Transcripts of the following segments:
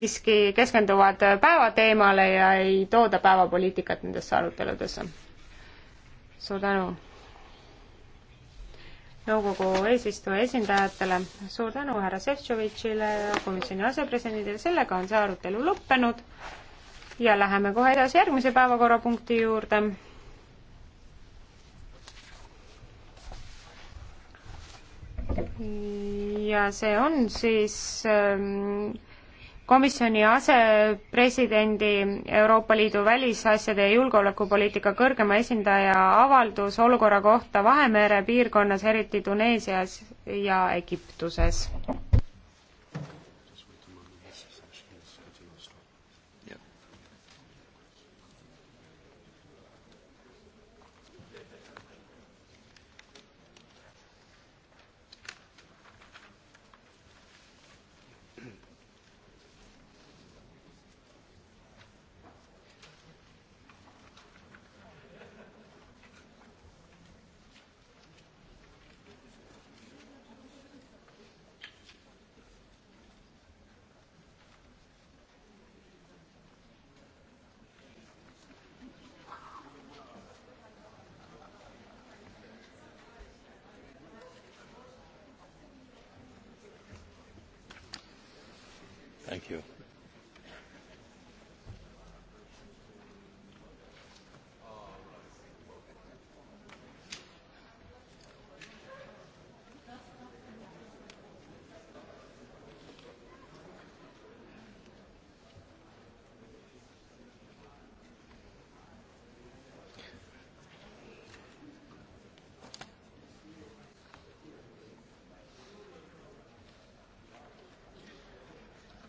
siiski keskenduvad päevateemale ja ei tooda päevapoliitikat nendesse aruteludesse. suur tänu nõukogu eesistuja esindajatele, suur tänu härra Šefčovitšile ja komisjoni asepresidendile, sellega on see arutelu lõppenud ja läheme kohe edasi järgmise päevakorrapunkti juurde. ja see on siis ähm, komisjoni asepresidendi Euroopa Liidu välisasjade ja julgeolekupoliitika kõrgema esindaja avaldus olukorra kohta Vahemere piirkonnas, eriti Tuneesias ja Egiptuses.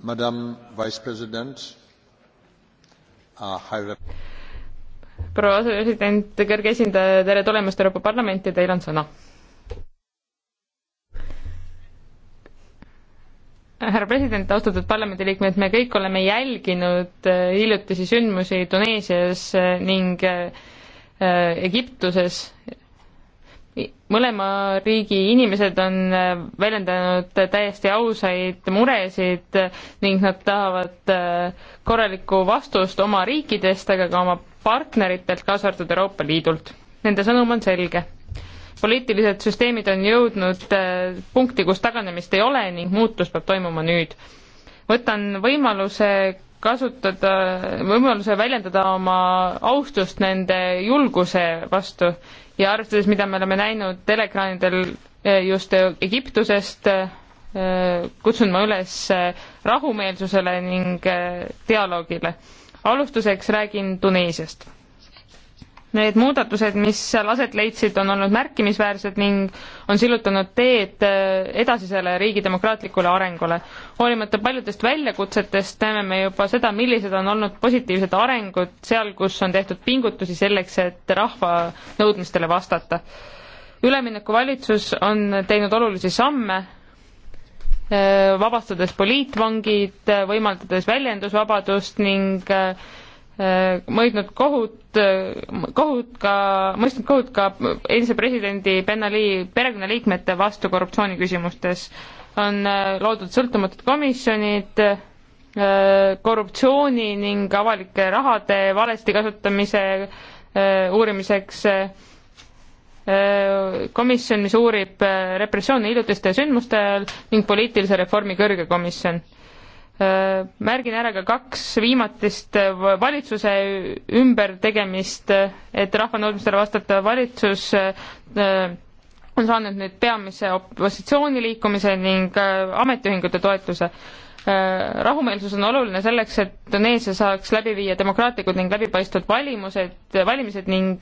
Uh, proua asepresident, kõrge esindaja, tere tulemast Euroopa Parlamenti, teil on sõna. härra president, austatud parlamendiliikmed, me kõik oleme jälginud äh, hiljutisi sündmusi Tuneesias äh, ning äh, Egiptuses mõlema riigi inimesed on äh, väljendanud täiesti ausaid muresid ning nad tahavad äh, korralikku vastust oma riikidest, aga ka oma partneritelt, kaasa arvatud Euroopa Liidult. Nende sõnum on selge. poliitilised süsteemid on jõudnud äh, punkti, kus taganemist ei ole ning muutus peab toimuma nüüd. võtan võimaluse kasutada, võimaluse väljendada oma austust nende julguse vastu ja arvestades, mida me oleme näinud teleekraanidel eh, just eh, Egiptusest, eh, kutsun ma üles rahumeelsusele ning dialoogile. alustuseks räägin Tuneesiast Need muudatused, mis seal aset leidsid, on olnud märkimisväärsed ning on sillutanud teed äh, edasisele riigi demokraatlikule arengule. hoolimata paljudest väljakutsetest näeme me juba seda, millised on olnud positiivsed arengud seal, kus on tehtud pingutusi selleks, et rahva nõudmistele vastata. üleminekuvalitsus on teinud olulisi samme, äh, vabastades poliitvangid, äh, võimaldades väljendusvabadust ning Äh, mõõtnud kohut, äh, kohut ka, mõistnud kohut ka endise presidendi Ben Ali perekonnaliikmete vastu korruptsiooniküsimustes. on äh, loodud sõltumatud komisjonid korruptsiooni ning avalike rahade valesti kasutamise uurimiseks, komisjon, mis uurib repressioone hiljutiste sündmuste ajal ning poliitilise reformi kõrge komisjon Äh, märgin ära ka kaks viimatist äh, valitsuse ümbertegemist, äh, et rahva nõudmistele vastatav valitsus on saanud nüüd peamise opositsiooniliikumise ning ametiühingute toetuse. rahumeelsus on oluline selleks, et Tuneesia saaks läbi viia demokraatlikud ning läbipaistvad valimused, valimised ning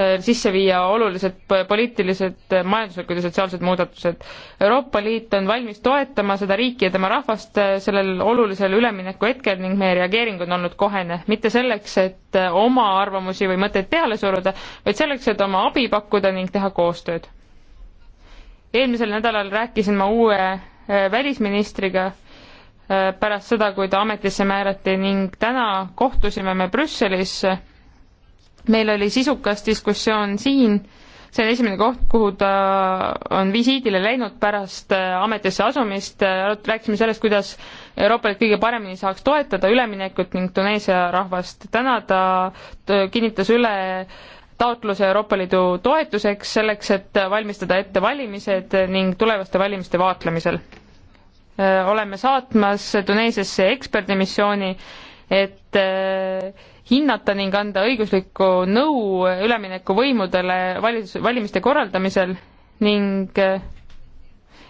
Äh, sisse viia olulised poliitilised, äh, majanduslikud ja sotsiaalsed muudatused. Euroopa Liit on valmis toetama seda riiki ja tema rahvast äh, sellel olulisel ülemineku hetkel ning meie reageering on olnud kohene. mitte selleks, et oma arvamusi või mõtteid peale suruda, vaid selleks, et oma abi pakkuda ning teha koostööd. eelmisel nädalal rääkisin ma uue välisministriga pärast seda, kui ta ametisse määrati ning täna kohtusime me Brüsselis meil oli sisukas diskussioon siin, see on esimene koht, kuhu ta on visiidile läinud pärast äh, ametisse asumist, äh, rääkisime sellest, kuidas Euroopa Liit kõige paremini saaks toetada üleminekut ning Tuneesia rahvast. täna ta kinnitas üle taotluse Euroopa Liidu toetuseks selleks, et valmistada ette valimised ning tulevaste valimiste vaatlemisel. Äh, oleme saatmas Tuneesiasse eksperdimissiooni, et hinnata ning anda õiguslikku nõu üleminekuvõimudele valis-, valimiste korraldamisel ning äh,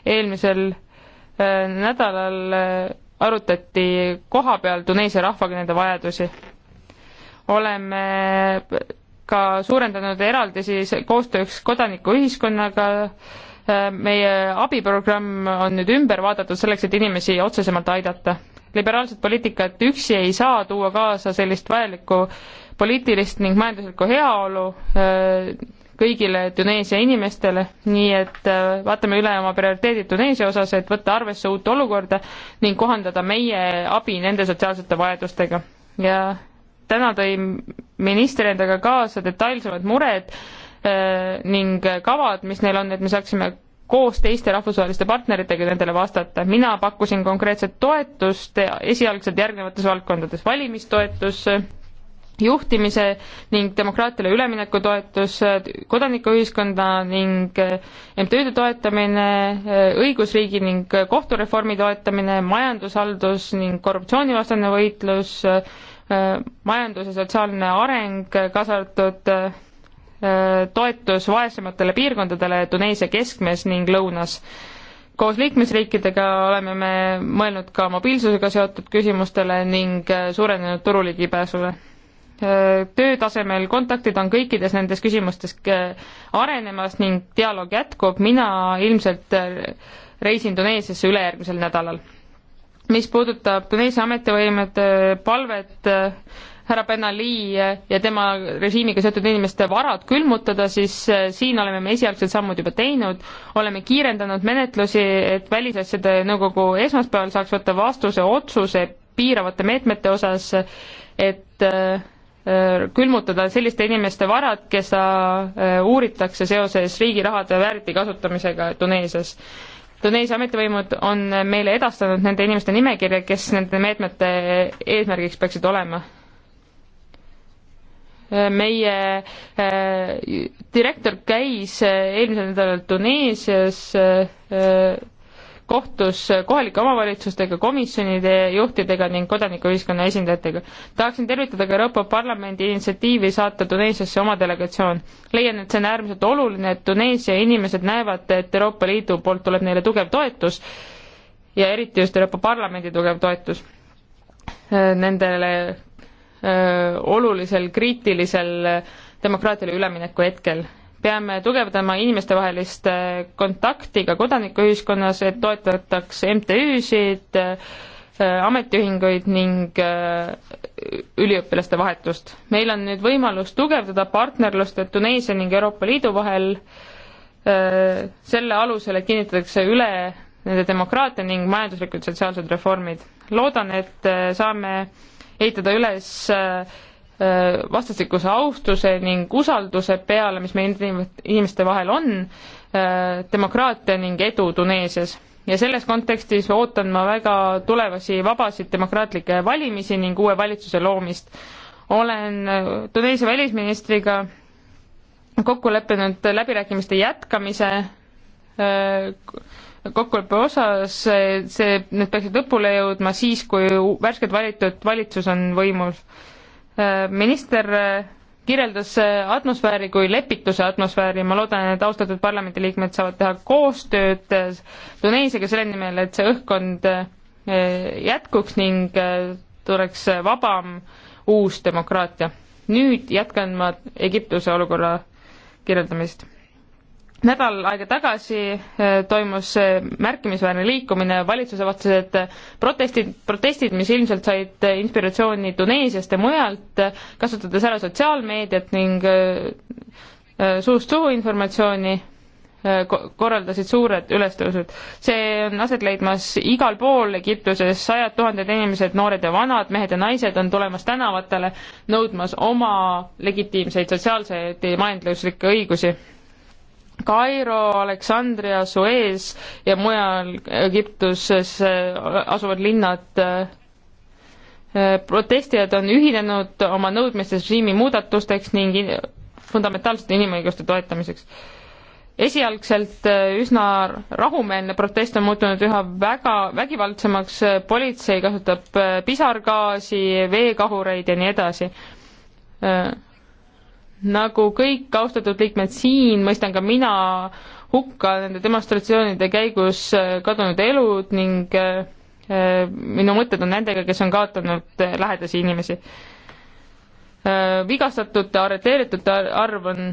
eelmisel äh, nädalal äh, arutati kohapeal Tuneesia rahvaga nende vajadusi. oleme ka suurendanud eraldisi koostööks kodanikuühiskonnaga, meie abiprogramm on nüüd ümber vaadatud selleks, et inimesi otsesemalt aidata liberaalset poliitikat üksi ei saa tuua kaasa sellist vajalikku poliitilist ning majanduslikku heaolu äh, kõigile Tuneesia inimestele, nii et äh, vaatame üle oma prioriteedid Tuneesia osas, et võtta arvesse uut olukorda ning kohandada meie abi nende sotsiaalsete vajadustega. ja täna tõi minister endaga kaasa detailsemad mured äh, ning kavad, mis neil on, et me saaksime koos teiste rahvusvaheliste partneritega nendele vastata. mina pakkusin konkreetset toetust esialgselt järgnevates valdkondades, valimistoetus, juhtimise ning demokraatiale ülemineku toetus, kodanikuühiskonda ning eh, MTÜ-de toetamine, eh, õigusriigi ning kohtureformi toetamine, majandushaldus ning korruptsioonivastane võitlus, eh, majandus- ja sotsiaalne areng, kaasa arvatud toetus vaesematele piirkondadele Tuneesia keskmes ning lõunas. koos liikmesriikidega oleme me mõelnud ka mobiilsusega seotud küsimustele ning suurenenud turuligipääsule. töötasemel kontaktid on kõikides nendes küsimustes arenemas ning dialoog jätkub, mina ilmselt reisin Tuneesiasse ülejärgmisel nädalal mis puudutab Tuneesia ametivõimude palvet härra Ben Ali ja tema režiimiga seotud inimeste varad külmutada, siis äh, siin oleme me esialgsed sammud juba teinud, oleme kiirendanud menetlusi, et Välisasjade Nõukogu esmaspäeval saaks võtta vastuse otsuse piiravate meetmete osas, et äh, äh, külmutada selliste inimeste varad, kes uuritakse seoses riigi rahade vääriti kasutamisega Tuneesias Tuneesia ametivõimud on meile edastanud nende inimeste nimekirja, kes nende meetmete eesmärgiks peaksid olema meie äh, direktor käis äh, eelmisel nädalal Tuneesias, äh, kohtus kohalike omavalitsustega, komisjonide juhtidega ning kodanikuühiskonna esindajatega. tahaksin tervitada ka Euroopa Parlamendi initsiatiivi saata Tuneesiasse oma delegatsioon. leian, et see on äärmiselt oluline, et Tuneesia inimesed näevad, et Euroopa Liidu poolt tuleb neile tugev toetus ja eriti just Euroopa Parlamendi tugev toetus nendele Äh, olulisel kriitilisel äh, demokraatiale ülemineku hetkel. peame tugevdama inimestevahelist äh, kontakti ka kodanikuühiskonnas, et toetataks MTÜ-sid, ametiühinguid ning üliõpilaste vahetust. meil on nüüd võimalus tugevdada partnerlust Tuneesia ning Euroopa Liidu vahel selle alusel, et kinnitatakse üle nende demokraatia ning majanduslikud sotsiaalsed reformid. loodan, et saame ehitada üles äh, äh, vastastikuse austuse ning usalduse peale, mis meie inimeste vahel on, äh, demokraatia ning edu Tuneesias. ja selles kontekstis ootan ma väga tulevasi vabasid demokraatlikke valimisi ning uue valitsuse loomist. olen Tuneesia välisministriga kokku leppinud läbirääkimiste jätkamise kokkuleppe osas, see, need peaksid lõpule jõudma siis, kui värskelt valitud valitsus on võimul. Äh, minister äh, kirjeldas äh, atmosfääri kui lepituse atmosfääri, ma loodan, et austatud parlamendiliikmed saavad teha koostööd Tuneesiaga selle nimel, et see õhkkond jätkuks ning tuleks vabam uus demokraatia. nüüd jätkan ma Egiptuse olukorra kirjeldamist nädal aega tagasi äh, toimus äh, märkimisväärne liikumine valitsusevastased äh, protestid, protestid, mis ilmselt said inspiratsiooni Tuneesiast ja mujalt, kasutades ära sotsiaalmeediat ning suust suhu informatsiooni, korraldasid suured ülestõusud. see on aset leidmas igal pool Egiptuses, sajad tuhanded inimesed, noored ja vanad, mehed ja naised on tulemas tänavatele nõudmas oma legitiimseid sotsiaalseid ja majanduslikke õigusi Kairo, Aleksandria, Suez ja mujal Egiptuses eh, asuvad linnad eh, eh, protestijad on ühinenud oma nõudmistes režiimi muudatusteks ning fundamentaalsete inimõiguste toetamiseks. esialgselt üsna rahumeelne protest on muutunud üha väga vägivaldsemaks, politsei kasutab pisargaasi, veekahureid ja nii edasi nagu kõik austatud liikmed siin, mõistan ka mina hukka nende demonstratsioonide käigus äh, kadunud elud ning äh, äh, minu mõtted on nendega, kes on kaotanud lähedasi inimesi. vigastatute, arreteeritute arv on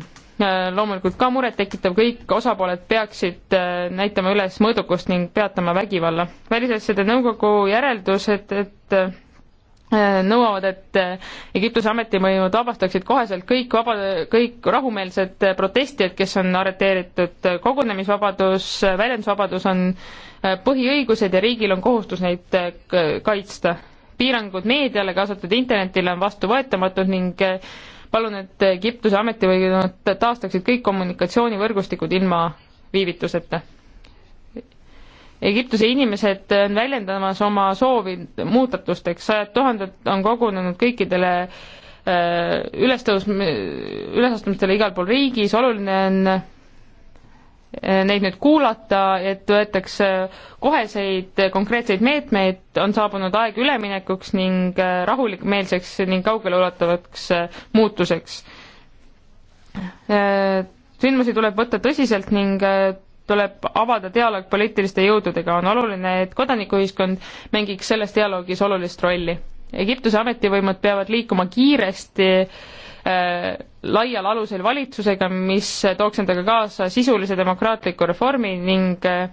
loomulikult ka murettekitav, kõik osapooled peaksid näitama üles mõõdukust ning peatama vägivalla. välisasjade nõukogu järeldused, et, et Äh, nõuavad, et äh, Egiptuse ametivõimud vabastaksid koheselt kõik vaba, kõik rahumeelsed äh, protestijad, kes on arreteeritud. kogunemisvabadus, väljendusvabadus on põhiõigused ja riigil on kohustus neid kaitsta. piirangud meediale, kaasatud internetile on vastuvõetamatud ning palun, et Egiptuse ametivõimud taastaksid kõik kommunikatsioonivõrgustikud ilma viivituseta Egiptuse inimesed on väljendamas oma soovi muudatusteks, sajad tuhanded on kogunenud kõikidele äh, ülestõus, ülesastumistele igal pool riigis, oluline on äh, neid nüüd kuulata, et võetakse koheseid konkreetseid meetmeid, on saabunud aeg üleminekuks ning äh, rahulikmeelseks ning kaugeleulatavaks muutuseks. sündmusi tuleb võtta tõsiselt ning tuleb avada dialoog poliitiliste jõududega, on oluline, et kodanikuühiskond mängiks selles dialoogis olulist rolli. Egiptuse ametivõimud peavad liikuma kiiresti äh, laial alusel valitsusega, mis tooks endaga kaasa sisulise demokraatliku reformi ning äh,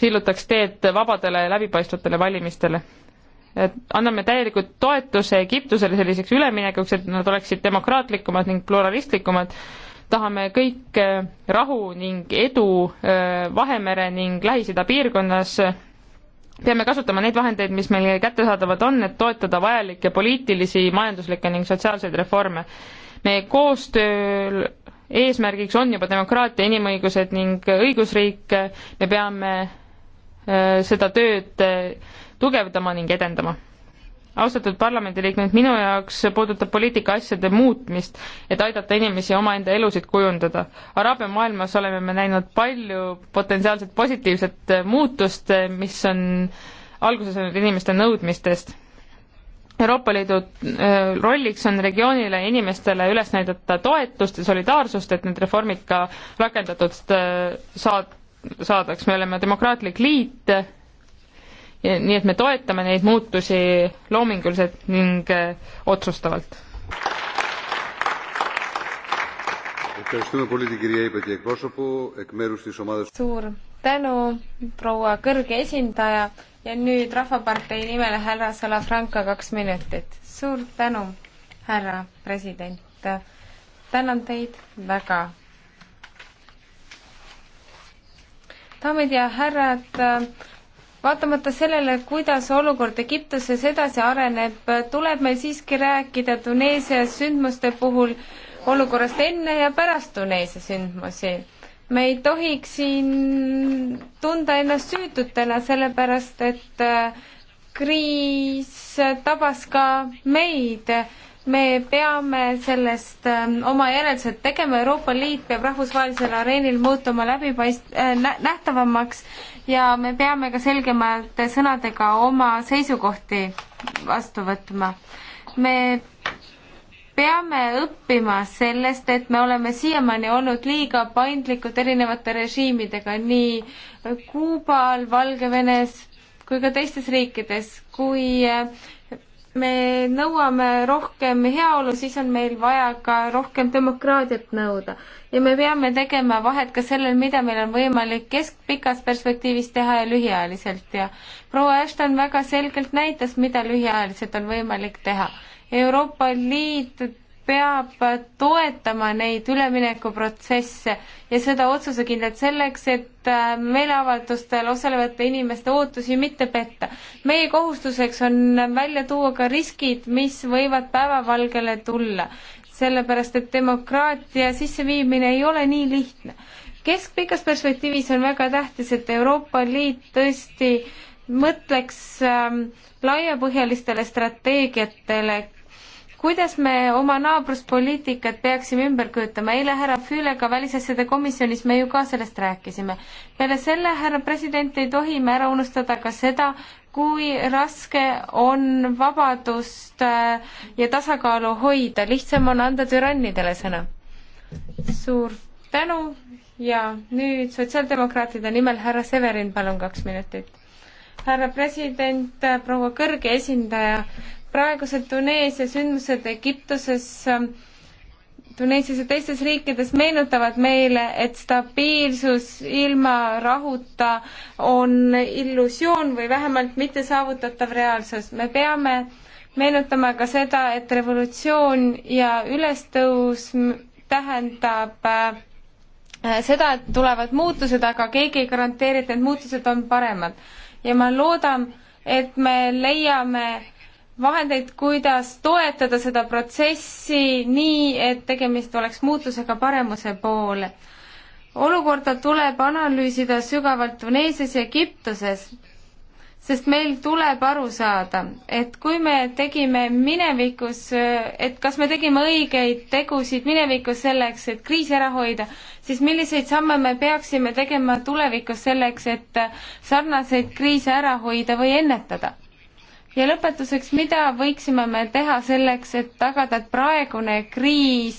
sillutaks teed vabadele ja läbipaistvatele valimistele et anname täielikult toetuse Egiptusele selliseks üleminekuks, et nad oleksid demokraatlikumad ning pluralistlikumad tahame kõik äh, rahu ning edu äh, Vahemere ning Lähis-Ida piirkonnas, peame kasutama neid vahendeid, mis meile kättesaadavad on, et toetada vajalikke poliitilisi, majanduslikke ning sotsiaalseid reforme. meie koostööl eesmärgiks on juba demokraatia, inimõigused ning õigusriik, me peame äh, seda tööd tugevdama ning edendama austatud parlamendiliikmed, minu jaoks puudutab poliitika asjade muutmist, et aidata inimesi omaenda elusid kujundada. Araabia maailmas oleme me näinud palju potentsiaalselt positiivset muutust, mis on alguse saanud inimeste nõudmistest. Euroopa Liidu äh, rolliks on regioonile ja inimestele üles näidata toetust ja solidaarsust, et need reformid ka rakendatud äh, saad-, saadaks, me oleme demokraatlik liit, nii et me toetame neid muutusi loominguliselt ning äh, otsustavalt. suur tänu, proua kõrge esindaja ja nüüd Rahvapartei nimel härra Salafranca kaks minutit. suur tänu, härra president. tänan teid väga. daamid ja härrad, vaatamata sellele, kuidas olukord Egiptuses edasi areneb, tuleb meil siiski rääkida Tuneesias sündmuste puhul olukorrast enne ja pärast Tuneesia sündmusi. me ei tohiks siin tunda ennast süütutena, sellepärast et äh, kriis tabas ka meid me peame sellest ähm, oma järeldused tegema, Euroopa Liit peab rahvusvahelisel areenil muutuma läbipaist- äh,, nähtavamaks ja me peame ka selgemate sõnadega oma seisukohti vastu võtma. me peame õppima sellest, et me oleme siiamaani olnud liiga paindlikud erinevate režiimidega nii Kuubal, Valgevenes kui ka teistes riikides, kui me nõuame rohkem heaolu, siis on meil vaja ka rohkem demokraatiat nõuda. ja me peame tegema vahet ka sellel, mida meil on võimalik keskpikas perspektiivis teha ja lühiajaliselt ja proua Ashton väga selgelt näitas, mida lühiajaliselt on võimalik teha. Euroopa Liit peab toetama neid üleminekuprotsesse ja seda otsusekindlalt selleks, et äh, meeleavaldustel osalevate inimeste ootusi mitte petta. meie kohustuseks on välja tuua ka riskid, mis võivad päevavalgele tulla, sellepärast et demokraatia sisseviimine ei ole nii lihtne. keskpikas perspektiivis on väga tähtis, et Euroopa Liit tõesti mõtleks ähm, laiapõhjalistele strateegiatele, kuidas me oma naabruspoliitikat peaksime ümber kujutama, eile härra Füülega välisasjade komisjonis me ju ka sellest rääkisime. peale selle, härra president, ei tohi me ära unustada ka seda, kui raske on vabadust äh, ja tasakaalu hoida, lihtsam on anda türannidele sõna. suur tänu ja nüüd sotsiaaldemokraatide nimel härra Severin, palun kaks minutit härra president, äh, proua kõrge esindaja, praegused Tuneesia sündmused Egiptuses, ähm, Tuneesias ja teistes riikides meenutavad meile, et stabiilsus ilma rahuta on illusioon või vähemalt mittesaavutatav reaalsus. me peame meenutama ka seda, et revolutsioon ja ülestõus tähendab äh, seda, et tulevad muutused, aga keegi ei garanteeri, et need muutused on paremad. ja ma loodan, et me leiame vahendeid, kuidas toetada seda protsessi nii, et tegemist oleks muutusega paremuse poole. olukorda tuleb analüüsida sügavalt Tuneesias ja Egiptuses, sest meil tuleb aru saada, et kui me tegime minevikus, et kas me tegime õigeid tegusid minevikus selleks, et kriisi ära hoida, siis milliseid samme me peaksime tegema tulevikus selleks, et sarnaseid kriise ära hoida või ennetada ja lõpetuseks, mida võiksime me teha selleks, et tagada, et praegune kriis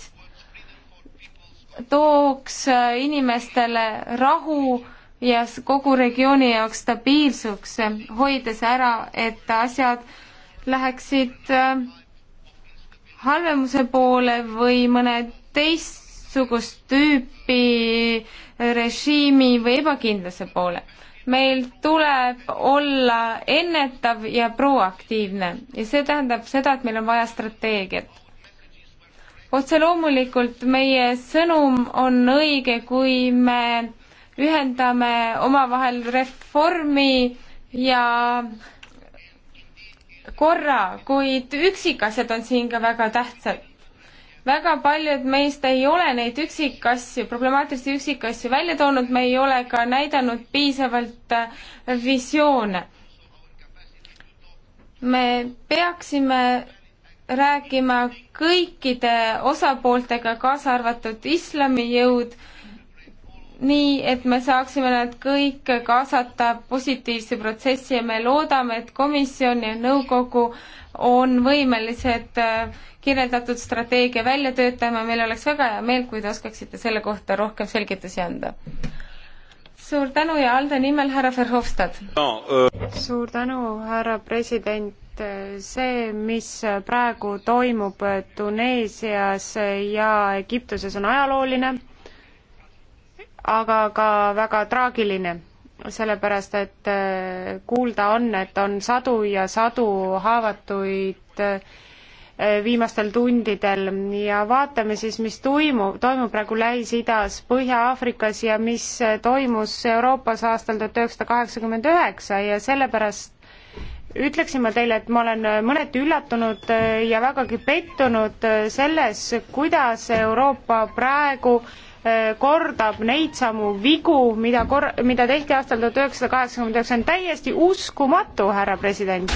tooks äh, inimestele rahu ja kogu regiooni jaoks stabiilsuks, äh, hoides ära, et asjad läheksid äh, halvemuse poole või mõne teistsugust tüüpi režiimi või ebakindluse poole meil tuleb olla ennetav ja proaktiivne ja see tähendab seda, et meil on vaja strateegiat. otse loomulikult meie sõnum on õige, kui me ühendame omavahel reformi ja korra, kuid üksikasjad on siin ka väga tähtsad väga paljud meist ei ole neid üksikasju, problemaatilisi üksikasju välja toonud, me ei ole ka näidanud piisavalt äh, visioone. me peaksime rääkima kõikide osapooltega, kaasa arvatud islamijõud, nii et me saaksime nad kõik kaasata positiivse protsessi ja me loodame, et komisjon ja nõukogu on võimelised äh, kirjeldatud strateegia välja töötama, meil oleks väga hea meel, kui te oskaksite selle kohta rohkem selgitusi anda. suur tänu ja Alde nimel härra Verhofstadt no,. Öö. Äh, suur tänu, härra president see, mis praegu toimub Tuneesias ja Egiptuses, on ajalooline aga ka väga traagiline, sellepärast et äh, kuulda on, et on sadu ja sadu haavatuid äh, viimastel tundidel ja vaatame siis, mis toimub, toimub praegu Lähis-Idas, Põhja-Aafrikas ja mis äh, toimus Euroopas aastal tuhat üheksasada kaheksakümmend üheksa ja sellepärast ütleksin ma teile, et ma olen mõneti üllatunud ja vägagi pettunud selles, kuidas Euroopa praegu äh, kordab neid samu vigu, mida kor-, mida tehti aastal tuhat üheksasada kaheksakümmend üheksa, on täiesti uskumatu, härra president,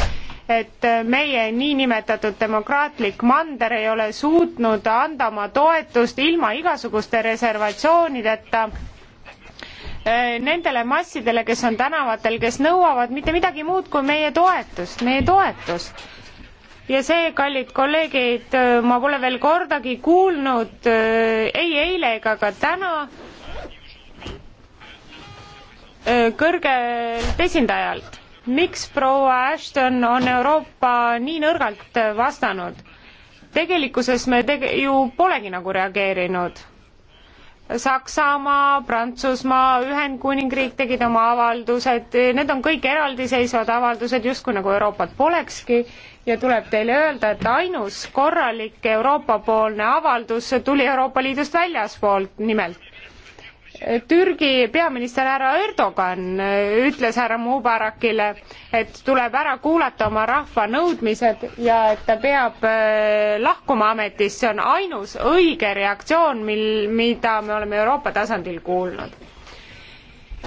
et meie niinimetatud demokraatlik mander ei ole suutnud anda oma toetust ilma igasuguste reservatsioonideta nendele massidele, kes on tänavatel, kes nõuavad mitte midagi muud kui meie toetust, meie toetust ja see, kallid kolleegid, äh, ma pole veel kordagi kuulnud äh, ei eile ega ka täna äh, kõrgelt esindajalt, miks proua Ashton on Euroopa nii nõrgalt vastanud? tegelikkuses me tege-, ju polegi nagu reageerinud. Saksamaa, Prantsusmaa, Ühendkuningriik tegid oma avaldused, need on kõik eraldiseisvad avaldused, justkui nagu Euroopat polekski ja tuleb teile öelda, et ainus korralik Euroopa-poolne avaldus tuli Euroopa Liidust väljaspoolt nimelt. Türgi peaminister härra Erdogan ütles härra Mubarakile, et tuleb ära kuulata oma rahva nõudmised ja et ta peab eh, lahkuma ametist, see on ainus õige reaktsioon, mil, mida me oleme Euroopa tasandil kuulnud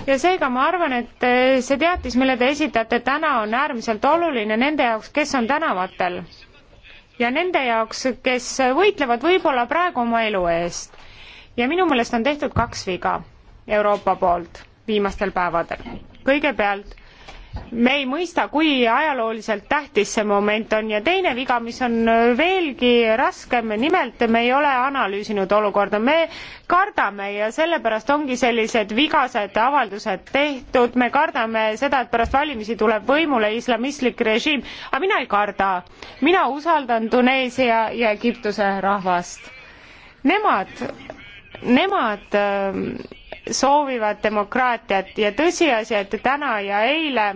ja seega ma arvan, et eh, see teatis, mille te esitate täna, on äärmiselt oluline nende jaoks, kes on tänavatel ja nende jaoks, kes võitlevad võib-olla praegu oma elu eest. ja minu meelest on tehtud kaks viga Euroopa poolt viimastel päevadel. kõigepealt me ei mõista, kui ajalooliselt tähtis see moment on ja teine viga, mis on veelgi raskem, nimelt me ei ole analüüsinud olukorda, me kardame ja sellepärast ongi sellised vigased avaldused tehtud, me kardame seda, et pärast valimisi tuleb võimule islamistlik režiim, aga mina ei karda, mina usaldan Tuneesia ja Egiptuse rahvast. Nemad, nemad äh, soovivad demokraatiat ja tõsiasi, et täna ja eile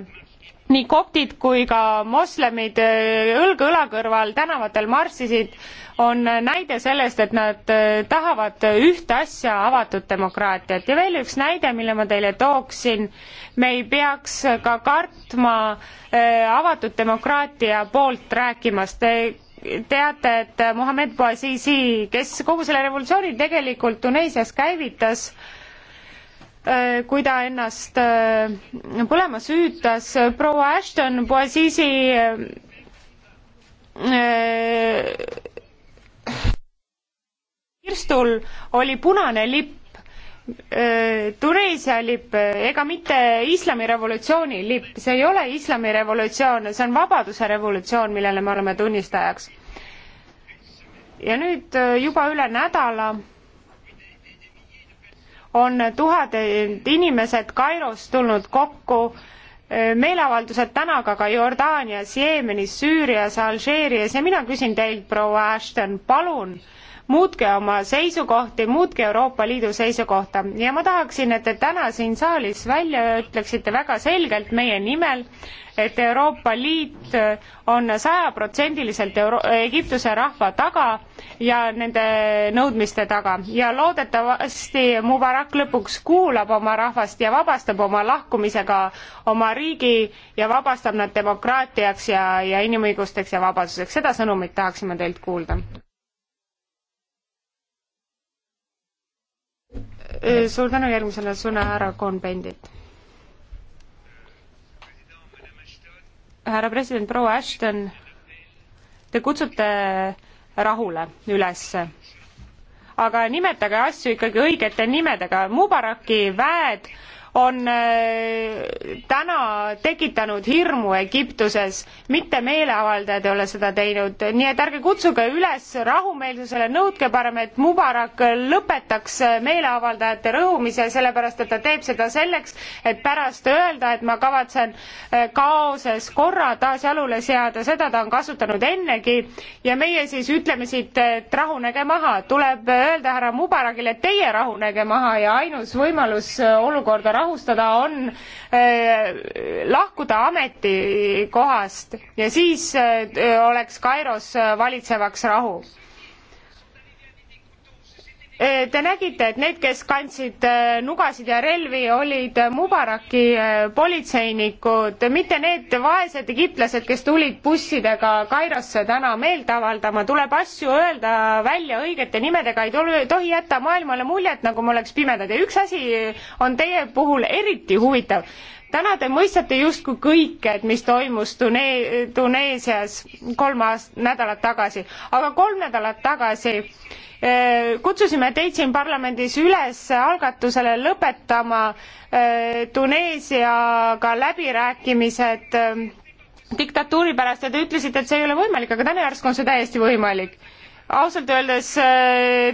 nii koptid kui ka moslemid äh, õlg õla kõrval tänavatel marssisid, on näide sellest, et nad äh, tahavad ühte asja, avatud demokraatiat. ja veel üks näide, mille ma teile tooksin, me ei peaks ka kartma äh, avatud demokraatia poolt rääkimast teate, et Mohammed Bouazizi, kes kogu selle revolutsiooni tegelikult Tuneesias käivitas, Äh, kui ta ennast äh, põlema süütas, proua Ashton Boazizi äh, kirstul oli punane lipp, Tuneesia lipp ega mitte islamirevolutsiooni lipp, see ei ole islamirevolutsioon, see on vabaduse revolutsioon, millele me oleme tunnistajaks. ja nüüd juba üle nädala on tuhanded inimesed Kairost tulnud kokku, e, meeleavaldused täna ka ka Jordaanias, Jeemenis, Süürias, Alžeerias ja mina küsin teilt, proua Ashton, palun äh, muutke oma seisukohti, muutke Euroopa Liidu seisukohta ja ma tahaksin, et te täna siin saalis välja ütleksite väga selgelt meie nimel, et Euroopa Liit äh, on sajaprotsendiliselt Euro-, Egiptuse rahva taga ja nende nõudmiste taga ja loodetavasti Mubarak lõpuks kuulab oma rahvast ja vabastab oma lahkumisega oma riigi ja vabastab nad demokraatiaks ja, ja inimõigusteks ja vabaduseks, seda sõnumit tahaksime teilt kuulda. Äh, suur tänu järgmisele sõna härra Kohn-Pendilt. härra president, proua Ashton, te kutsute rahule ülesse aga nimetage asju ikkagi õigete nimedega. Mubaraki väed on äh, täna tekitanud hirmu Egiptuses, mitte meeleavaldajad ei ole seda teinud, nii et ärge kutsuge üles rahumeelsusele, nõudke parem, et Mubarak lõpetaks meeleavaldajate rõhumise, sellepärast et ta teeb seda selleks, et pärast öelda, et ma kavatsen äh, kaoses korra taas jalule seada, seda ta on kasutanud ennegi ja meie siis ütleme siit, et rahunege maha, tuleb öelda härra Mubarakile, et teie rahunege maha ja ainus võimalus äh, olukorda rahustada, on eh, lahkuda ametikohast ja siis eh, oleks Kairos äh, valitsevaks rahu Eh, te nägite, et need, kes kandsid eh, nugasid ja relvi, olid Mubaraki eh, politseinikud, mitte need vaesed egiptlased, kes tulid bussidega Kairosse täna meelt avaldama. tuleb asju öelda välja õigete nimedega, ei tohi jätta maailmale muljet, nagu me oleks pimedad ja üks asi on teie puhul eriti huvitav täna te mõistate justkui kõike, et mis toimus Tune-, Tuneesias kolm aast-, nädalat tagasi, aga kolm nädalat tagasi eh, kutsusime teid siin parlamendis üles algatusele lõpetama eh, Tuneesiaga läbirääkimised eh, diktatuuri pärast ja te ütlesite, et see ei ole võimalik, aga täna järsku on see täiesti võimalik. ausalt öeldes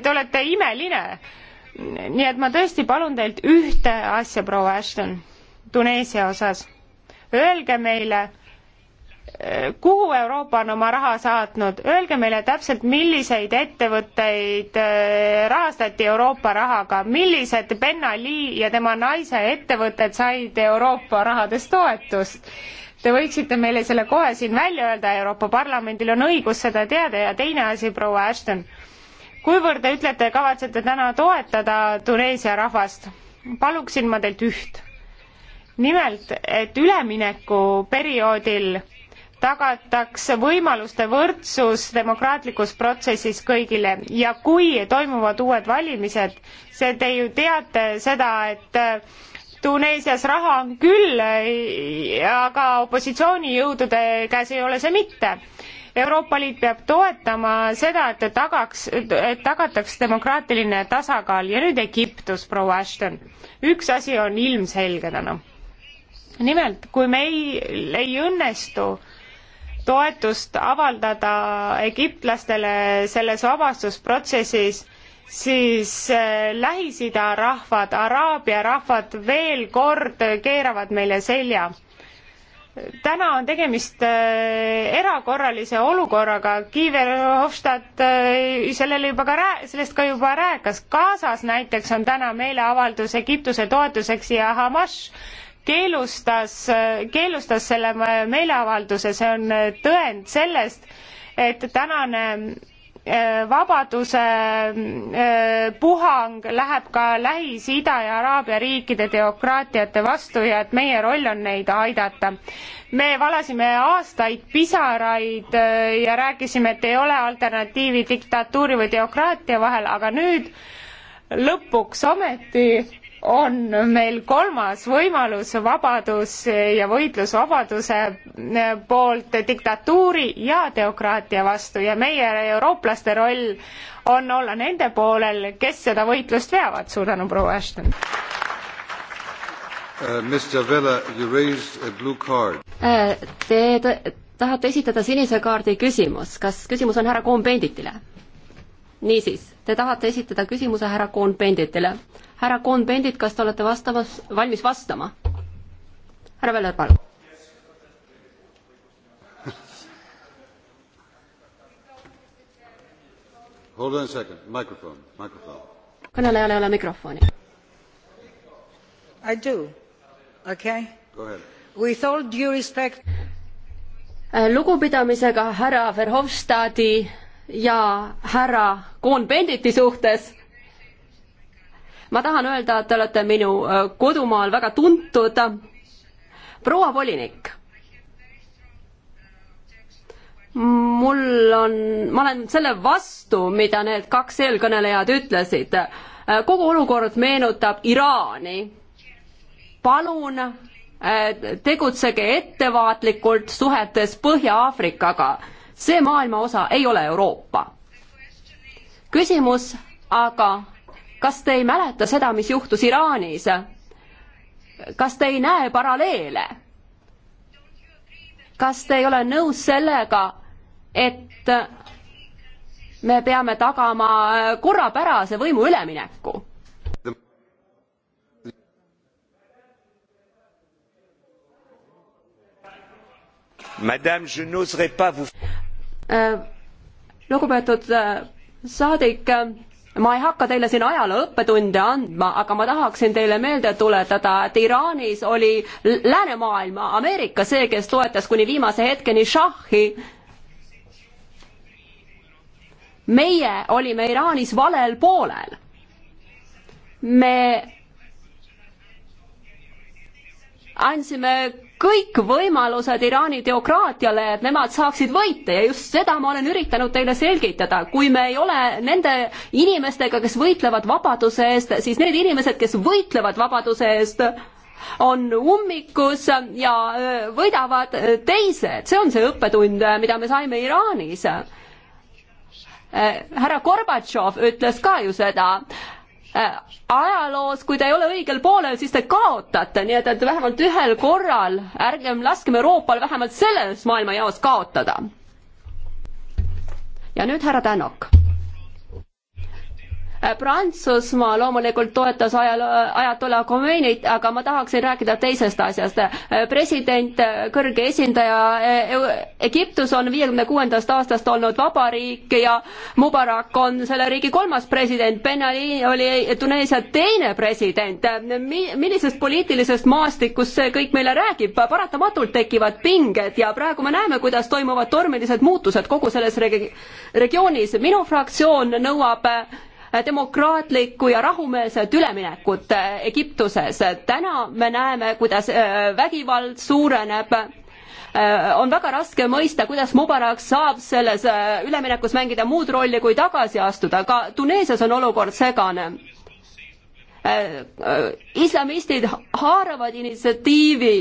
te olete imeline. nii et ma tõesti palun teilt ühte asja, proua Ashton Tuneesia osas. Öelge meile, kuhu Euroopa on oma raha saatnud, öelge meile täpselt, milliseid ettevõtteid äh, rahastati Euroopa rahaga, millised Ben Ali ja tema naise ettevõtted said Euroopa rahadest toetust te võiksite meile selle kohe siin välja öelda, Euroopa Parlamendil on õigus seda teada ja teine asi, proua Ashton, kuivõrd te ütlete, kavatsete täna toetada Tuneesia rahvast, paluksin ma teilt üht nimelt, et üleminekuperioodil tagatakse võimaluste võrdsus demokraatlikus protsessis kõigile ja kui toimuvad uued valimised, see te ju teate seda, et äh, Tuneesias raha on küll, äh, aga opositsioonijõudude käes ei ole see mitte. Euroopa Liit peab toetama seda, et tagaks, et tagataks demokraatiline tasakaal ja nüüd Egiptus, proua Ashton. üks asi on ilmselge täna no nimelt, kui meil ei õnnestu toetust avaldada egiptlastele selles vabastusprotsessis, siis äh, Lähis-Ida rahvad, Araabia rahvad veel kord keeravad meile selja. täna on tegemist äh, erakorralise olukorraga, Kiiver Hofstadt äh, sellele juba ka rää-, sellest ka juba rääkas, Gazas näiteks on täna meeleavaldus Egiptuse toetuseks ja Hamas keelustas, keelustas selle meeleavalduse, see on tõend sellest, et tänane äh, vabaduse äh, puhang läheb ka Lähis-Ida ja Araabia riikide demokraatiate vastu ja et meie roll on neid aidata. me valasime aastaid pisaraid äh, ja rääkisime, et ei ole alternatiivi diktatuuri või teokraatia vahel, aga nüüd lõpuks ometi on meil kolmas võimalus vabadus ja võitlus vabaduse eh, poolt diktatuuri ja teokraatia vastu ja meie eurooplaste roll on olla nende poolel, kes seda võitlust veavad. suur tänu, proua Ashton uh,. uh te tahate esitada sinise kaardi küsimus, kas küsimus on härra Kohn-Penditile? niisiis, te tahate esitada küsimuse härra Kohn-Penditile härra Kohn-Bendit, kas te olete vastamas, valmis vastama? härra Veller, palun. Hold on a second, microphone, microphone. kõnelejal ei ole mikrofoni. I do, okei okay.? Go ahead. With all due respect äh, lugupidamisega härra Verhofstadi ja härra Kohn-Benditi suhtes ma tahan öelda, et te olete minu äh, kodumaal väga tuntud. proua volinik mul on, ma olen selle vastu, mida need kaks eelkõnelejad ütlesid. Äh, kogu olukord meenutab Iraani. palun äh, tegutsege ettevaatlikult suhetes Põhja-Aafrikaga. see maailma osa ei ole Euroopa. küsimus aga kas te ei mäleta seda, mis juhtus Iraanis? kas te ei näe paralleele? kas te ei ole nõus sellega, et me peame tagama korrapärase võimu ülemineku? Madame, je n'oserais pas vous äh, lugupeetud äh, saadik äh, ma ei hakka teile siin ajaloo õppetunde andma, aga ma tahaksin teile meelde tuletada, et Iraanis oli läänemaailma, Ameerika see, kes toetas kuni viimase hetkeni šahhi. meie olime Iraanis valel poolel. me andsime kõik võimalused Iraani teokraatiale, et nemad saaksid võita ja just seda ma olen üritanud teile selgitada. kui me ei ole nende inimestega, kes võitlevad vabaduse eest, siis need inimesed, kes võitlevad vabaduse eest, on ummikus ja võidavad teised, see on see õppetund, mida me saime Iraanis äh, härra Gorbatšov ütles ka ju seda, Äh, ajaloos, kui te ei ole õigel poolel, siis te kaotate, nii et, et vähemalt ühel korral ärgem laskem Euroopal vähemalt selles maailmajaos kaotada. ja nüüd härra Tänok Äh, Prantsusmaa loomulikult toetas ajal, ajatolla Khomeinit, aga ma tahaksin rääkida teisest asjast. Äh, president, äh, kõrge esindaja Egiptus on viiekümne kuuendast aastast olnud vabariik ja Mubarak on selle riigi kolmas president, Ben Ali oli Tuneesia teine president. Mi-, millisest poliitilisest maastikust see kõik meile räägib, paratamatult tekivad pinged ja praegu me näeme, kuidas toimuvad tormilised muutused kogu selles regi-, regioonis. minu fraktsioon nõuab demokraatlikku ja rahumeelset üleminekut äh, Egiptuses. täna me näeme, kuidas äh, vägivald suureneb äh, on väga raske mõista, kuidas Mubarak saab selles üleminekus mängida muud rolli kui tagasi astuda, ka Tuneesias on olukord segane. islamistid haaravad initsiatiivi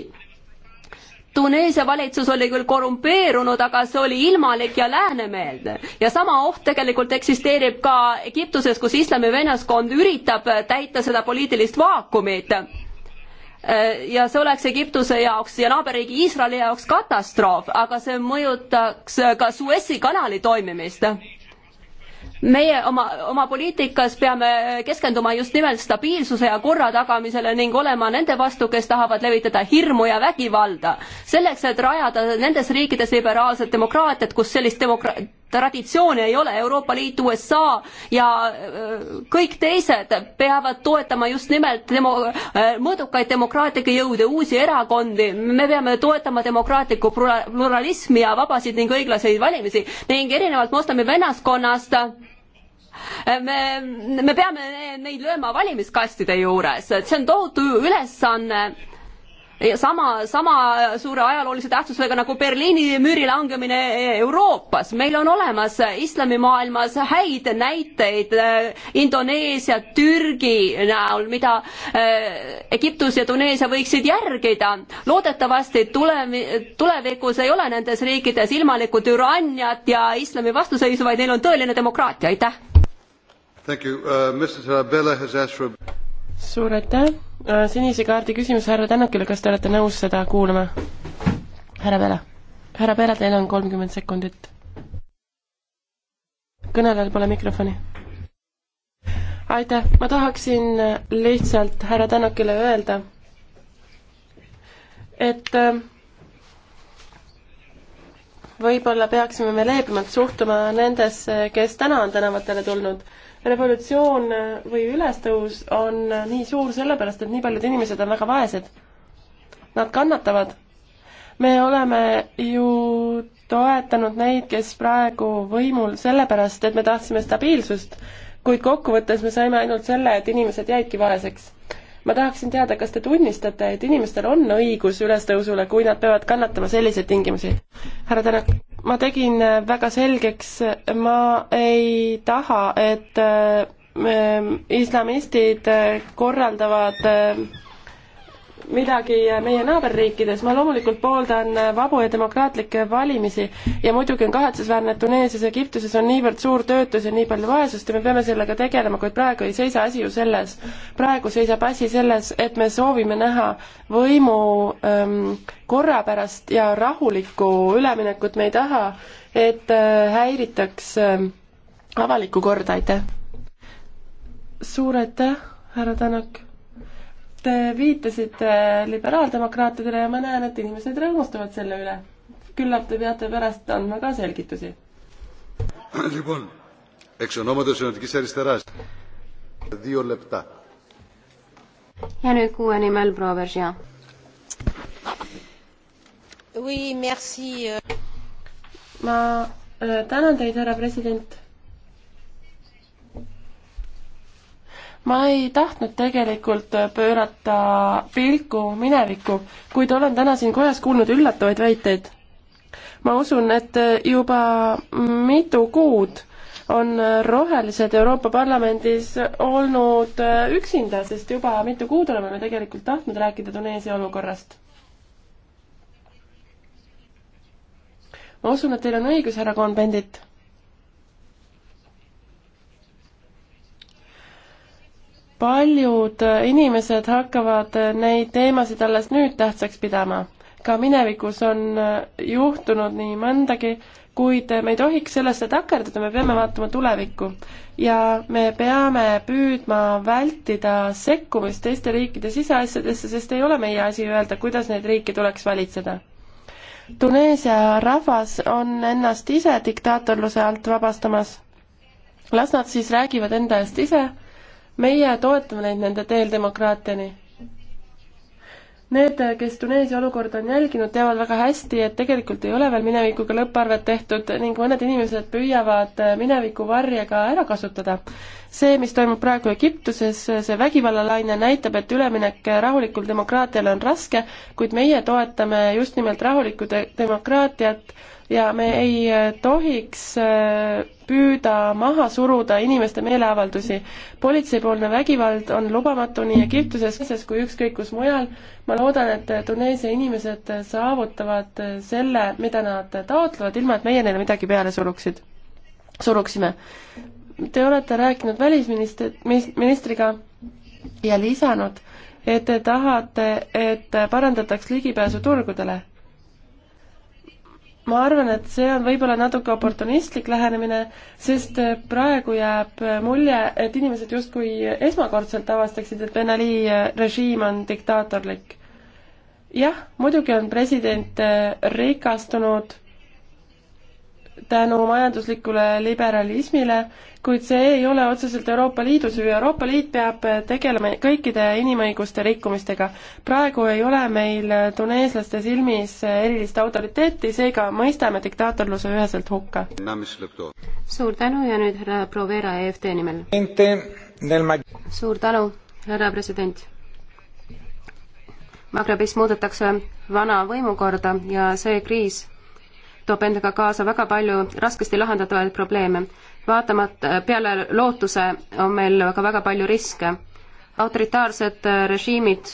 Tuneesia valitsus oli küll korrumpeerunud, aga see oli ilmalik ja läänemeelne. ja sama oht tegelikult eksisteerib ka Egiptuses, kus islami vennaskond üritab täita seda poliitilist vaakumit. ja see oleks Egiptuse jaoks ja naaberriigi Iisraeli jaoks katastroof, aga see mõjutaks ka Suessi kanali toimimist meie oma, oma poliitikas peame keskenduma just nimelt stabiilsuse ja korra tagamisele ning olema nende vastu, kes tahavad levitada hirmu ja vägivalda. selleks, et rajada nendes riikides liberaalset demokraatiat, kus sellist demokra-, traditsiooni ei ole, Euroopa Liit, USA ja kõik teised peavad toetama just nimelt demo-, mõõdukaid demokraatlikke jõude, uusi erakondi, me peame toetama demokraatlikku pluralismi ja vabasid ning õiglaseid valimisi ning erinevalt moslemi vennaskonnast me, me peame neid lööma valimiskastide juures, et see on tohutu ülesanne sama, sama suure ajaloolise tähtsusega nagu Berliini müüri langemine e, Euroopas. meil on olemas islamimaailmas häid näiteid e, Indoneesia, Türgi näol, mida e, Egiptus ja Tuneesia võiksid järgida. loodetavasti tule, tulevikus ei ole nendes riikides ilmalikku türanniat ja islami vastuseisu, vaid neil on tõeline demokraatia, aitäh! Thank you. Uh, Mrs. Arabella has asked for a suur aitäh, äh, sinise kaardi küsimus härra Tänakile, kas te olete nõus seda kuulama? härra Pele, härra Pele, teil on kolmkümmend sekundit. kõnelejal pole mikrofoni. aitäh, ma tahaksin lihtsalt härra Tänakile öelda, et äh, võib-olla peaksime me leebemalt suhtuma nendesse, kes täna on tänavatele tulnud revolutsioon või ülestõus on nii suur sellepärast, et nii paljud inimesed on väga vaesed. Nad kannatavad. me oleme ju toetanud neid, kes praegu võimul, sellepärast et me tahtsime stabiilsust, kuid kokkuvõttes me saime ainult selle, et inimesed jäidki vaeseks ma tahaksin teada, kas te tunnistate, et inimestel on õigus ülestõusule, kui nad peavad kannatama selliseid tingimusi? härra Tänak ma tegin äh, väga selgeks, äh, ma ei taha, et äh, islamistid korraldavad midagi meie naaberriikides, ma loomulikult pooldan vabu ja demokraatlikke valimisi ja muidugi on kahetsusväärne, et Tuneesias ja Egiptuses on niivõrd suur töötus ja nii palju vaesust ja me peame sellega tegelema, kuid praegu ei seisa asi ju selles. praegu seisab asi selles, et me soovime näha võimu ähm, korrapärast ja rahulikku üleminekut, me ei taha, et äh, häiritaks äh, avalikku korda, aitäh! suur aitäh, härra Tänak! Te viitasite liberaaldemokraatidele ja ma näen, et inimesed rõõmustavad selle üle. küllap te peate pärast andma ka selgitusi. Λοιπόν, εξ ονόματος Ενωτικής Αριστεράς, δύο λεπτά. Ja nüüd kuue nimel proua Veržia. Oui, merci. Euh. ma äh, tänan teid, härra president ma ei tahtnud tegelikult äh, pöörata pilku minevikku, kuid olen täna siin kojas kuulnud üllatavaid väiteid. ma usun, et äh, juba mitu kuud on äh, rohelised Euroopa Parlamendis olnud üksinda, sest juba mitu kuud oleme me tegelikult tahtnud rääkida Tuneesia olukorrast. ma usun, et teil on õigus, härra Kohn-Pendit paljud äh, inimesed hakkavad äh, neid teemasid alles nüüd tähtsaks pidama. ka minevikus on äh, juhtunud nii mõndagi, kuid me ei tohiks sellesse takerduda, me peame vaatama tulevikku. ja me peame püüdma vältida sekkumist teiste riikide siseasjadesse, sest ei ole meie asi öelda, kuidas neid riike tuleks valitseda. Tuneesia rahvas on ennast ise diktaatorluse alt vabastamas. las nad siis räägivad enda eest ise meie toetame neid nende teel demokraatiani. Need, kes Tuneesia olukorda on jälginud, teavad väga hästi, et tegelikult ei ole veel minevikuga lõpparvet tehtud ning mõned inimesed püüavad mineviku varje ka ära kasutada see, mis toimub praegu Egiptuses, see vägivallalaine näitab, et üleminek rahulikul demokraatial on raske, kuid meie toetame just nimelt rahulikku de-, demokraatiat ja me ei äh, tohiks äh, püüda maha suruda inimeste meeleavaldusi. politseipoolne vägivald on lubamatu nii Egiptuses kui ükskõik kus mujal. ma loodan, et Tuneesia inimesed saavutavad äh, selle, mida nad taotlevad, ilma et meie neile midagi peale suruksid, suruksime te olete rääkinud välisministri, ministriga ja lisanud, et te tahate, et parandataks ligipääsu turgudele. ma arvan, et see on võib-olla natuke oportunistlik lähenemine, sest praegu jääb mulje, et inimesed justkui esmakordselt avastaksid, et Ben Ali režiim on diktaatorlik. jah, muidugi on president rikastunud tänu majanduslikule liberalismile, kuid see ei ole otseselt Euroopa Liidu süü, Euroopa Liit peab tegelema kõikide inimõiguste rikkumistega. praegu ei ole meil tuneeslaste silmis erilist autoriteeti, seega mõistame diktaatorluse üheselt hukka. suur tänu ja nüüd härra Provera EFD nimel. suur tänu, härra president. Magrebis muudetakse vana võimukorda ja see kriis toob endaga kaasa väga palju raskesti lahendatavaid probleeme. vaatamata peale lootuse on meil ka väga palju riske. autoritaarsed režiimid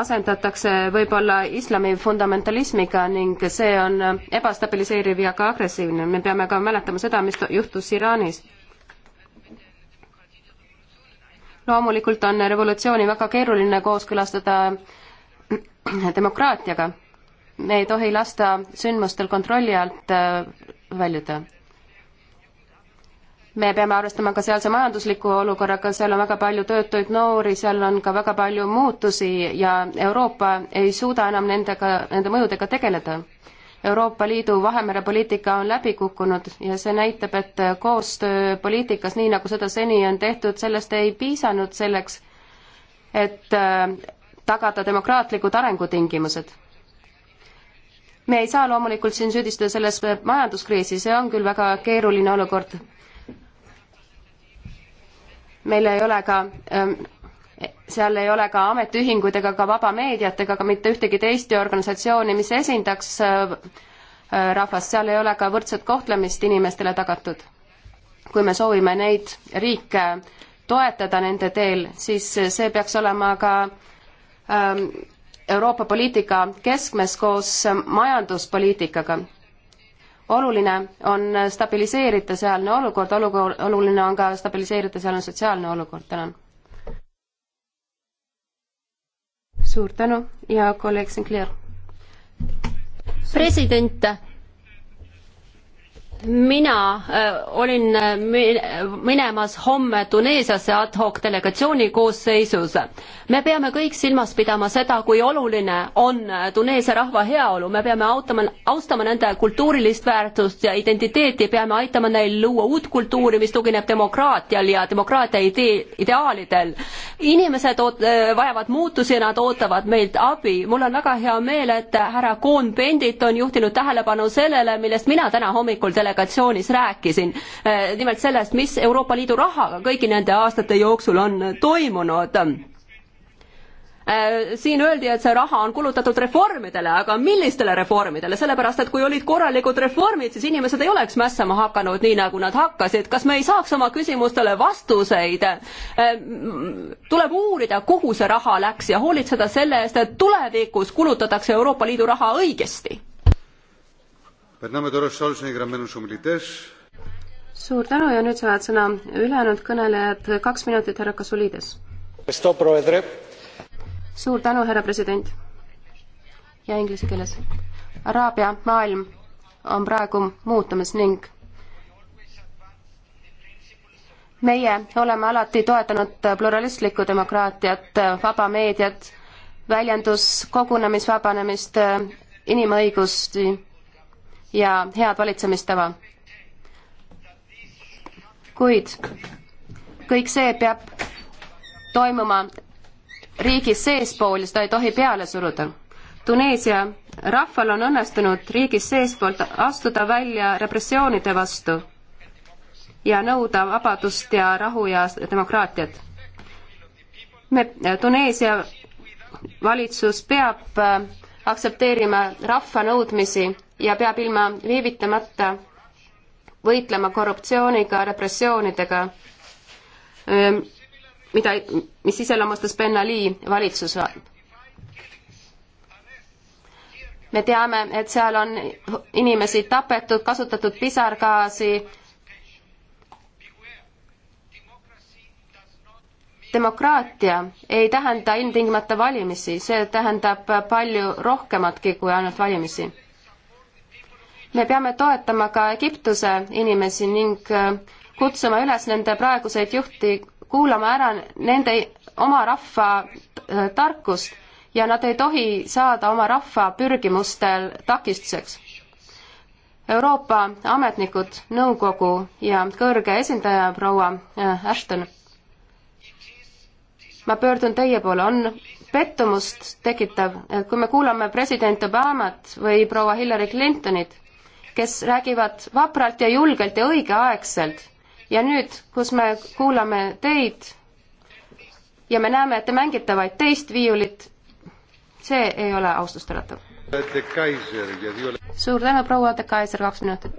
asendatakse võib-olla islami fundamentalismiga ning see on ebastabiliseeriv ja ka agressiivne. me peame ka mäletama seda, mis juhtus Iraanis. loomulikult on revolutsiooni väga keeruline kooskõlastada demokraatiaga me ei tohi lasta sündmustel kontrolli alt äh, väljuda. me peame arvestama ka sealse majandusliku olukorraga, seal on väga palju töötuid noori, seal on ka väga palju muutusi ja Euroopa ei suuda enam nendega, nende mõjudega tegeleda. Euroopa Liidu Vahemere poliitika on läbi kukkunud ja see näitab, et koostöö poliitikas, nii nagu seda seni on tehtud, sellest ei piisanud selleks, et äh, tagada demokraatlikud arengutingimused me ei saa loomulikult siin süüdistada selles majanduskriisi, see on küll väga keeruline olukord. meil ei ole ka ähm, seal ei ole ka ametiühinguid ega ka vaba meediat ega ka mitte ühtegi teist organisatsiooni, mis esindaks äh, äh, rahvast, seal ei ole ka võrdset kohtlemist inimestele tagatud. kui me soovime neid riike toetada nende teel, siis see peaks olema ka ähm, Euroopa poliitika keskmes koos majanduspoliitikaga. oluline on stabiliseerida sealne olukord, olukord, oluline on ka stabiliseerida sealne sotsiaalne olukord, tänan. suur tänu ja kolleeg Sinclair. president mina äh, olin äh, minemas homme Tuneesiasse ad hoc delegatsiooni koosseisus. me peame kõik silmas pidama seda, kui oluline on äh, Tuneesia rahva heaolu, me peame autama, austama nende kultuurilist väärtust ja identiteeti, peame aitama neil luua uut kultuuri, mis tugineb demokraatial ja demokraatia idee, ideaalidel. inimesed oot-, vajavad muutusi ja nad ootavad meilt abi. mul on väga hea meel, et härra Koon-Bendit on juhtinud tähelepanu sellele, millest mina täna hommikul tele-, delegatsioonis rääkisin. Eh, nimelt sellest, mis Euroopa Liidu rahaga kõigi nende aastate jooksul on toimunud eh, siin öeldi, et see raha on kulutatud reformidele, aga millistele reformidele, sellepärast et kui olid korralikud reformid, siis inimesed ei oleks mässama hakanud nii, nagu nad hakkasid. kas me ei saaks oma küsimustele vastuseid? Eh, tuleb uurida, kuhu see raha läks ja hoolitseda selle eest, et tulevikus kulutatakse Euroopa Liidu raha õigesti suur tänu ja nüüd saavad sõna ülejäänud kõnelejad, kaks minutit, härra Kasulides. suur tänu, härra president. ja inglise keeles. Araabia maailm on praegu muutumas ning meie oleme alati toetanud pluralistlikku demokraatiat, vaba meediat, väljendus, kogunemisvabanemist, inimõigusi ja head valitsemistava. kuid kõik see peab toimuma riigi seespool ja seda ei tohi peale suruda. Tuneesia rahval on õnnestunud riigis seestpoolt astuda välja repressioonide vastu ja nõuda vabadust ja rahu ja demokraatiat. me, Tuneesia valitsus peab äh, aktsepteerima rahva nõudmisi ja peab ilma viivitamata võitlema korruptsiooniga, repressioonidega, mida, mis iseloomustas Ben Ali valitsuse me teame, et seal on inimesi tapetud, kasutatud pisargaasi, demokraatia ei tähenda ilmtingimata valimisi, see tähendab palju rohkematki kui ainult valimisi. me peame toetama ka Egiptuse inimesi ning äh, kutsuma üles nende praeguseid juhti kuulama ära nende oma rahva äh, tarkust ja nad ei tohi saada oma rahva pürgimustel takistuseks. Euroopa ametnikud, nõukogu ja kõrge esindaja proua äh, Ashton ma pöördun teie poole, on pettumust tekitav, et kui me kuulame president Obamat või proua Hillary Clintonit, kes räägivad vapralt ja julgelt ja õigeaegselt ja nüüd, kus me kuulame teid ja me näeme, et te mängite vaid teist viiulit, see ei ole austustäratav. suur tänu, proua de Kaiser, kaks minutit.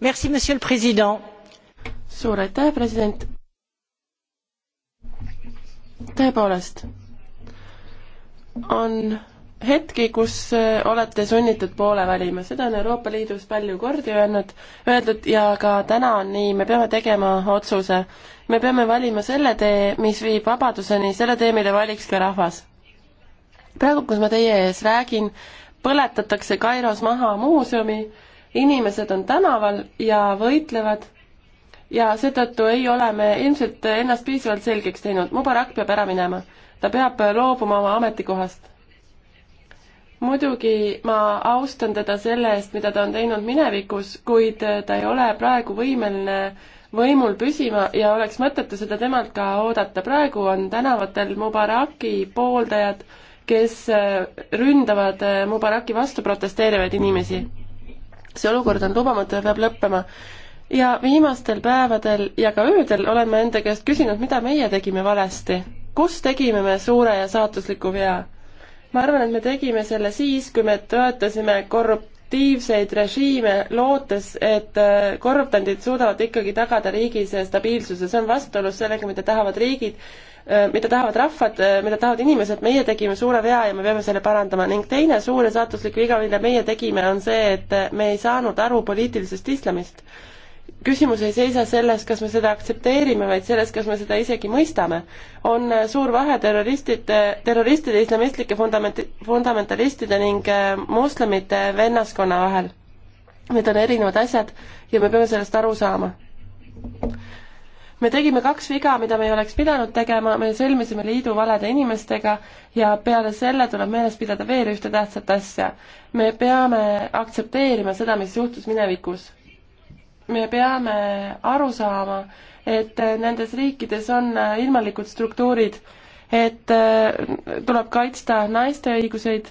Merci, monsieur le president. suur aitäh, president tõepoolest, on hetki, kus äh, olete sunnitud poole valima, seda on Euroopa Liidus palju kordi öelnud, öeldud ja ka täna on nii, me peame tegema otsuse. me peame valima selle tee, mis viib vabaduseni, selle tee, mille valiks ka rahvas. praegu, kus ma teie ees räägin, põletatakse Kairos maha muuseumi, inimesed on tänaval ja võitlevad ja seetõttu ei ole me ilmselt ennast piisavalt selgeks teinud. Mubarak peab ära minema, ta peab loobuma oma ametikohast. muidugi ma austan teda selle eest, mida ta on teinud minevikus, kuid ta ei ole praegu võimeline võimul püsima ja oleks mõttetu seda temalt ka oodata. praegu on tänavatel Mubaraki pooldajad, kes äh, ründavad äh, Mubaraki vastu protesteerivaid inimesi. see olukord on lubamatu ja peab lõppema ja viimastel päevadel ja ka öödel olen ma enda käest küsinud, mida meie tegime valesti. kus tegime me suure ja saatusliku vea? ma arvan, et me tegime selle siis, kui me toetasime korruptiivseid režiime, lootes, et äh, korruptandid suudavad ikkagi tagada riigis stabiilsuse. see on vastuolus sellega, mida tahavad riigid, äh, mida tahavad rahvad, äh, mida tahavad inimesed. meie tegime suure vea ja me peame selle parandama. ning teine suur ja saatuslik viga, mille meie tegime, on see, et me ei saanud aru poliitilisest islamist küsimus ei seisa selles, kas me seda aktsepteerime, vaid selles, kas me seda isegi mõistame. on äh, suur vahe terroristide, terroristide, islamistlike fundament-, fundamentalistide ning äh, moslemite vennaskonna vahel. Need on erinevad asjad ja me peame sellest aru saama. me tegime kaks viga, mida me ei oleks pidanud tegema, me sõlmisime liidu valede inimestega ja peale selle tuleb meeles pidada veel ühte tähtsat asja. me peame aktsepteerima seda, mis juhtus minevikus me peame aru saama, et nendes riikides on ilmalikud struktuurid, et äh, tuleb kaitsta naiste õiguseid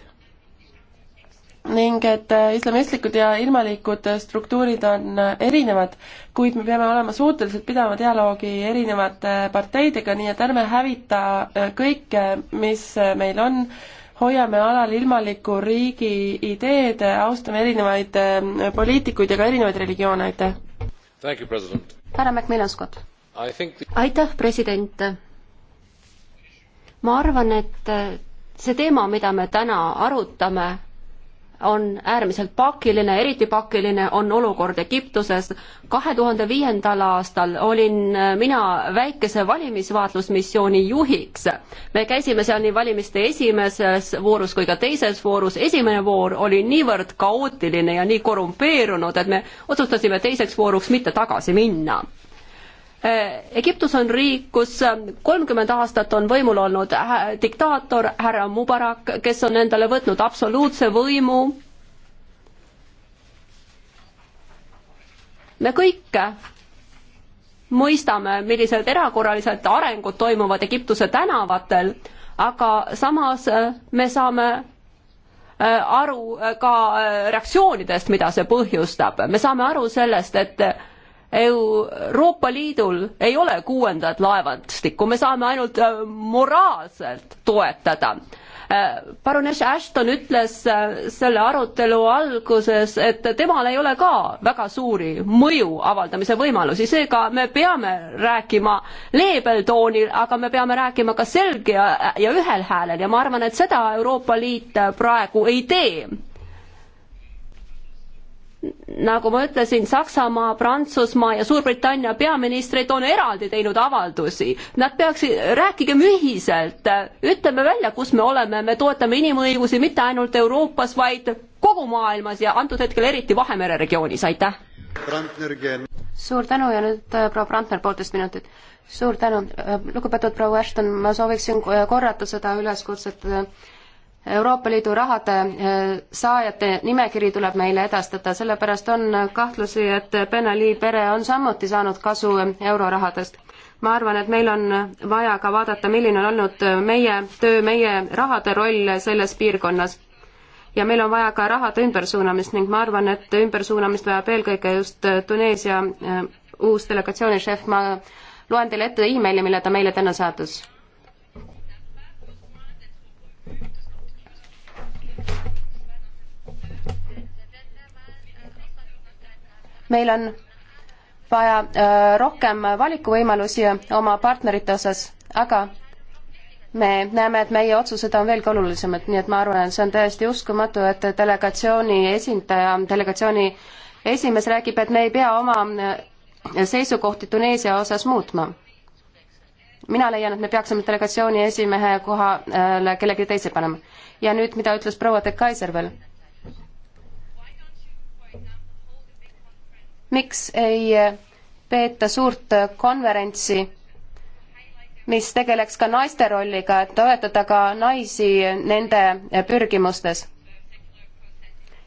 ning et äh, islamistlikud ja ilmalikud struktuurid on äh, erinevad, kuid me peame olema suutelised pidama dialoogi erinevate parteidega, nii et ärme hävita kõike, mis meil on hoiame alal ilmaliku riigi ideed, austame erinevaid äh, poliitikuid ja ka erinevaid religioone, aitäh! härra Macmillan Scott. aitäh, president! ma arvan, et äh, see teema, mida me täna arutame, on äärmiselt pakiline, eriti pakiline on olukord Egiptuses. kahe tuhande viiendal aastal olin äh, mina väikese valimisvaatlusmissiooni juhiks. me käisime seal nii valimiste esimeses voorus kui ka teises voorus. esimene voor oli niivõrd kaootiline ja nii korrumpeerunud, et me otsustasime teiseks vooruks mitte tagasi minna Äh, Egiptus on riik, kus ähm, kolmkümmend aastat on võimul olnud äh, diktaator härra Mubarak, kes on endale võtnud absoluutse võimu. me kõik äh, mõistame, millised erakorralised arengud toimuvad Egiptuse tänavatel, aga samas me saame aru ka reaktsioonidest, mida see põhjustab. me saame aru sellest, et Euroopa Liidul ei ole kuuendat laevastikku, me saame ainult äh, moraalselt toetada. Äh, baroness Ashton ütles äh, selle arutelu alguses, et temal ei ole ka väga suuri mõju avaldamise võimalusi, seega me peame rääkima leebel toonil, aga me peame rääkima ka selge ja, ja ühel häälel ja ma arvan, et seda Euroopa Liit praegu ei tee nagu ma ütlesin, Saksamaa, Prantsusmaa ja Suurbritannia peaministrid on eraldi teinud avaldusi. Nad peaksid, rääkigem ühiselt, ütleme välja, kus me oleme, me toetame inimõigusi mitte ainult Euroopas, vaid kogu maailmas ja antud hetkel eriti Vahemere regioonis, aitäh! suur tänu ja nüüd äh, proua Brandner, poolteist minutit. suur tänu, äh, lugupeetud proua Ashton, ma sooviksin äh, korrata seda üleskutset äh, Euroopa Liidu rahade eh, saajate nimekiri tuleb meile edastada, sellepärast on kahtlusi, et Ben Ali pere on samuti saanud kasu eurorahadest. ma arvan, et meil on vaja ka vaadata, milline on olnud meie töö, meie rahade roll selles piirkonnas. ja meil on vaja ka rahade ümbersuunamist ning ma arvan, et ümbersuunamist vajab eelkõige just Tuneesia eh, uus delegatsiooni šef, ma loen teile ette emaili, mille ta meile täna saatis meil on vaja äh, rohkem valikuvõimalusi oma partnerite osas, aga me näeme, et meie otsused on veelgi olulisemad, nii et ma arvan, et see on täiesti uskumatu, et delegatsiooni esindaja, delegatsiooni esimees räägib, et me ei pea oma äh, seisukohti Tuneesia osas muutma. mina leian, et me peaksime delegatsiooni esimehe kohale kellegi teise panema. ja nüüd, mida ütles proua de Kaiser veel? miks ei peeta suurt konverentsi, mis tegeleks ka naiste rolliga, et toetada ka naisi nende pürgimustes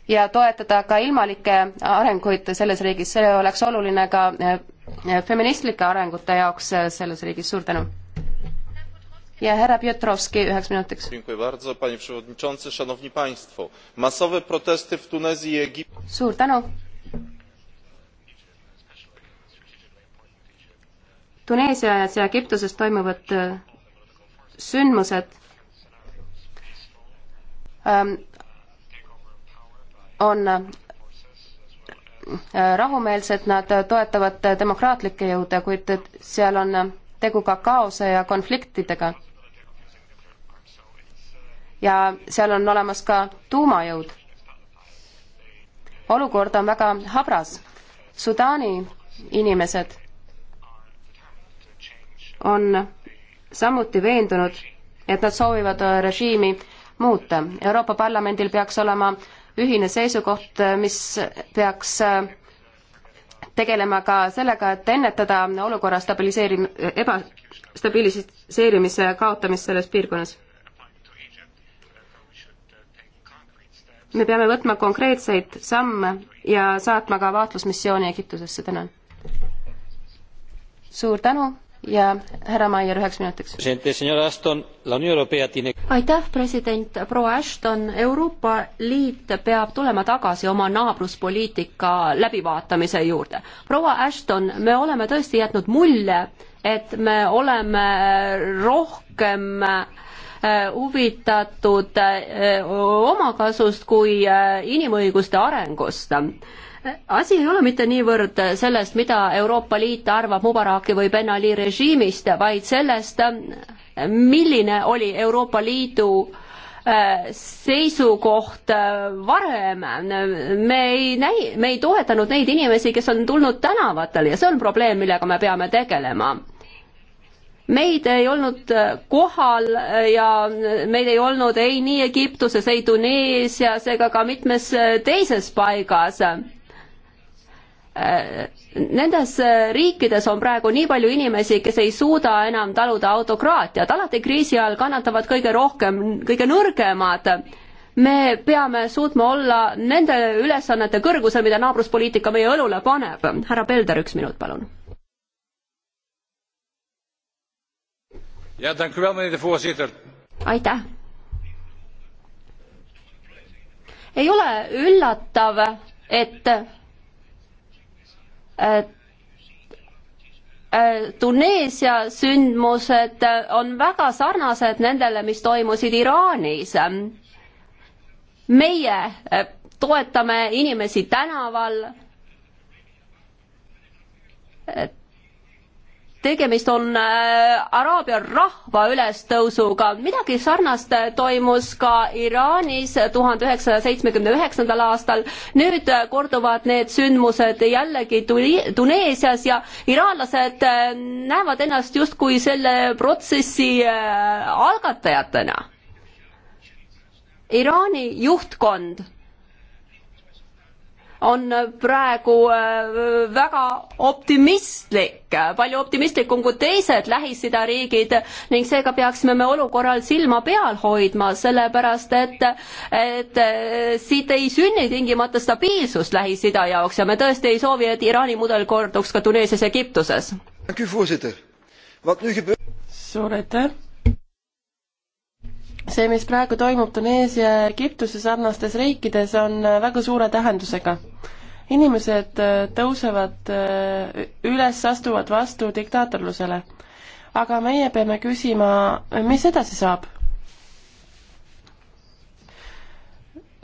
ja toetada ka ilmalikke arenguid selles riigis, see oleks oluline ka eh, feministlike arengute jaoks eh, selles riigis, suur tänu. ja härra Pjotrovski üheks minutiks. suur tänu. Tuneesias ja Egiptuses toimuvad äh, sündmused ähm, on äh, rahumeelsed, nad äh, toetavad demokraatlikke jõude, kuid seal on tegu ka kaose ja konfliktidega. ja seal on olemas ka tuumajõud. olukord on väga habras. Sudaani inimesed on samuti veendunud, et nad soovivad äh, režiimi muuta. Euroopa Parlamendil peaks olema ühine seisukoht, äh, mis peaks äh, tegelema ka sellega, et ennetada olukorra stabiliseerim-, ebastabiiliseerimise kaotamist selles piirkonnas. me peame võtma konkreetseid samme ja saatma ka vaatlusmissiooni Egiptusesse, tänan. suur tänu ja härra Maier üheks minutiks. aitäh, president proua Ashton, Euroopa Liit peab tulema tagasi oma naabruspoliitika läbivaatamise juurde. proua Ashton, me oleme tõesti jätnud mulje, et me oleme rohkem äh, huvitatud äh, omakasust kui äh, inimõiguste arengust asi ei ole mitte niivõrd sellest, mida Euroopa Liit arvab Mubaraki või Ben Ali režiimist, vaid sellest, milline oli Euroopa Liidu äh, seisukoht äh, varem, me ei näi-, me ei toetanud neid inimesi, kes on tulnud tänavatel ja see on probleem, millega me peame tegelema meid ei olnud äh, kohal ja meid ei olnud ei nii Egiptuses, ei Tuneesias ega ka mitmes teises paigas nendes äh, riikides on praegu nii palju inimesi, kes ei suuda enam taluda autokraatiat, alati kriisi ajal kannatavad kõige rohkem, kõige nõrgemad. me peame suutma olla nende ülesannete kõrgusel, mida naabruspoliitika meie õlule paneb. härra Pelder, üks minut, palun. aitäh. ei ole üllatav, et Tuneesia sündmused on väga sarnased nendele, mis toimusid Iraanis. meie eh, toetame inimesi tänaval tegemist on äh, araabia rahva ülestõusuga, midagi sarnast toimus ka Iraanis tuhande üheksasaja seitsmekümne üheksandal aastal. nüüd korduvad need sündmused jällegi Tuneesias ja iraanlased äh, näevad ennast justkui selle protsessi äh, algatajatena. Iraani juhtkond on praegu äh, väga optimistlik, palju optimistlikum kui teised Lähis-Ida riigid ning seega peaksime me olukorral silma peal hoidma, sellepärast et, et äh, siit ei sünni tingimata stabiilsust Lähis-Ida jaoks ja me tõesti ei soovi, et Iraani mudel korduks ka Tuneesias ja Egiptuses. suur aitäh see, mis praegu toimub Tuneesia ja Egiptuse sarnastes riikides, on äh, väga suure tähendusega. inimesed äh, tõusevad äh, üles, astuvad vastu diktaatorlusele. aga meie peame küsima, mis edasi saab?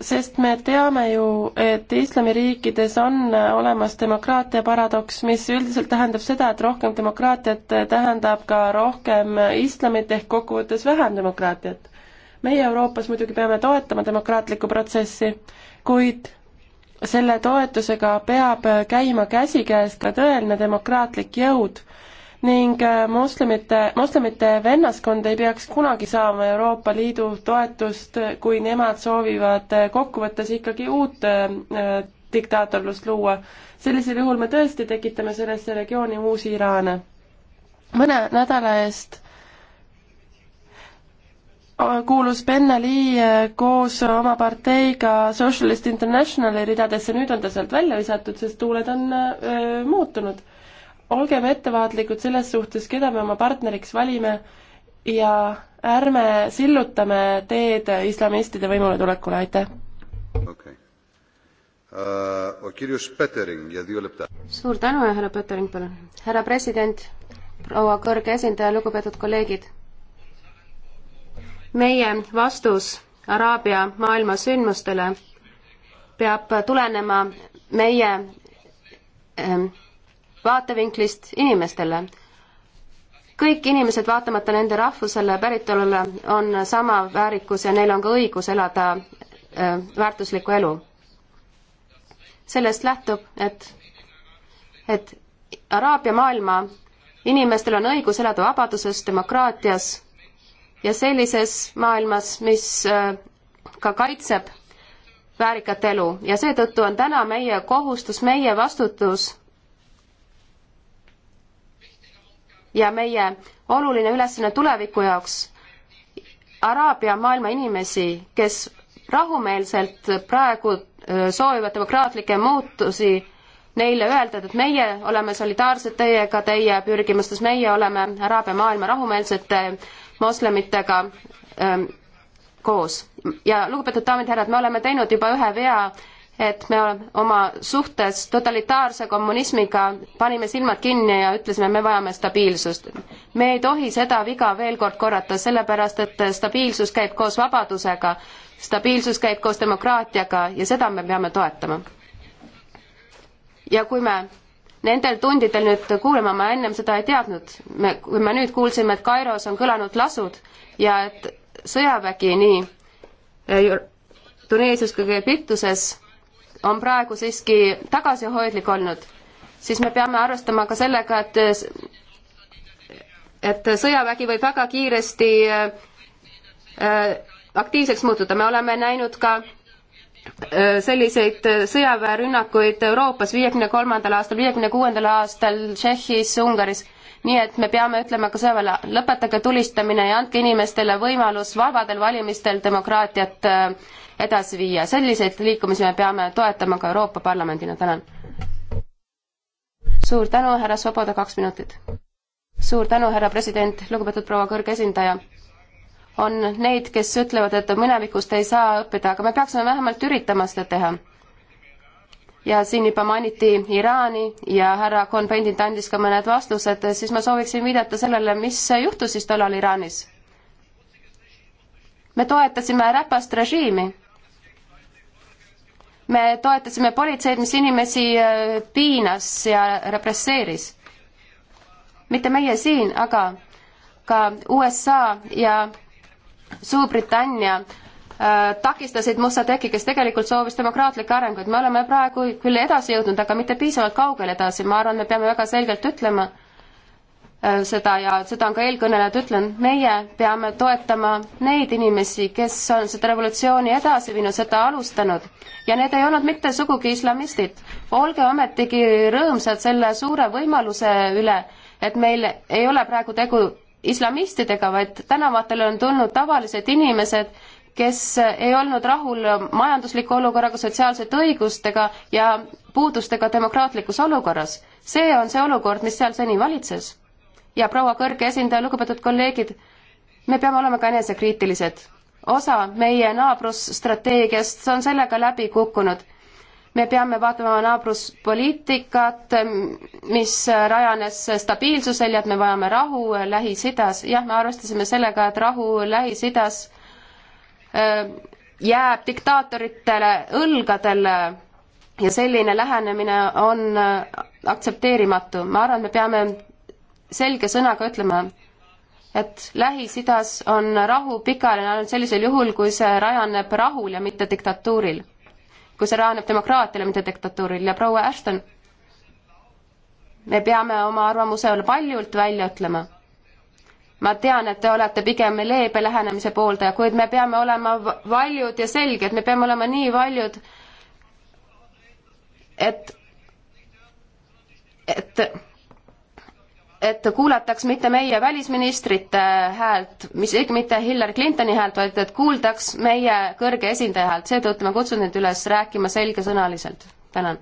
sest me teame ju, et islamiriikides on olemas demokraatia paradoks, mis üldiselt tähendab seda, et rohkem demokraatiat tähendab ka rohkem islamit ehk kokkuvõttes vähem demokraatiat meie Euroopas muidugi peame toetama demokraatlikku protsessi, kuid selle toetusega peab käima käsikäes ka tõeline demokraatlik jõud ning äh, moslemite, moslemite vennaskond ei peaks kunagi saama Euroopa Liidu toetust, kui nemad soovivad äh, kokkuvõttes ikkagi uut äh, diktaatorlust luua. sellisel juhul me tõesti tekitame sellesse regiooni uusi Iraane. mõne nädala eest äh, kuulus Ben Ali äh, koos oma parteiga Socialist Internationali ridadesse, nüüd on ta sealt välja visatud, sest tuuled on öö, äh, muutunud. olgem ettevaatlikud selles suhtes, keda me oma partneriks valime ja ärme sillutame teed islamistide võimuletulekule, aitäh okay.. Uh, äh, suur tänu ja härra Petering, palun. härra president, proua kõrge esindaja, lugupeetud kolleegid meie vastus Araabia maailma sündmustele peab tulenema meie ähm, vaatevinklist inimestele. kõik inimesed, vaatamata nende rahvusele, päritolule, on sama väärikus ja neil on ka õigus elada ähm, väärtuslikku elu. sellest lähtub, et, et Araabia maailma inimestel on õigus elada vabaduses, demokraatias ja sellises maailmas, mis äh, ka kaitseb väärikat elu ja seetõttu on täna meie kohustus, meie vastutus ja meie oluline ülesanne tuleviku jaoks Araabia maailma inimesi, kes rahumeelselt praegu äh, soovivad demokraatlikke muutusi, neile öelda, et meie oleme solidaarsed teiega, teie pürgimustes, meie oleme Araabia maailma rahumeelsete moslemitega ähm, koos. ja lugupeetud daamid-härrad, me oleme teinud juba ühe vea, et me oma suhtes totalitaarse kommunismiga panime silmad kinni ja ütlesime, me vajame stabiilsust. me ei tohi seda viga veel kord korrata, sellepärast et stabiilsus käib koos vabadusega, stabiilsus käib koos demokraatiaga ja seda me peame toetama. ja kui me nendel tundidel nüüd kuulema, ma ennem seda ei teadnud. me, kui me nüüd kuulsime, et Kairos on kõlanud lasud ja et sõjavägi nii eh, Tuneesias kui ka Egiptuses on praegu siiski tagasihoidlik olnud, siis me peame arvestama ka sellega, et et sõjavägi võib väga kiiresti eh, eh, aktiivseks muutuda, me oleme näinud ka Äh, selliseid äh, sõjaväerünnakuid Euroopas viiekümne kolmandal aastal, viiekümne kuuendal aastal Tšehhis, Ungaris. nii et me peame ütlema ka sõjaväele, lõpetage tulistamine ja andke inimestele võimalus vabadel valimistel demokraatiat äh, edasi viia. selliseid liikumisi me peame toetama ka Euroopa Parlamendina, tänan. suur tänu, härra Soboda, kaks minutit. suur tänu, härra president, lugupeetud proua kõrge esindaja on neid, kes ütlevad, et minevikust ei saa õppida, aga me peaksime vähemalt üritama seda teha. ja siin juba mainiti Iraani ja härra Konvendit andis ka mõned vastused, siis ma sooviksin viidata sellele, mis juhtus siis tollal Iraanis. me toetasime räpast režiimi. me toetasime politseid, mis inimesi äh, piinas ja represseeris. mitte meie siin, aga ka USA ja Suurbritannia äh, takistasid Mossadeghi, kes tegelikult soovis demokraatlikke arenguid. me oleme praegu küll edasi jõudnud, aga mitte piisavalt kaugele edasi, ma arvan, me peame väga selgelt ütlema äh, seda ja seda on ka eelkõnelejad ütlenud, meie peame toetama neid inimesi, kes on seda revolutsiooni edasi viinud, seda alustanud. ja need ei olnud mitte sugugi islamistid. olge ometigi rõõmsad selle suure võimaluse üle, et meil ei ole praegu tegu islamistidega, vaid tänavatele on tulnud tavalised inimesed, kes ei olnud rahul majandusliku olukorraga, sotsiaalsete õigustega ja puudustega demokraatlikus olukorras. see on see olukord, mis seal seni valitses. ja proua kõrge esindaja, lugupeetud kolleegid, me peame olema ka enesekriitilised. osa meie naabrusstrateegiast on sellega läbi kukkunud me peame vaatama naabruspoliitikat, mis rajanes stabiilsusel ja et me vajame rahu Lähis-Idas. jah, me arvestasime sellega, et rahu Lähis-Idas äh, jääb diktaatoritele õlgadele ja selline lähenemine on äh, aktsepteerimatu. ma arvan, et me peame selge sõnaga ütlema, et Lähis-Idas on rahu pikaajaline ainult sellisel juhul, kui see rajaneb rahul ja mitte diktatuuril kui see rajaneb demokraatiale, mitte diktatuurile ja proua Ashton, me peame oma arvamuse paljult välja ütlema. ma tean, et te olete pigem leebe lähenemise pooldaja, kuid me peame olema valjud ja selged, me peame olema nii valjud, et, et et kuulataks mitte meie välisministrite häält, mis, mitte Hillary Clintoni häält, vaid et kuuldaks meie kõrge esindaja häält, seetõttu ma kutsun teid üles rääkima selgesõnaliselt. tänan.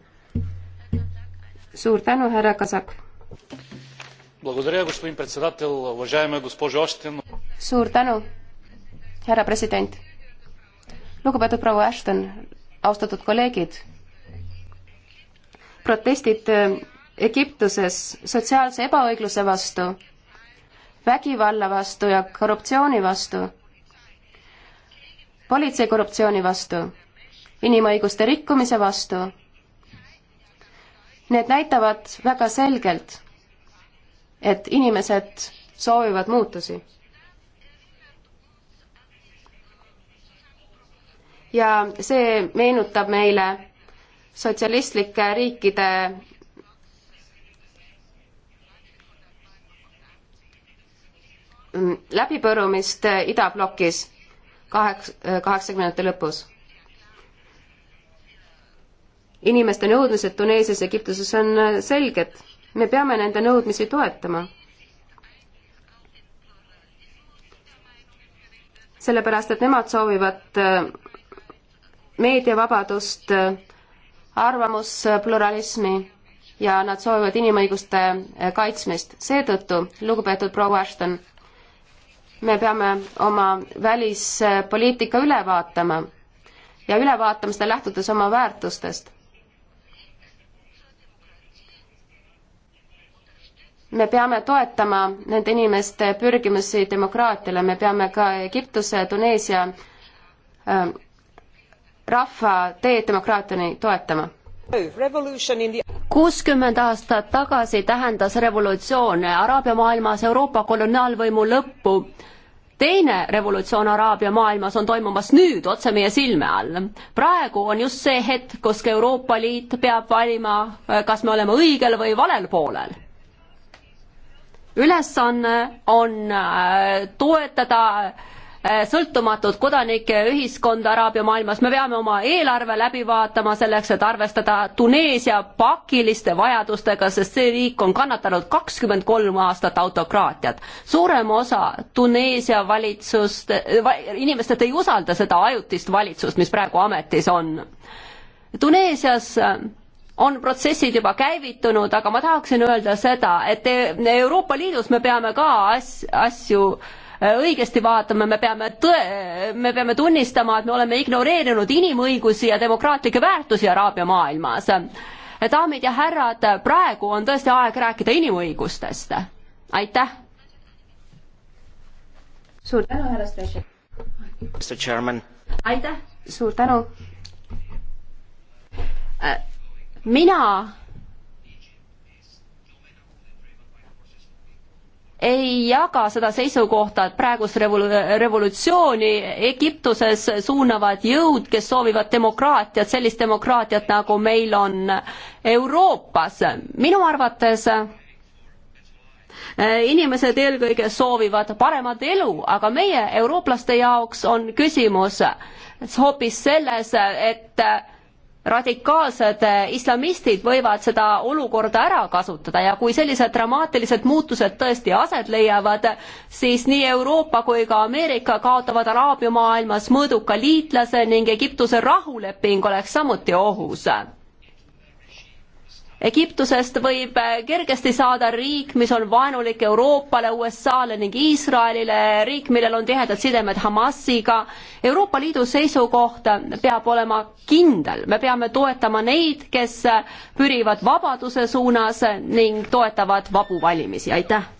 suur tänu, härra Kasak. suur tänu, härra president. lugupeetud proua Ashton, austatud kolleegid, protestid Egiptuses sotsiaalse ebaõigluse vastu, vägivalla vastu ja korruptsiooni vastu, politsei korruptsiooni vastu, inimõiguste rikkumise vastu. Need näitavad väga selgelt, et inimesed soovivad muutusi. ja see meenutab meile sotsialistlike riikide Mm, läbipõrumist äh, idablokis kaheks, äh, kaheksakümnendate lõpus. inimeste nõudmised Tuneesias ja Egiptuses on äh, selged, me peame nende nõudmisi toetama. sellepärast, et nemad soovivad meediavabadust, arvamuspluralismi ja nad soovivad inimõiguste kaitsmist. seetõttu, lugupeetud proua Ashton me peame oma välispoliitika üle vaatama ja üle vaatama seda lähtudes oma väärtustest. me peame toetama nende inimeste pürgimusi demokraatiale, me peame ka Egiptuse, Tuneesia ähm, rahva teed demokraatiani toetama kuuskümmend aastat tagasi tähendas revolutsioon Araabia maailmas Euroopa koloniaalvõimu lõppu. teine revolutsioon Araabia maailmas on toimumas nüüd otse meie silme all. praegu on just see hetk, kus Euroopa Liit peab valima, kas me oleme õigel või valel poolel ülesanne on, on äh, toetada Äh, sõltumatut kodanike ühiskonda Araabia maailmas, me peame oma eelarve läbi vaatama selleks, et arvestada Tuneesia pakiliste vajadustega, sest see riik on kannatanud kakskümmend kolm aastat autokraatiat. suurem osa Tuneesia valitsust, äh, inimestest ei usalda seda ajutist valitsust, mis praegu ametis on. Tuneesias äh, on protsessid juba käivitunud, aga ma tahaksin öelda seda, et Euroopa Liidus me peame ka as-, asju äh, õigesti vaatama, me peame tõe, me peame tunnistama, et me oleme ignoreerinud inimõigusi ja demokraatlikke väärtusi Araabia maailmas. daamid ja härrad, praegu on tõesti aeg rääkida inimõigustest. aitäh! suur tänu, härra Strešev! aitäh, suur tänu! mina ei jaga seda seisukohta, et praegust revol-, revolutsiooni Egiptuses suunavad jõud, kes soovivad demokraatiat, sellist demokraatiat, nagu meil on Euroopas. minu arvates äh, inimesed eelkõige soovivad paremat elu, aga meie, eurooplaste jaoks on küsimus hoopis selles, et radikaalsed äh, islamistid võivad seda olukorda ära kasutada ja kui sellised dramaatilised muutused tõesti aset leiavad, siis nii Euroopa kui ka Ameerika kaotavad araabia maailmas mõõduka liitlase ning Egiptuse rahuleping oleks samuti ohus Egiptusest võib äh, kergesti saada riik, mis on vaenulik Euroopale, USA-le ning Iisraelile, riik, millel on tihedad sidemed Hamasiga. Euroopa Liidu seisukoht peab olema kindel, me peame toetama neid, kes pürivad vabaduse suunas ning toetavad vabu valimisi, aitäh!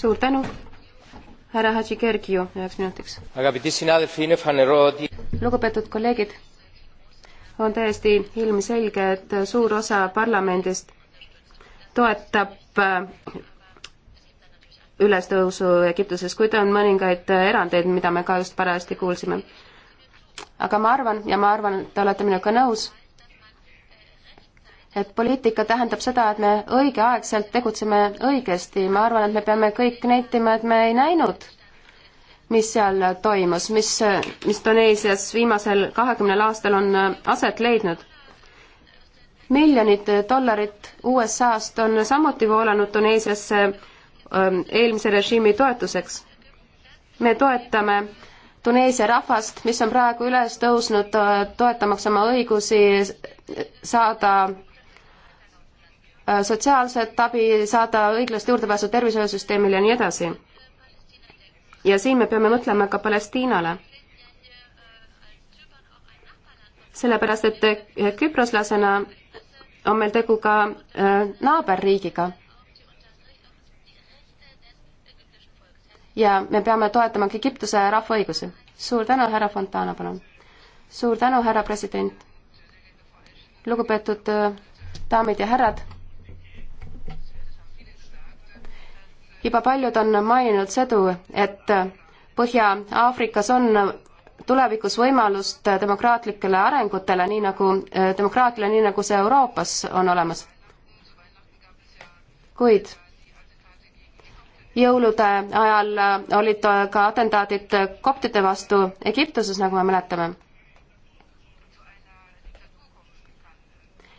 suur tänu, härra Hadži Kergio, üheks minutiks. lugupeetud kolleegid on täiesti ilmselge, et suur osa parlamendist toetab äh, ülestõusu Egiptuses, kuid on mõningaid erandeid, mida me ka just parajasti kuulsime. aga ma arvan ja ma arvan, et te olete minuga nõus, et poliitika tähendab seda, et me õigeaegselt tegutseme õigesti, ma arvan, et me peame kõik nentima, et me ei näinud mis seal toimus, mis, mis Tuneesias viimasel kahekümnel aastal on aset leidnud. miljonid dollarit USA-st on samuti voolanud Tuneesiasse ähm, eelmise režiimi toetuseks. me toetame Tuneesia rahvast, mis on praegu üles tõusnud toetamaks oma õigusi saada äh, sotsiaalset abi, saada õiglast juurdepääsu tervishoiusüsteemile ja nii edasi ja siin me peame mõtlema ka Palestiinale. sellepärast, et küproslasena on meil tegu ka äh, naaberriigiga. ja me peame toetama ka Egiptuse rahva õigusi. suur tänu, härra Fontana, palun. suur tänu, härra president. lugupeetud äh, daamid ja härrad juba paljud on maininud sedu, et Põhja-Aafrikas on tulevikus võimalust demokraatlikele arengutele, nii nagu, demokraatiale, nii nagu see Euroopas on olemas. kuid jõulude ajal olid ka atentaadid koptide vastu Egiptuses, nagu me mäletame.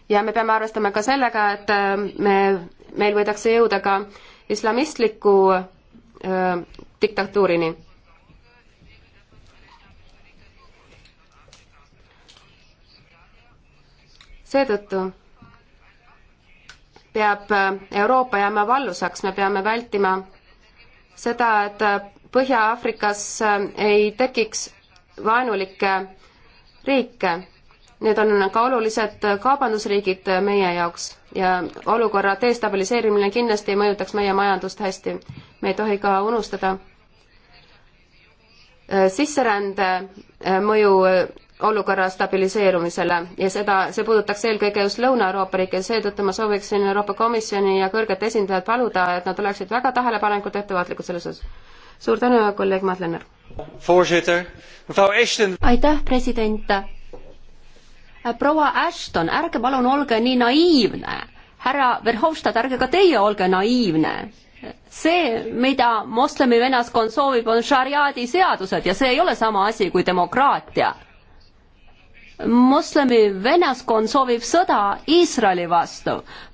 ja me peame arvestama ka sellega, et me, meil võidakse jõuda ka äh, islamistliku öö, diktatuurini. seetõttu peab Euroopa jääma vallusaks, me peame vältima seda, et Põhja-Aafrikas ei tekiks vaenulikke riike Need on ka olulised kaubandusriigid meie jaoks ja olukorra destabiliseerimine kindlasti mõjutaks meie majandust hästi. me ei tohi ka unustada äh, sisserände äh, mõju äh, olukorra stabiliseerumisele ja seda, see puudutaks eelkõige just Lõuna-Euroopa riike, seetõttu ma sooviksin Euroopa Komisjoni ja kõrget esindajat paluda, et nad oleksid väga tähelepanelikud ja ettevaatlikud selles osas. suur tänu, kolleeg Madlener! aitäh, president! Äh, proua Ashton, ärge palun olge nii naiivne. härra Verhofstadt, ärge ka teie olge naiivne. see, mida moslemi vennaskond soovib, on šariaadi seadused ja see ei ole sama asi kui demokraatia. moslemi vennaskond soovib sõda Iisraeli vastu.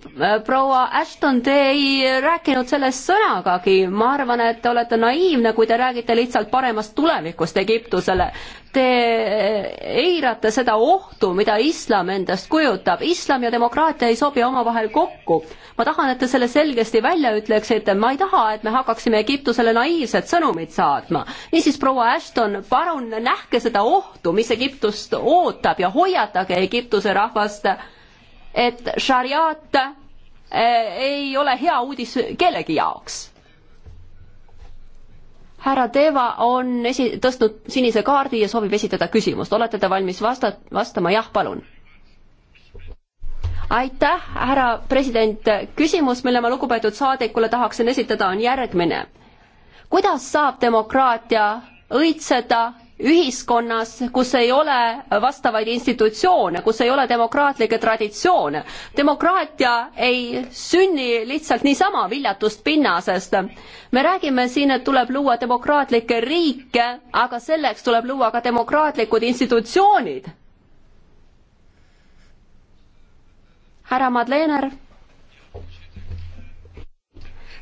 Äh, proua Ashton, te ei rääkinud sellest sõnagagi, ma arvan, et te olete naiivne, kui te räägite lihtsalt paremast tulevikust Egiptusele te eh, eirate seda ohtu, mida islam endast kujutab. islam ja demokraatia ei sobi omavahel kokku. ma tahan, et te selle selgesti välja ütleksite, ma ei taha, et me hakkaksime Egiptusele naiivset sõnumit saatma. niisiis, proua Ashton, palun nähke seda ohtu, mis Egiptust ootab ja hoiatage Egiptuse rahvast, et šariaat eh, ei ole hea uudis kellegi jaoks härra Deva on esi-, tõstnud sinise kaardi ja soovib esitada küsimust, olete te valmis vasta-, vastama, jah, palun? aitäh, härra president, küsimus, mille ma lugupeetud saadikule tahaksin esitada, on järgmine. kuidas saab demokraatia õitseda ühiskonnas, kus ei ole vastavaid institutsioone, kus ei ole demokraatlikke traditsioone. demokraatia ei sünni lihtsalt niisama viljatust pinnasest. me räägime siin, et tuleb luua demokraatlikke riike, aga selleks tuleb luua ka demokraatlikud institutsioonid. härra Madlener.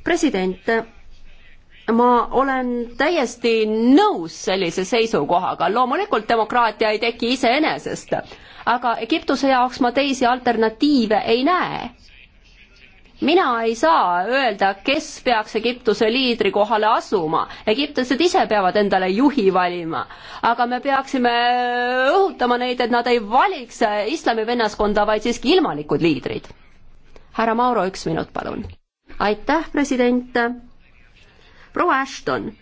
president ma olen täiesti nõus sellise seisukohaga, loomulikult demokraatia ei teki iseenesest, aga Egiptuse jaoks ma teisi alternatiive ei näe. mina ei saa öelda, kes peaks Egiptuse liidri kohale asuma, egiptlased ise peavad endale juhi valima, aga me peaksime õhutama neid, et nad ei valiks islami vennaskonda, vaid siiski ilmalikud liidrid. härra Mauro, üks minut, palun. aitäh, president proua Ashton.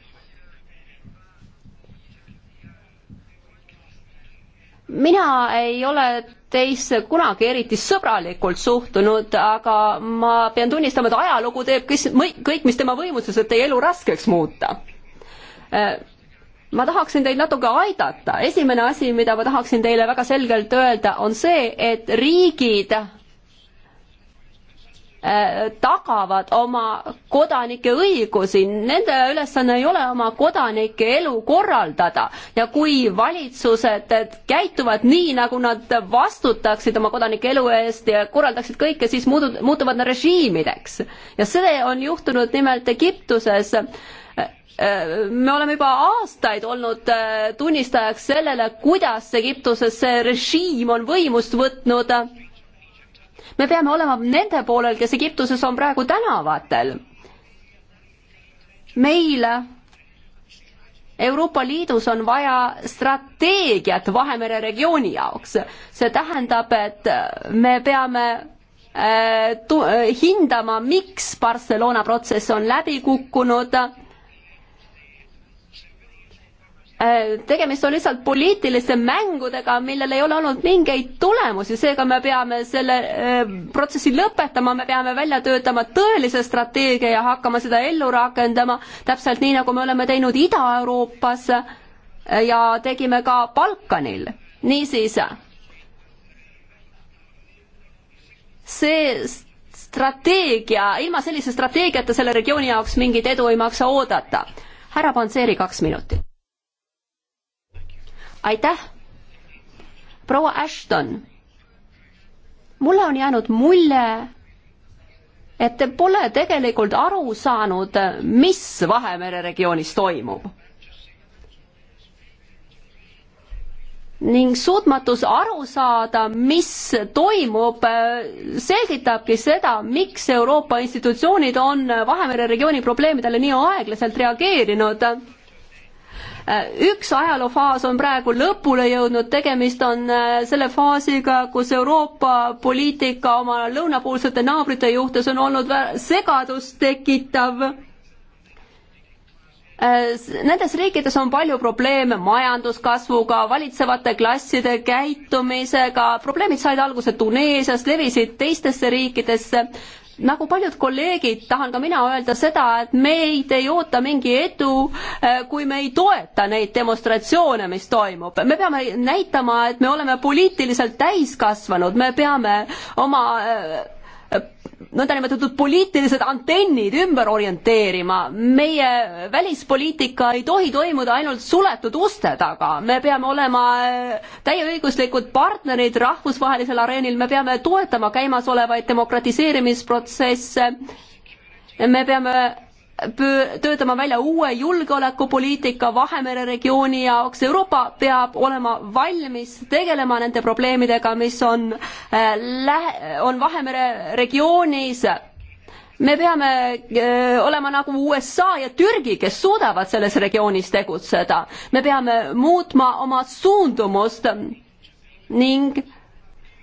mina ei ole teisse kunagi eriti sõbralikult suhtunud, aga ma pean tunnistama, et ajalugu teeb kõik, mis tema võimuses, et teie elu raskeks muuta äh, ma tahaksin teid natuke aidata, esimene asi, mida ma tahaksin teile väga selgelt öelda, on see, et riigid Äh, tagavad oma kodanike õigusi, nende ülesanne ei ole oma kodanike elu korraldada ja kui valitsused käituvad nii, nagu nad vastutaksid oma kodanike elu eest ja korraldaksid kõike, siis muudu-, muutuvad nad režiimideks. ja see on juhtunud nimelt Egiptuses äh, äh, me oleme juba aastaid olnud tunnistajaks sellele, kuidas Egiptuses see režiim on võimust võtnud me peame olema nende poolel, kes Egiptuses on praegu tänavatel. meil Euroopa Liidus on vaja strateegiat Vahemere regiooni jaoks. see tähendab, et me peame äh, tu, hindama, miks Barcelona protsess on läbi kukkunud äh,, Äh, tegemist on lihtsalt poliitiliste mängudega, millel ei ole olnud mingeid tulemusi, seega me peame selle äh, protsessi lõpetama, me peame välja töötama tõelise strateegia ja hakkama seda ellu rakendama, täpselt nii, nagu me oleme teinud Ida-Euroopas äh, ja tegime ka Balkanil. niisiis, see strateegia, ilma sellise strateegiata selle regiooni jaoks mingit edu ei maksa oodata. härra Panseri, kaks minutit aitäh! proua Ashton, mulle on jäänud mulje, et te pole tegelikult aru saanud, mis Vahemere regioonis toimub. ning suutmatus aru saada, mis toimub, selgitabki seda, miks Euroopa institutsioonid on Vahemere regiooni probleemidele nii aeglaselt reageerinud Äh, üks ajaloofaas on praegu lõpule jõudnud, tegemist on äh, selle faasiga, kus Euroopa poliitika oma lõunapoolsete naabrite juhtes on olnud segadust tekitav. Äh, nendes riikides on palju probleeme majanduskasvuga, valitsevate klasside käitumisega, probleemid said alguse Tuneesiast, levisid teistesse riikidesse nagu paljud kolleegid, tahan ka mina öelda seda, et meid ei oota mingi edu, eh, kui me ei toeta neid demonstratsioone, mis toimub. me peame näitama, et me oleme poliitiliselt täiskasvanud, me peame oma eh, nõndanimetatud poliitilised antennid ümber orienteerima. meie välispoliitika ei tohi toimuda ainult suletud uste taga, me peame olema äh, täieõiguslikud partnerid rahvusvahelisel areenil, me peame toetama käimasolevaid demokratiseerimisprotsesse, me peame töötama välja uue julgeolekupoliitika Vahemere regiooni jaoks. Euroopa peab olema valmis tegelema nende probleemidega, mis on äh, lähe-, on Vahemere regioonis. me peame äh, olema nagu USA ja Türgi, kes suudavad selles regioonis tegutseda. me peame muutma oma suundumust ning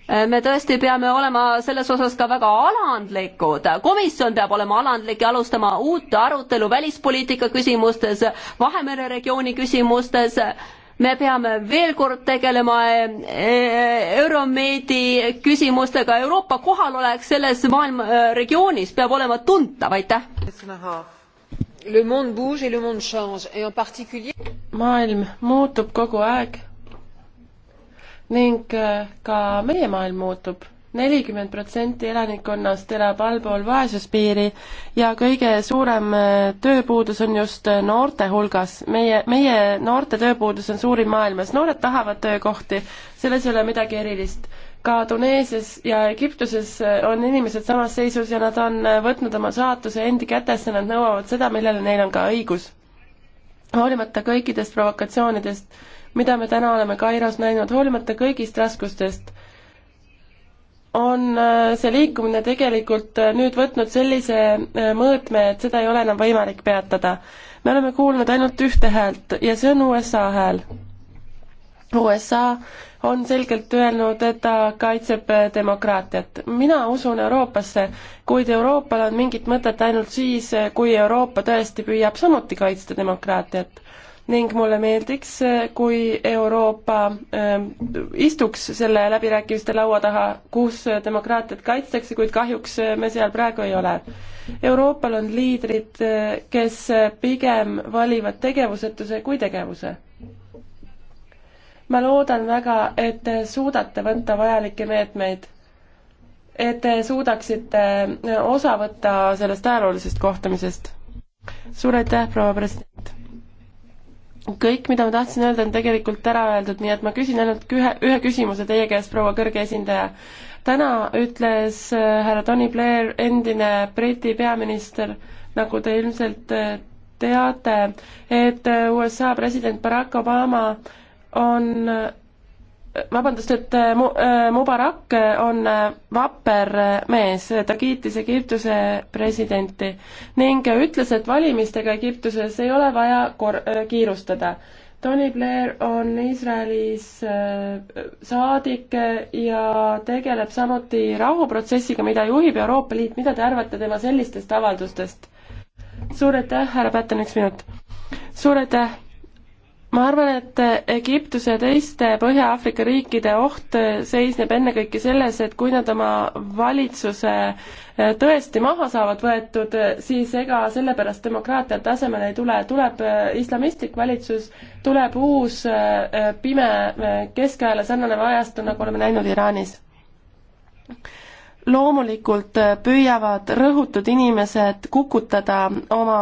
Äh, me tõesti peame olema selles osas ka väga alandlikud. komisjon peab olema alandlik ja alustama uut arutelu välispoliitika küsimustes, Vahemere regiooni küsimustes. me peame veel kord tegelema äh, äh, Euromeedi küsimustega, Euroopa kohalolek selles maailma regioonis peab olema tuntav, aitäh. Le monde bouge et le monde change et en particulier maailm muutub kogu aeg ning äh, ka meie maailm muutub. nelikümmend protsenti elanikkonnast elab allpool vaesuspiiri ja kõige suurem äh, tööpuudus on just äh, noorte hulgas. meie, meie noorte tööpuudus on suurim maailmas, noored tahavad töökohti, selles ei ole midagi erilist ka Tuneesias ja Egiptuses on inimesed samas seisus ja nad on võtnud oma saatuse endi kätesse, nad nõuavad seda, millele neil on ka õigus. hoolimata kõikidest provokatsioonidest mida me täna oleme Kairos näinud, hoolimata kõigist raskustest, on äh, see liikumine tegelikult äh, nüüd võtnud sellise äh, mõõtme, et seda ei ole enam võimalik peatada. me oleme kuulnud ainult ühte häält ja see on USA hääl. USA on selgelt öelnud, et ta kaitseb demokraatiat. mina usun Euroopasse, kuid Euroopal on mingit mõtet ainult siis, kui Euroopa tõesti püüab samuti kaitsta demokraatiat ning mulle meeldiks, äh, kui Euroopa ähm, istuks selle läbirääkimiste laua taha, kus äh, demokraatiat kaitstakse, kuid kahjuks äh, me seal praegu ei ole. Euroopal on liidrid, kes pigem valivad tegevusetuse kui tegevuse. ma loodan väga, et te suudate võtta vajalikke meetmeid, et te suudaksite osa võtta sellest ajaloolisest kohtumisest. suur aitäh, proua president! kõik, mida ma tahtsin öelda, on tegelikult ära öeldud, nii et ma küsin ainult ühe, ühe küsimuse teie käest, proua kõrge esindaja. täna ütles äh, härra Tony Blair, endine Briti peaminister, nagu te ilmselt äh, teate, et äh, USA president Barack Obama on vabandust, et äh, mu-, äh, Mubarak äh, on vapper mees, ta kiitis Egiptuse presidenti ning ütles, et valimistega Egiptuses ei ole vaja kor-, kiirustada. Tony Blair on Iisraelis saadik ja tegeleb samuti rahuprotsessiga, mida juhib Euroopa Liit, mida te arvate tema sellistest avaldustest? suur aitäh, härra Pätten, üks minut. suur aitäh ma arvan, et Egiptuse ja teiste Põhja-Aafrika riikide oht seisneb ennekõike selles, et kui nad oma valitsuse äh, tõesti maha saavad võetud, siis ega sellepärast demokraatia tasemele ei tule, tuleb äh, islamistlik valitsus, tuleb uus äh, pime keskajale sarnanev ajastu, nagu oleme näinud Iraanis loomulikult äh, püüavad rõhutud inimesed kukutada oma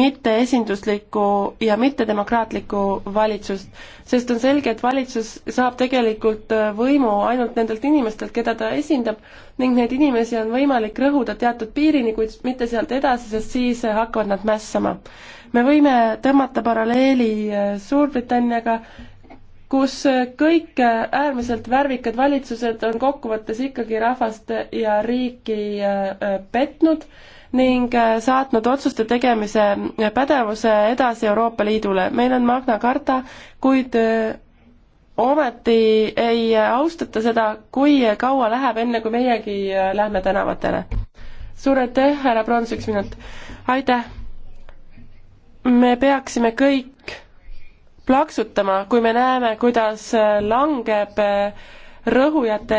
mitteesinduslikku ja mittedemokraatlikku valitsust, sest on selge, et valitsus saab tegelikult äh, võimu ainult nendelt inimestelt, keda ta esindab ning neid inimesi on võimalik rõhuda teatud piirini, kuid mitte sealt edasi, sest siis äh, hakkavad nad mässama. me võime tõmmata paralleeli Suurbritanniaga kus äh, kõik äh, äärmiselt värvikad valitsused on kokkuvõttes ikkagi rahvast ja riiki äh, petnud ning saatnud otsuste tegemise pädevuse edasi Euroopa Liidule. meil on Magna Carta, kuid ometi ei austata seda, kui kaua läheb, enne kui meiegi lähme tänavatele. suur aitäh, härra Prons, üks minut. aitäh! me peaksime kõik plaksutama, kui me näeme, kuidas äh, langeb äh, rõhujate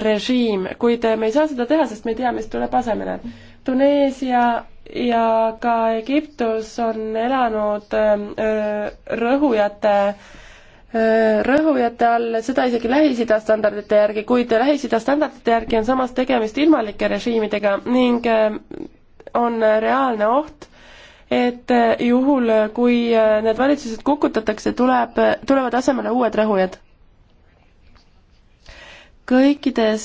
režiim, kuid äh, me ei saa seda teha, sest me ei tea, mis tuleb asemele. Tuneesia ja ka Egiptus on elanud ähm, rõhujate rõhujate all, seda isegi Lähis-Ida standardite järgi, kuid Lähis-Ida standardite järgi on samas tegemist ilmalike režiimidega ning ähm, on reaalne oht, et äh, juhul, äh, kui äh, need valitsused kukutatakse, tuleb, tulevad asemele uued rahujad. kõikides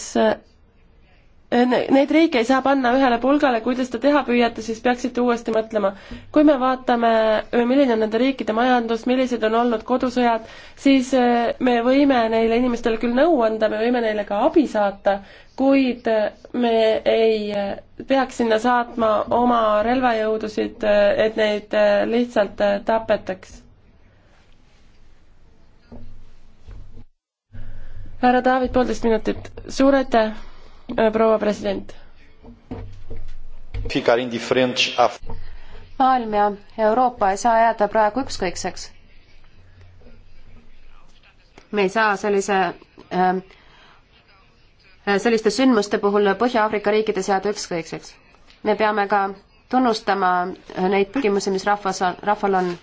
Äh, neid riike ei saa panna ühele pulgale, kui te seda teha püüate, siis peaksite uuesti mõtlema. kui me vaatame, äh, milline on nende riikide majandus, millised on olnud kodusõjad, siis äh, me võime neile inimestele küll nõu anda, me võime neile ka abi saata, kuid me ei peaks sinna saatma oma relvajõudusid, et neid lihtsalt tapetaks härra David, poolteist minutit. suur aitäh! Äh, proua president. maailm ja Euroopa ei saa jääda praegu ükskõikseks. me ei saa sellise ähm, äh, selliste sündmuste puhul Põhja-Aafrika riikides jääda ükskõikseks. me peame ka tunnustama neid tingimusi, mis rahvas, rahval on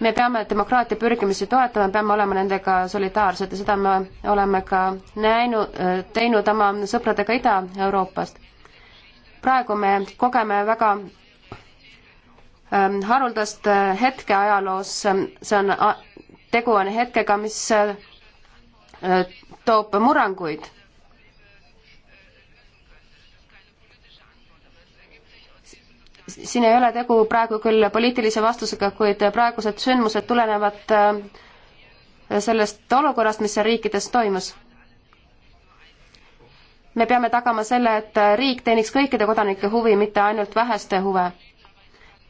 me peame demokraatia pürgimisi toetama, peame olema nendega solidaarsed ja seda me oleme ka näinud, teinud oma sõpradega Ida-Euroopast. praegu me kogeme väga ähm, haruldast äh, hetke ajaloos, ähm, see on, tegu on hetkega, mis äh, toob murranguid siin ei ole tegu praegu küll poliitilise vastusega, kuid praegused sündmused tulenevad äh, sellest olukorrast, mis seal riikides toimus. me peame tagama selle, et riik teeniks kõikide kodanike huvi, mitte ainult väheste huve.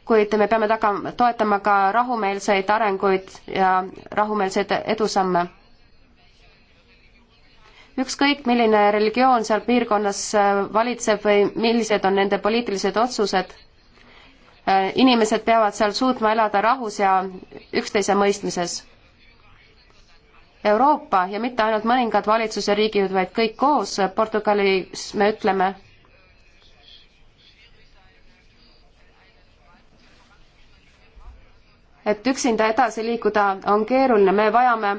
kuid me peame taga-, toetama ka rahumeelseid arenguid ja rahumeelseid edusamme. ükskõik, milline religioon seal piirkonnas äh, valitseb või millised on nende poliitilised otsused Äh, inimesed peavad seal suutma elada rahus ja üksteise mõistmises. Euroopa ja mitte ainult mõningad valitsus ja riigijuhid, vaid kõik koos, Portugalis me ütleme, et üksinda edasi liikuda on keeruline, me vajame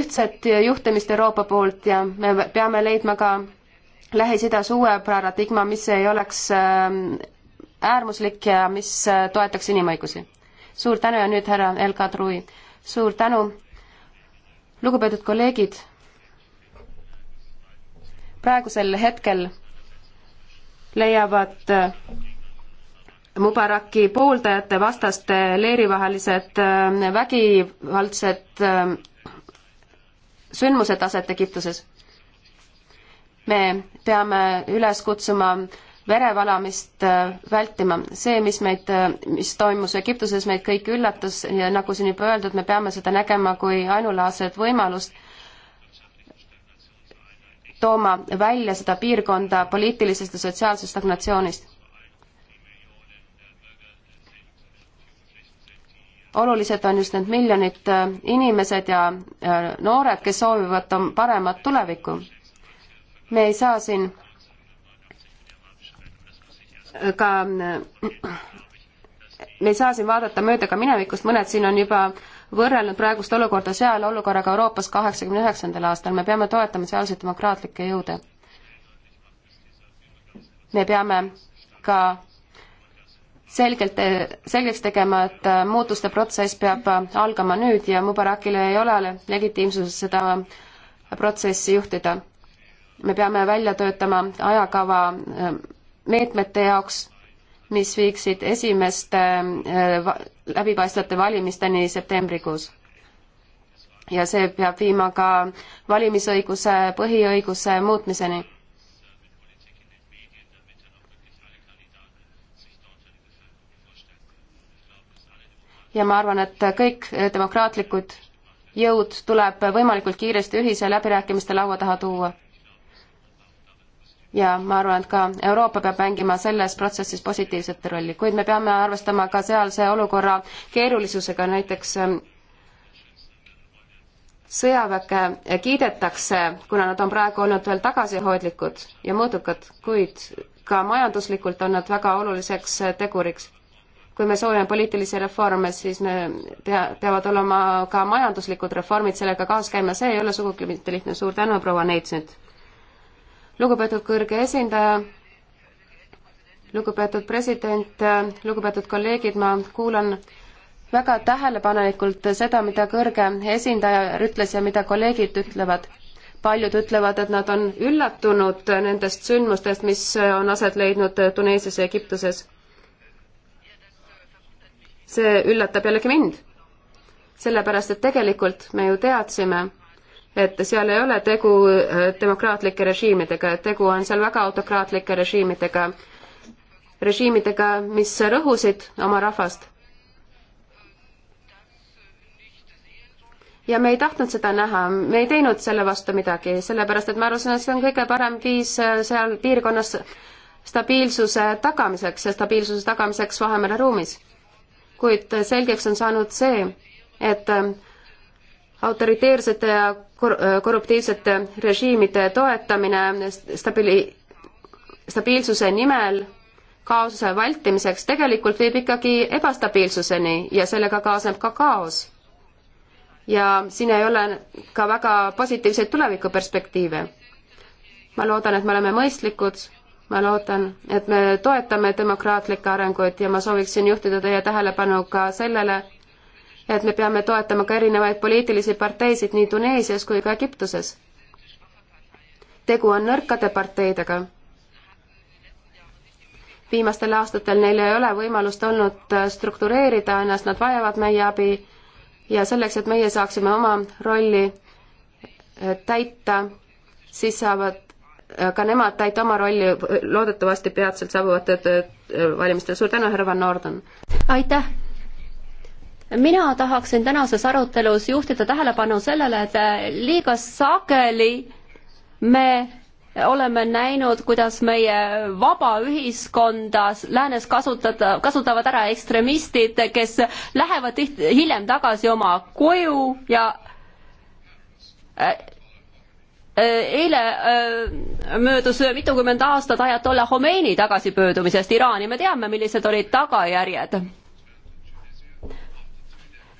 ühtset juhtimist Euroopa poolt ja me peame leidma ka Lähis-Idas uue paradigma, mis ei oleks ähm, äärmuslik ja mis äh, toetaks inimõigusi. suur tänu ja nüüd härra El Kadri, suur tänu. lugupeetud kolleegid, praegusel hetkel leiavad äh, Mubaraki pooldajate vastaste leerivahelised äh, vägivaldsed sündmused aset Egiptuses. me peame üles kutsuma äh, verevalamist äh, vältima. see, mis meid, äh, mis toimus Egiptuses, meid kõiki üllatas ja nagu siin juba öeldud, me peame seda nägema kui ainulaadset võimalust tooma välja seda piirkonda poliitilisest ja sotsiaalsest stagnatsioonist. olulised on just need miljonid äh, inimesed ja noored, kes soovivad paremat tulevikku. me ei saa siin ka me ei saa siin vaadata mööda ka minevikust, mõned siin on juba võrrelnud praegust olukorda seal olukorraga Euroopas kaheksakümne üheksandal aastal, me peame toetama sealseid demokraatlikke jõude. me peame ka selgelt, selgeks tegema, et muutuste protsess peab algama nüüd ja Mubarakil ei ole legitiimsuses seda protsessi juhtida. me peame välja töötama ajakava meetmete jaoks, mis viiksid esimeste äh, läbipaistvate valimisteni septembrikuus. ja see peab viima ka valimisõiguse põhiõiguse muutmiseni ja ma arvan, et kõik demokraatlikud jõud tuleb võimalikult kiiresti ühise läbirääkimiste laua taha tuua ja ma arvan, et ka Euroopa peab mängima selles protsessis positiivset rolli, kuid me peame arvestama ka sealse olukorra keerulisusega, näiteks ähm, sõjaväkke kiidetakse, kuna nad on praegu olnud veel tagasihoidlikud ja mõõdukad, kuid ka majanduslikult on nad väga oluliseks äh, teguriks. kui me soovime poliitilisi reforme, siis me pea, peavad olema ka majanduslikud reformid sellega kaaskäima, see ei ole sugugi mitte lihtne, suur tänu, proua Neits nüüd! lugupeetud kõrge esindaja, lugupeetud president, lugupeetud kolleegid, ma kuulan väga tähelepanelikult seda, mida kõrge esindaja ütles ja mida kolleegid ütlevad. paljud ütlevad, et nad on üllatunud nendest sündmustest, mis on aset leidnud Tuneesias ja Egiptuses. see üllatab jällegi mind, sellepärast et tegelikult me ju teadsime et seal ei ole tegu äh, demokraatlike režiimidega, et tegu on seal väga autokraatlike režiimidega, režiimidega, mis rõhusid oma rahvast. ja me ei tahtnud seda näha, me ei teinud selle vastu midagi, sellepärast et ma arvasin, et see on kõige parem viis äh, seal piirkonnas stabiilsuse tagamiseks ja stabiilsuse tagamiseks Vahemere ruumis. kuid selgeks on saanud see, et äh, autoriteersete ja kor-, äh, korruptiivsete režiimide toetamine stabili-, stabiilsuse nimel kaosuse vältimiseks tegelikult viib ikkagi ebastabiilsuseni ja sellega kaasneb ka kaos. ja siin ei ole ka väga positiivseid tulevikuperspektiive. ma loodan, et me oleme mõistlikud, ma loodan, et me toetame demokraatlikke arenguid ja ma sooviksin juhtida teie tähelepanu ka sellele, ja et me peame toetama ka erinevaid poliitilisi parteisid nii Tuneesias kui ka Egiptuses. tegu on nõrkade parteidega. viimastel aastatel neil ei ole võimalust olnud äh, struktureerida ennast, nad vajavad meie abi ja selleks, et meie saaksime oma rolli äh, täita, siis saavad äh, ka nemad täita oma rolli loodetavasti peatselt saabuvate valimistel. suur tänu, härra Van Orden! aitäh! mina tahaksin tänases arutelus juhtida tähelepanu sellele, et äh, liiga sageli me oleme näinud, kuidas meie vaba ühiskonda läänes kasutada, kasutavad ära ekstremistid, kes lähevad tihti hiljem tagasi oma koju ja äh, äh, eile möödus mitukümmend aastat ajatolla Homeini tagasipöördumisest Iraani, me teame, millised olid tagajärjed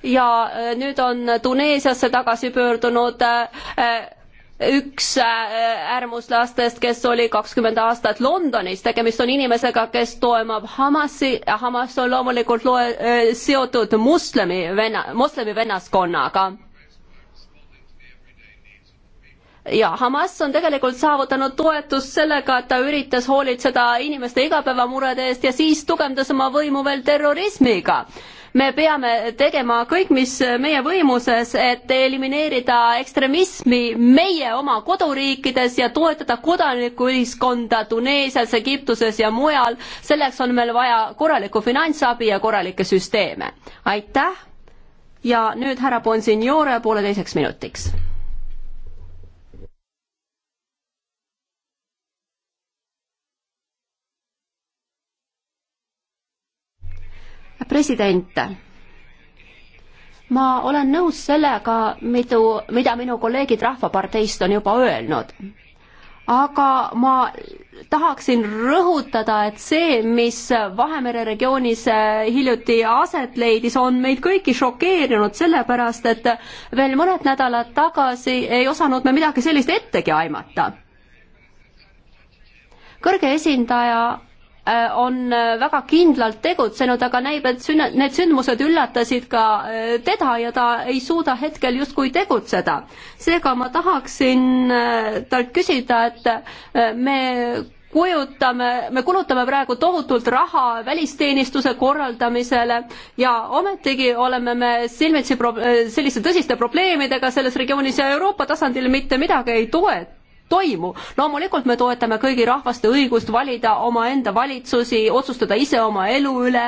ja äh, nüüd on Tuneesiasse tagasi pöördunud äh, äh, üks äärmuslastest, kes oli kakskümmend aastat Londonis, tegemist on inimesega, kes toimub Hamasi, Hamas on loomulikult loe, seotud moslemi venna, moslemi vennaskonnaga. ja Hamas on tegelikult saavutanud toetust sellega, et ta üritas hoolitseda inimeste igapäevamurede eest ja siis tugevdas oma võimu veel terrorismiga me peame tegema kõik, mis meie võimuses, et elimineerida ekstremismi meie oma koduriikides ja toetada kodanikuühiskonda Tuneesias, Egiptuses ja mujal. selleks on meil vaja korralikku finantsabi ja korralikke süsteeme. aitäh ja nüüd härra Bonsignore pooleteiseks minutiks president, ma olen nõus sellega, midu, mida minu kolleegid Rahvaparteist on juba öelnud. aga ma tahaksin rõhutada, et see, mis Vahemere regioonis äh, hiljuti aset leidis, on meid kõiki šokeerinud, sellepärast et veel mõned nädalad tagasi ei osanud me midagi sellist ettegi aimata. kõrge esindaja Äh, on äh, väga kindlalt tegutsenud, aga näib, et sünn-, need sündmused üllatasid ka äh, teda ja ta ei suuda hetkel justkui tegutseda. seega ma tahaksin talt küsida, et me kujutame, me kulutame praegu tohutult raha välisteenistuse korraldamisele ja ometigi oleme me silmitsi pro-, selliste tõsiste probleemidega selles regioonis ja Euroopa tasandil mitte midagi ei toeta toimu. loomulikult me toetame kõigi rahvaste õigust valida omaenda valitsusi, otsustada ise oma elu üle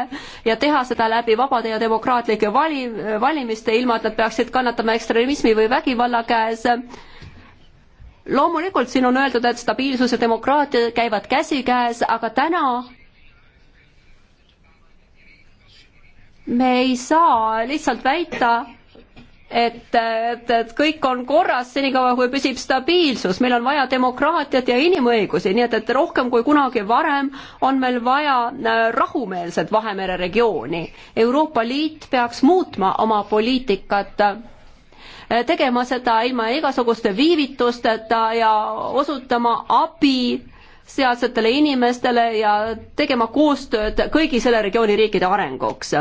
ja teha seda läbi vabade ja demokraatlike vali-, valimiste, ilma et nad peaksid kannatama ekstremismi või vägivalla käes loomulikult siin on öeldud, et stabiilsus ja demokraatia käivad käsikäes, aga täna me ei saa lihtsalt väita, et, et, et kõik on korras senikaua, kui püsib stabiilsus, meil on vaja demokraatiat ja inimõigusi, nii et, et rohkem kui kunagi varem on meil vaja äh, rahumeelset Vahemere regiooni. Euroopa Liit peaks muutma oma poliitikat äh, tegema seda ilma igasuguste viivitusteta ja osutama abi sealsetele inimestele ja tegema koostööd kõigi selle regiooni riikide arenguks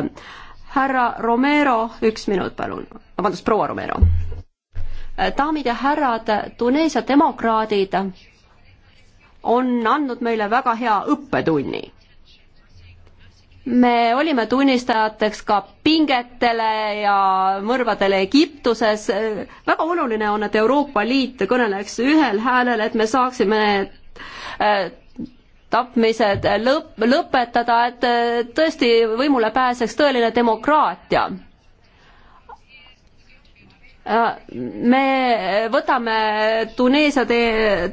härra Romero, üks minut palun, vabandust, proua Romero. Äh, daamid ja härrad, Tuneesia demokraadid on andnud meile väga hea õppetunni me olime tunnistajateks ka pingetele ja mõrvadele Egiptuses. väga oluline on, et Euroopa Liit kõneleks ühel häälel, et me saaksime äh, tapmised lõp-, lõpetada, et tõesti võimule pääseks tõeline demokraatia me võtame Tuneesia,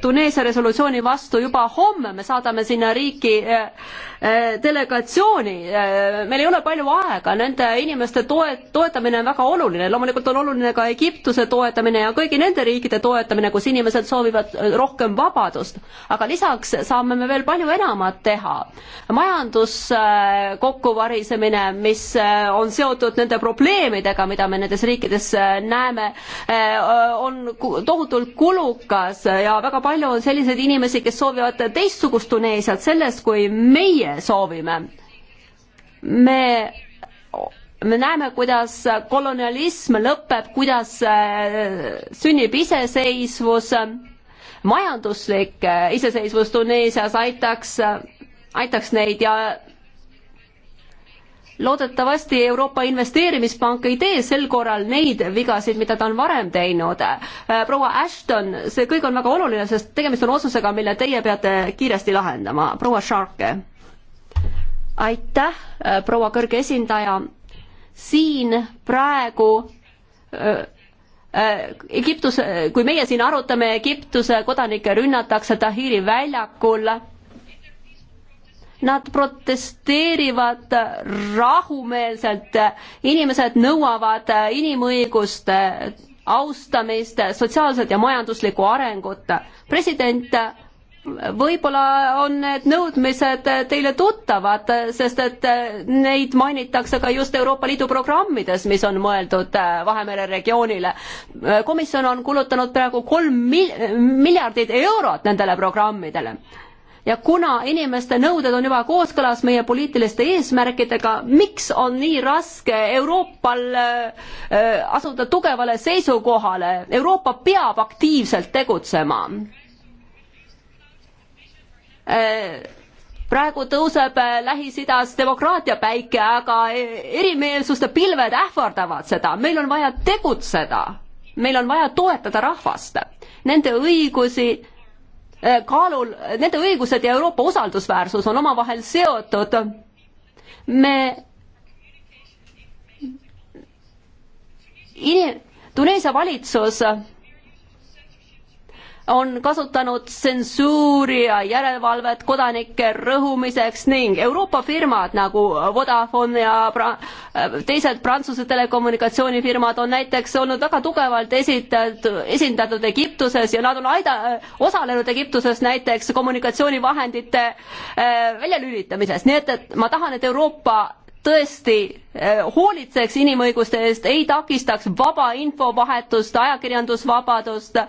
Tuneesia resolutsiooni vastu juba homme, me saadame sinna riiki eh, eh, delegatsiooni, eh, meil ei ole palju aega, nende inimeste toet-, toetamine on väga oluline, loomulikult on oluline ka Egiptuse toetamine ja kõigi nende riikide toetamine, kus inimesed soovivad rohkem vabadust. aga lisaks saame me veel palju enamat teha. majanduskokkuvarisemine, mis on seotud nende probleemidega, mida me nendes riikides näeme, ülesanne äh, on tohutult kulukas ja väga palju on selliseid inimesi, kes soovivad teistsugust Tuneesiat sellest, kui meie soovime. me me näeme, kuidas kolonialism lõpeb, kuidas äh, sünnib iseseisvus, majanduslik äh, iseseisvus Tuneesias aitaks, aitaks neid ja loodetavasti Euroopa Investeerimispank ei tee sel korral neid vigasid, mida ta on varem teinud. Äh, proua Ashton, see kõik on väga oluline, sest tegemist on otsusega, mille teie peate kiiresti lahendama. proua Sharke. aitäh, äh, proua kõrge esindaja. siin praegu äh, Egiptus, kui meie siin arutame, Egiptuse kodanikke rünnatakse Tahiri väljakul Nad protesteerivad rahumeelselt, inimesed nõuavad inimõiguste austamist, sotsiaalset ja majanduslikku arengut. president võib-olla on need nõudmised teile tuttavad, sest et neid mainitakse ka just Euroopa Liidu programmides, mis on mõeldud Vahemere regioonile. komisjon on kulutanud praegu kolm mil miljardit eurot nendele programmidele ja kuna inimeste nõuded on juba kooskõlas meie poliitiliste eesmärkidega, miks on nii raske Euroopal äh, asuda tugevale seisukohale, Euroopa peab aktiivselt tegutsema äh, praegu tõuseb äh, Lähis-Idas demokraatia päike, aga erimeelsuste pilved ähvardavad seda, meil on vaja tegutseda, meil on vaja toetada rahvast, nende õigusi Äh, kaalul, nende õigused ja Euroopa usaldusväärsus on omavahel seotud. me inim-, Tuneesia valitsus on kasutanud tsensuuri ja järelevalvet kodanike rõhumiseks ning Euroopa firmad nagu Vodafone ja pra äh, teised Prantsuse telekommunikatsioonifirmad on näiteks olnud väga tugevalt esitatud, esindatud Egiptuses ja nad on aida-, osalenud Egiptuses näiteks kommunikatsioonivahendite äh, väljalülitamises, nii et, et ma tahan, et Euroopa tõesti eh, hoolitseks inimõiguste eest, ei takistaks vaba infovahetust, ajakirjandusvabadust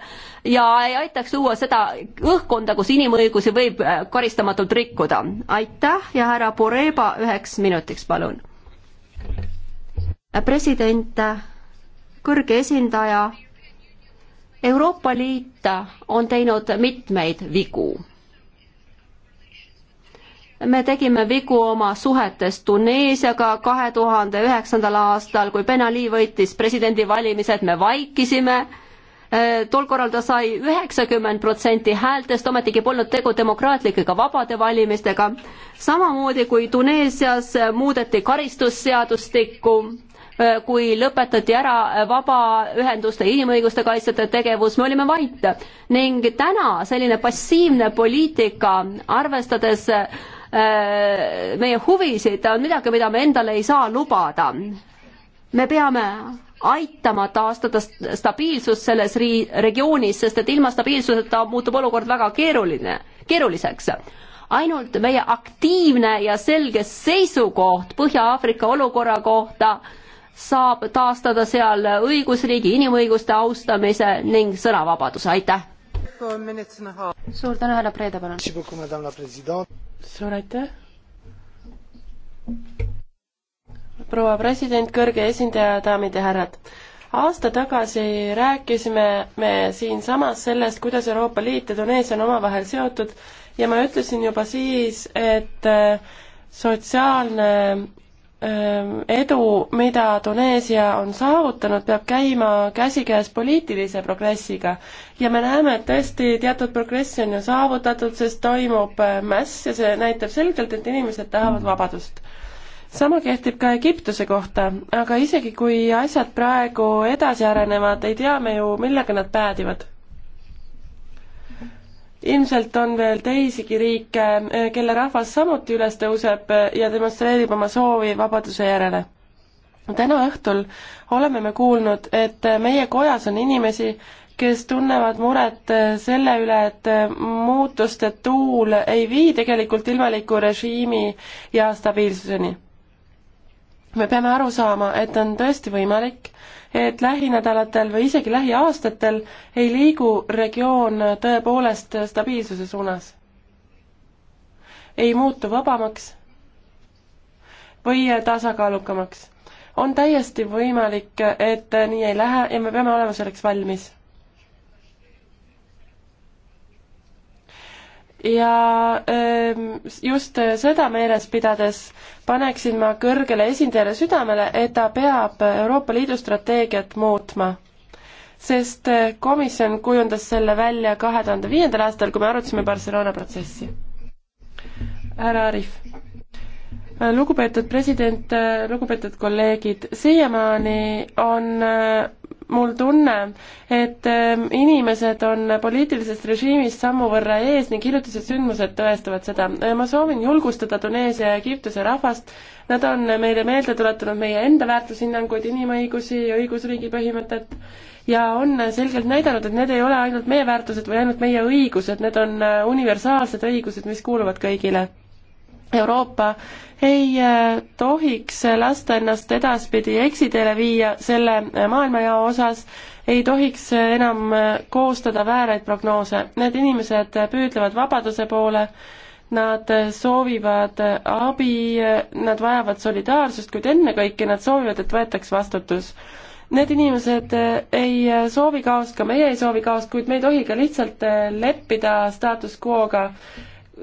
ja ei aitaks luua seda õhkkonda, kus inimõigusi võib eh, karistamatult rikkuda. aitäh ja härra Poreba üheks minutiks, palun. president, kõrge esindaja, Euroopa Liit on teinud mitmeid vigu me tegime vigu oma suhetes Tuneesiaga kahe tuhande üheksandal aastal, kui Ben Ali võitis presidendivalimised, me vaikisime. Eh, tol korral ta sai üheksakümmend protsenti häältest, ometigi polnud tegu demokraatlike ega vabade valimistega. samamoodi kui Tuneesias muudeti karistusseadustikku eh, kui lõpetati ära vabaühenduste inimõiguste kaitsjate tegevus, me olime vait. ning täna selline passiivne poliitika, arvestades eh, Äh, meie huvisid, on midagi, mida me endale ei saa lubada. me peame aitama taastada stabiilsust selles ri-, regioonis, sest et ilma stabiilsuseta muutub olukord väga keeruline, keeruliseks. ainult meie aktiivne ja selge seisukoht Põhja-Aafrika olukorra kohta saab taastada seal õigusriigi, inimõiguste austamise ning sõnavabaduse, aitäh! suur tänu, härra Preeda, palun. suur aitäh. proua president, kõrge esindaja, daamid ja härrad aasta tagasi rääkisime me siinsamas sellest, kuidas Euroopa Liit ja Tuneesia on omavahel seotud ja ma ütlesin juba siis, et äh, sotsiaalne edu, mida Tuneesia on saavutanud, peab käima käsikäes poliitilise progressiga. ja me näeme, et tõesti teatud progressi on ju saavutatud, sest toimub mäss ja see näitab selgelt, et inimesed tahavad vabadust sama kehtib ka Egiptuse kohta, aga isegi kui asjad praegu edasi arenevad, ei tea me ju, millega nad päädivad ilmselt on veel teisigi riike, eh, kelle rahvas samuti üles tõuseb eh, ja demonstreerib oma soovi vabaduse järele. täna õhtul oleme me kuulnud, et eh, meie kojas on inimesi, kes tunnevad muret selle üle, et muutuste tuul ei vii tegelikult ilmaliku režiimi ja stabiilsuseni. me peame aru saama, et on tõesti võimalik, et lähinädalatel või isegi lähiaastatel ei liigu regioon tõepoolest stabiilsuse suunas. ei muutu vabamaks või tasakaalukamaks. on täiesti võimalik, et nii ei lähe ja me peame olema selleks valmis ja ehm, just seda meeles pidades paneksin ma kõrgele esindajale südamele, et ta peab Euroopa Liidu strateegiat muutma. sest eh, komisjon kujundas selle välja kahe tuhande viiendal aastal, kui me arutasime Barcelona protsessi. härra Arif. lugupeetud president, eh, lugupeetud kolleegid, siiamaani on eh, mul tunne, et ähm, inimesed on poliitilisest režiimist sammu võrra ees ning hiljutised sündmused tõestavad seda. Äh, ma soovin julgustada Tuneesia ja Egiptuse rahvast, nad on meile meelde tuletanud meie enda väärtushinnanguid, inimõigusi ja õigusriigi põhimõtet ja on selgelt näidanud, et need ei ole ainult meie väärtused või ainult meie õigused, need on äh, universaalsed õigused, mis kuuluvad kõigile Euroopa ei äh, tohiks lasta ennast edaspidi eksiteele viia selle äh, maailmajao osas, ei tohiks äh, enam koostada vääraid prognoose. Need inimesed püüdlevad vabaduse poole, nad soovivad abi, nad vajavad solidaarsust, kuid ennekõike nad soovivad, et võetaks vastutus. Need inimesed ei soovi kaost, ka meie ei soovi kaost, kuid me ei tohi ka lihtsalt leppida status quo'ga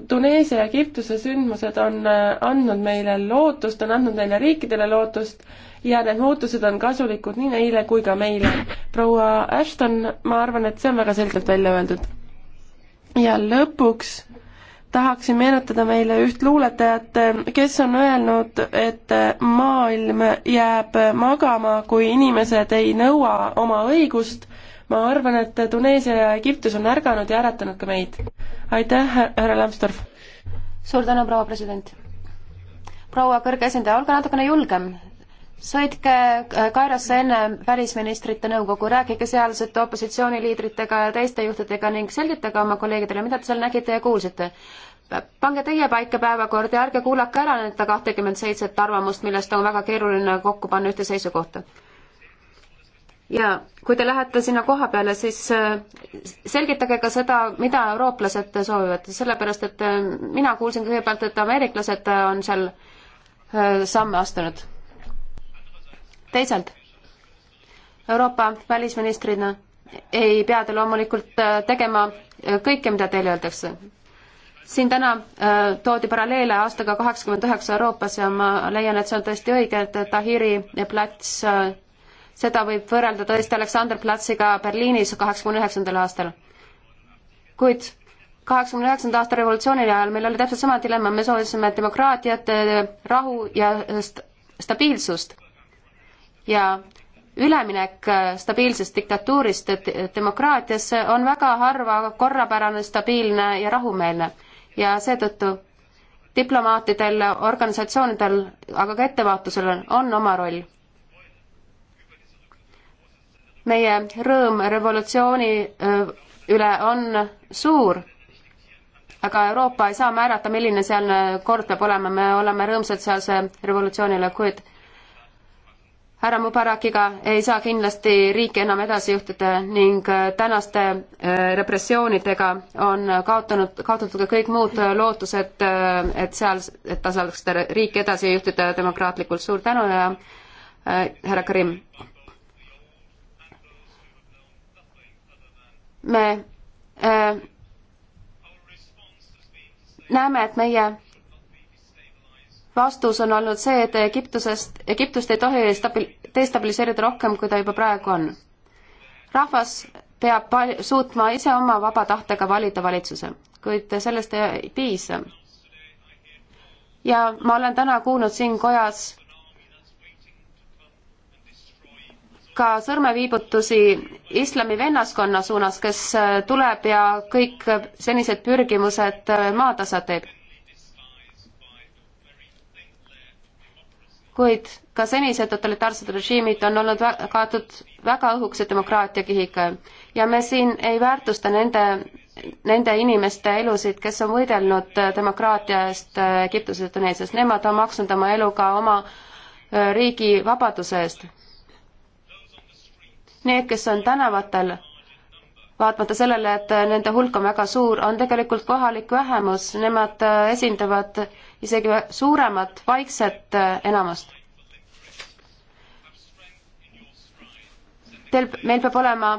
Tuneesia ja Egiptuse sündmused on äh, andnud meile lootust, on andnud neile riikidele lootust ja need muutused on kasulikud nii neile kui ka meile. proua Ashton, ma arvan, et see on väga selgelt välja öeldud. ja lõpuks tahaksin meenutada meile üht luuletajat, äh, kes on öelnud, et äh, maailm jääb magama, kui inimesed ei nõua oma õigust ma arvan, et Tuneesia ja Egiptus on ärganud ja äratanud ka meid. aitäh, härra Lambsdorff! suur tänu, proua president! proua kõrge esindaja, olge natukene julgem, sõitke äh, Kairosse enne välisministrite nõukogu, rääkige sealsete opositsiooniliidritega ja teiste juhtidega ning selgitage oma kolleegidele, mida te seal nägite ja kuulsite. pange teie paika päevakord ja ärge kuulake ära nende kahtekümmet seitset arvamust, millest on väga keeruline kokku panna ühte seisukohta ja kui te lähete sinna koha peale, siis äh, selgitage ka seda, mida eurooplased soovivad, sellepärast et äh, mina kuulsin kõigepealt, et ameeriklased äh, on seal samme astunud. teisalt, Euroopa välisministrina ei pea te loomulikult tegema kõike, mida teile öeldakse. siin täna äh, toodi paralleele aastaga kaheksakümmend üheksa Euroopas ja ma leian, et see on tõesti õige, et Tahiri plats äh, seda võib võrrelda tõesti Aleksander Platsiga Berliinis kaheksakümne üheksandal aastal. kuid kaheksakümne üheksanda aasta revolutsiooni ajal meil oli täpselt sama dilemma, me soovisime demokraatiat, rahu ja st stabiilsust. ja üleminek stabiilsest diktatuurist demokraatiasse on väga harva korrapärane, stabiilne ja rahumeelne ja seetõttu diplomaatidel, organisatsioonidel, aga ka ettevaatusel on, on oma roll meie rõõm revolutsiooni üle on suur, aga Euroopa ei saa määrata, milline sealne kord peab olema, me oleme rõõmsad sealse revolutsiooni üle, kuid härra Mubarakiga ei saa kindlasti riiki enam edasi juhtida ning tänaste repressioonidega on kaotanud, kaotatud ka kõik muud lootused, et seal, et ta saaks seda riiki edasi juhtida demokraatlikult. suur tänu ja äh, härra Karim. me äh, näeme, et meie vastus on olnud see, et Egiptusest, Egiptust ei tohi stabi-, destabiliseerida rohkem, kui ta juba praegu on. rahvas peab pal-, suutma ise oma vaba tahtega valida valitsuse, kuid sellest ei piisa. ja ma olen täna kuulnud siin kojas ka sõrmeviibutusi islami vennaskonna suunas, kes äh, tuleb ja kõik senised pürgimused äh, maatasa teeb. kuid ka senised totalitaarsed režiimid on olnud kaetud väga õhukese demokraatia kihiga ja me siin ei väärtusta nende, nende inimeste elusid, kes on võidelnud äh, demokraatia eest Egiptuses ja Tuneesias, nemad on maksnud oma eluga oma riigi vabaduse eest Need, kes on tänavatel, vaatmata sellele, et nende hulk on väga suur, on tegelikult kohalik vähemus, nemad äh, esindavad isegi suuremat vaikset äh, enamust. Teil, meil peab olema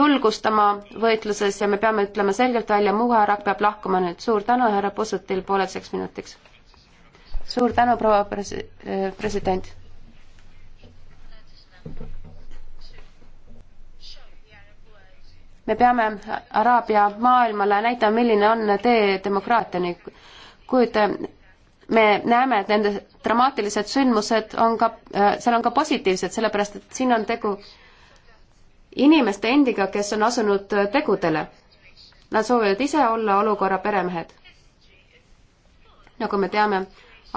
julgust oma võitluses ja me peame ütlema selgelt välja, Muharak peab lahkuma nüüd. suur tänu, härra Pussutil, pooleteiseks minutiks. suur tänu, proua presi-, äh, president. me peame Araabia maailmale näitama, milline on tee demokraatiani, kuid äh, me näeme, et nende dramaatilised sündmused on ka, äh, seal on ka positiivsed, sellepärast et siin on tegu inimeste endiga, kes on asunud äh, tegudele. Nad soovivad ise olla olukorra peremehed. nagu me teame,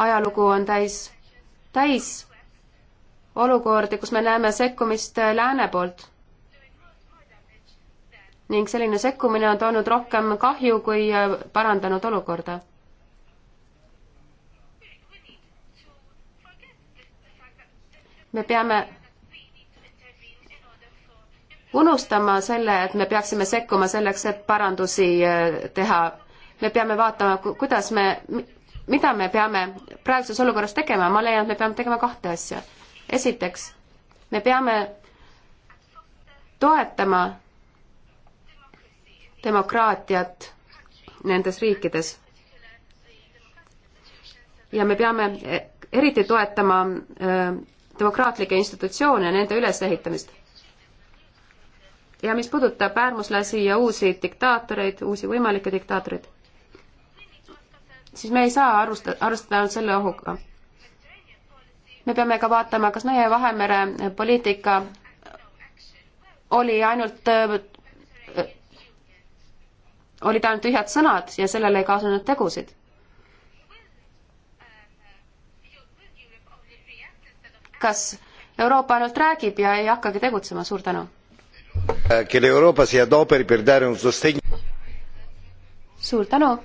ajalugu on täis, täis olukordi, kus me näeme sekkumist lääne poolt ning selline sekkumine on toonud rohkem kahju kui äh, parandanud olukorda. me peame unustama selle, et me peaksime sekkuma selleks, et parandusi äh, teha. me peame vaatama, kuidas me, mida me peame praeguses olukorras tegema, ma leian, et me peame tegema kahte asja. esiteks, me peame toetama demokraatiat nendes riikides. ja me peame eh, eriti toetama eh, demokraatlikke institutsioone ja nende ülesehitamist. ja mis puudutab äärmuslasi ja uusi diktaatoreid, uusi võimalikke diktaatoreid, siis me ei saa arvestada, arvestada ainult selle ohuga. me peame ka vaatama, kas meie Vahemere poliitika oli ainult eh, olid ainult tühjad sõnad ja sellele ei kaasnenud tegusid. kas Euroopa ainult räägib ja ei hakkagi tegutsema, suur tänu. suur tänu.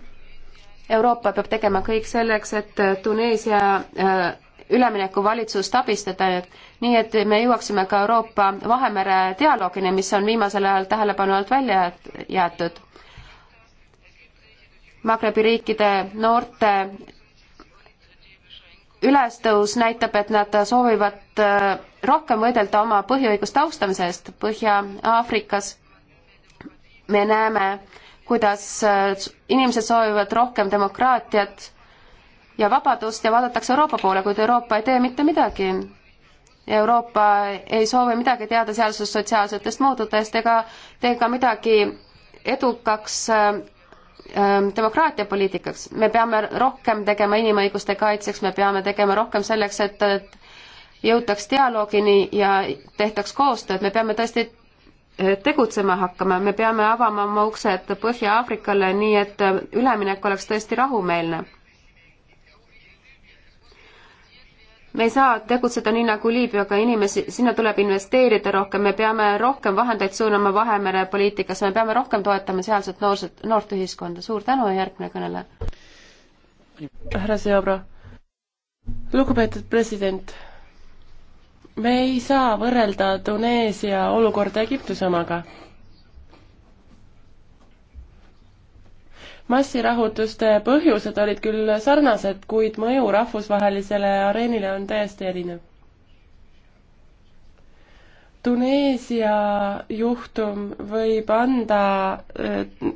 Euroopa peab tegema kõik selleks, et Tuneesia äh, üleminekuvalitsus tabistada, nii et me jõuaksime ka Euroopa Vahemere dialoogini, mis on viimasel ajal tähelepanu alt välja jäetud. Magrebi riikide noorte ülestõus näitab, et nad soovivad äh, rohkem võidelda oma põhiõiguste austamise eest. Põhja-Aafrikas me näeme, kuidas äh, inimesed soovivad rohkem demokraatiat ja vabadust ja vaadatakse Euroopa poole, kuid Euroopa ei tee mitte midagi. Euroopa ei soovi midagi teada sealsest sotsiaalsetest muutudest ega tee ka midagi edukaks äh, Ähm, demokraatiapoliitikaks. me peame rohkem tegema inimõiguste kaitseks, me peame tegema rohkem selleks, et, et jõutaks dialoogini ja tehtaks koostööd, me peame tõesti äh, tegutsema hakkama, me peame avama oma uksed Põhja-Aafrikale, nii et äh, üleminek oleks tõesti rahumeelne. me ei saa tegutseda nii nagu Liibüaga inimesi, sinna tuleb investeerida rohkem, me peame rohkem vahendeid suunama Vahemere poliitikasse, me peame rohkem toetama sealset noorset, noort ühiskonda. suur tänu ja järgmine kõneleja. härra Seobro, lugupeetud president, me ei saa võrrelda Tuneesia olukorda Egiptuse omaga massirahutuste põhjused olid küll sarnased, kuid mõju rahvusvahelisele areenile on täiesti erinev. Tuneesia juhtum võib anda äh,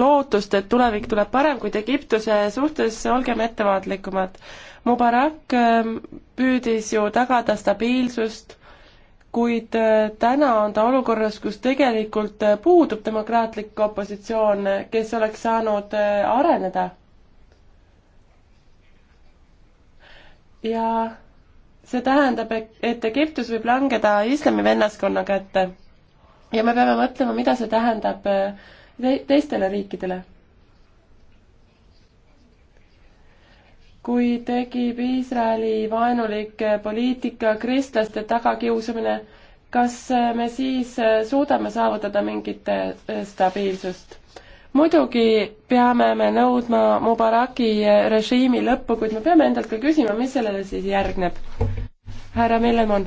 lootust, et tulevik tuleb parem, kuid Egiptuse suhtes olgem ettevaatlikumad. Mubarak äh, püüdis ju tagada stabiilsust kuid äh, täna on ta olukorras, kus tegelikult äh, puudub demokraatlik opositsioon, äh, kes oleks saanud areneda. ja see tähendab, et Egiptus võib langeda islami vennaskonna kätte. ja me peame mõtlema, mida see tähendab teistele riikidele kui tekib Iisraeli vaenulik poliitika, kristlaste tagakiusamine, kas me siis suudame saavutada mingit stabiilsust? muidugi peame me nõudma Mubaraki režiimi lõppu, kuid me peame endalt ka küsima, mis sellele siis järgneb. härra Millemon,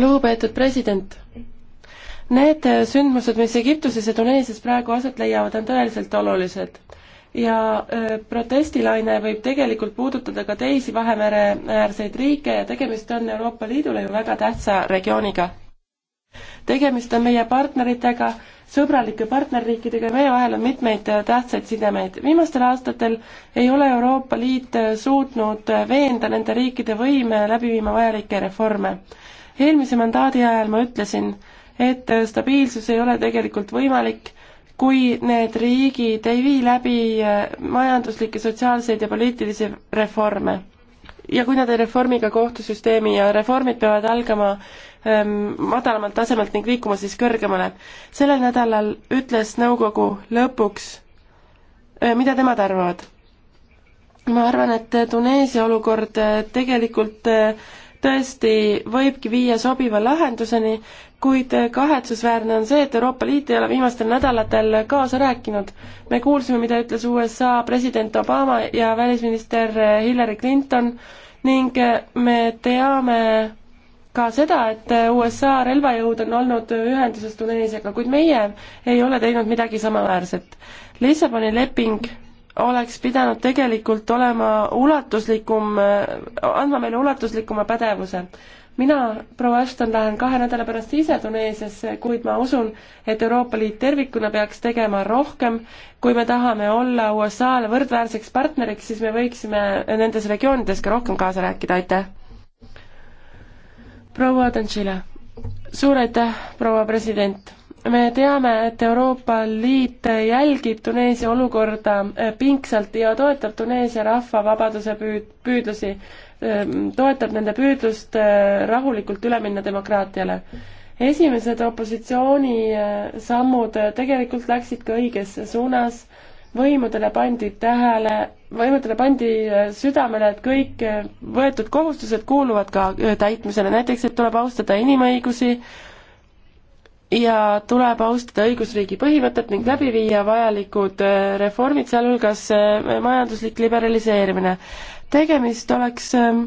lugupeetud president, need sündmused, mis Egiptuses ja Tuneesias praegu aset leiavad, on tõeliselt olulised ja protestilaine võib tegelikult puudutada ka teisi Vahemere-äärseid riike ja tegemist on Euroopa Liidule ju väga tähtsa regiooniga. tegemist on meie partneritega, sõbralike partnerriikidega ja meie vahel on mitmeid tähtsaid sidemeid. viimastel aastatel ei ole Euroopa Liit suutnud veenda nende riikide võime läbi viima vajalikke reforme. eelmise mandaadi ajal ma ütlesin, et stabiilsus ei ole tegelikult võimalik kui need riigid ei vii läbi äh, majanduslikke, sotsiaalseid ja poliitilisi reforme ja kui nad ei reformi ka kohtusüsteemi ja reformid peavad algama ähm, madalamalt tasemelt ning liikuma siis kõrgemale. sellel nädalal ütles nõukogu lõpuks äh,, mida temad arvavad. ma arvan, et Tuneesia olukord äh, tegelikult äh, tõesti võibki viia sobiva lahenduseni, kuid kahetsusväärne on see, et Euroopa Liit ei ole viimastel nädalatel kaasa rääkinud. me kuulsime, mida ütles USA president Obama ja välisminister Hillary Clinton ning me teame ka seda, et USA relvajõud on olnud ühenduses Tuneesiaga, kuid meie ei ole teinud midagi samaväärset. Lissaboni leping oleks pidanud tegelikult olema ulatuslikum, andma meile ulatuslikuma pädevuse. mina, proua Ashton, lähen kahe nädala pärast ise Tuneesiasse, kuid ma usun, et Euroopa Liit tervikuna peaks tegema rohkem. kui me tahame olla USA-le võrdväärseks partneriks, siis me võiksime nendes regioonides ka rohkem kaasa rääkida, aitäh! proua Tantšile, suur aitäh, proua president! me teame, et Euroopa Liit jälgib Tuneesia olukorda eh, pingsalt ja toetab Tuneesia rahva vabaduse püüd-, püüdlusi, eh, toetab nende püüdlust eh, rahulikult üle minna demokraatiale. esimesed opositsioonisammud tegelikult läksid ka õiges suunas, võimudele pandi tähele, võimudele pandi südamele, et kõik võetud kohustused kuuluvad ka täitmisele, näiteks et tuleb austada inimõigusi, ja tuleb austada õigusriigi põhimõtet ning läbi viia vajalikud äh, reformid, sealhulgas äh, majanduslik liberaliseerimine. tegemist oleks, ähm,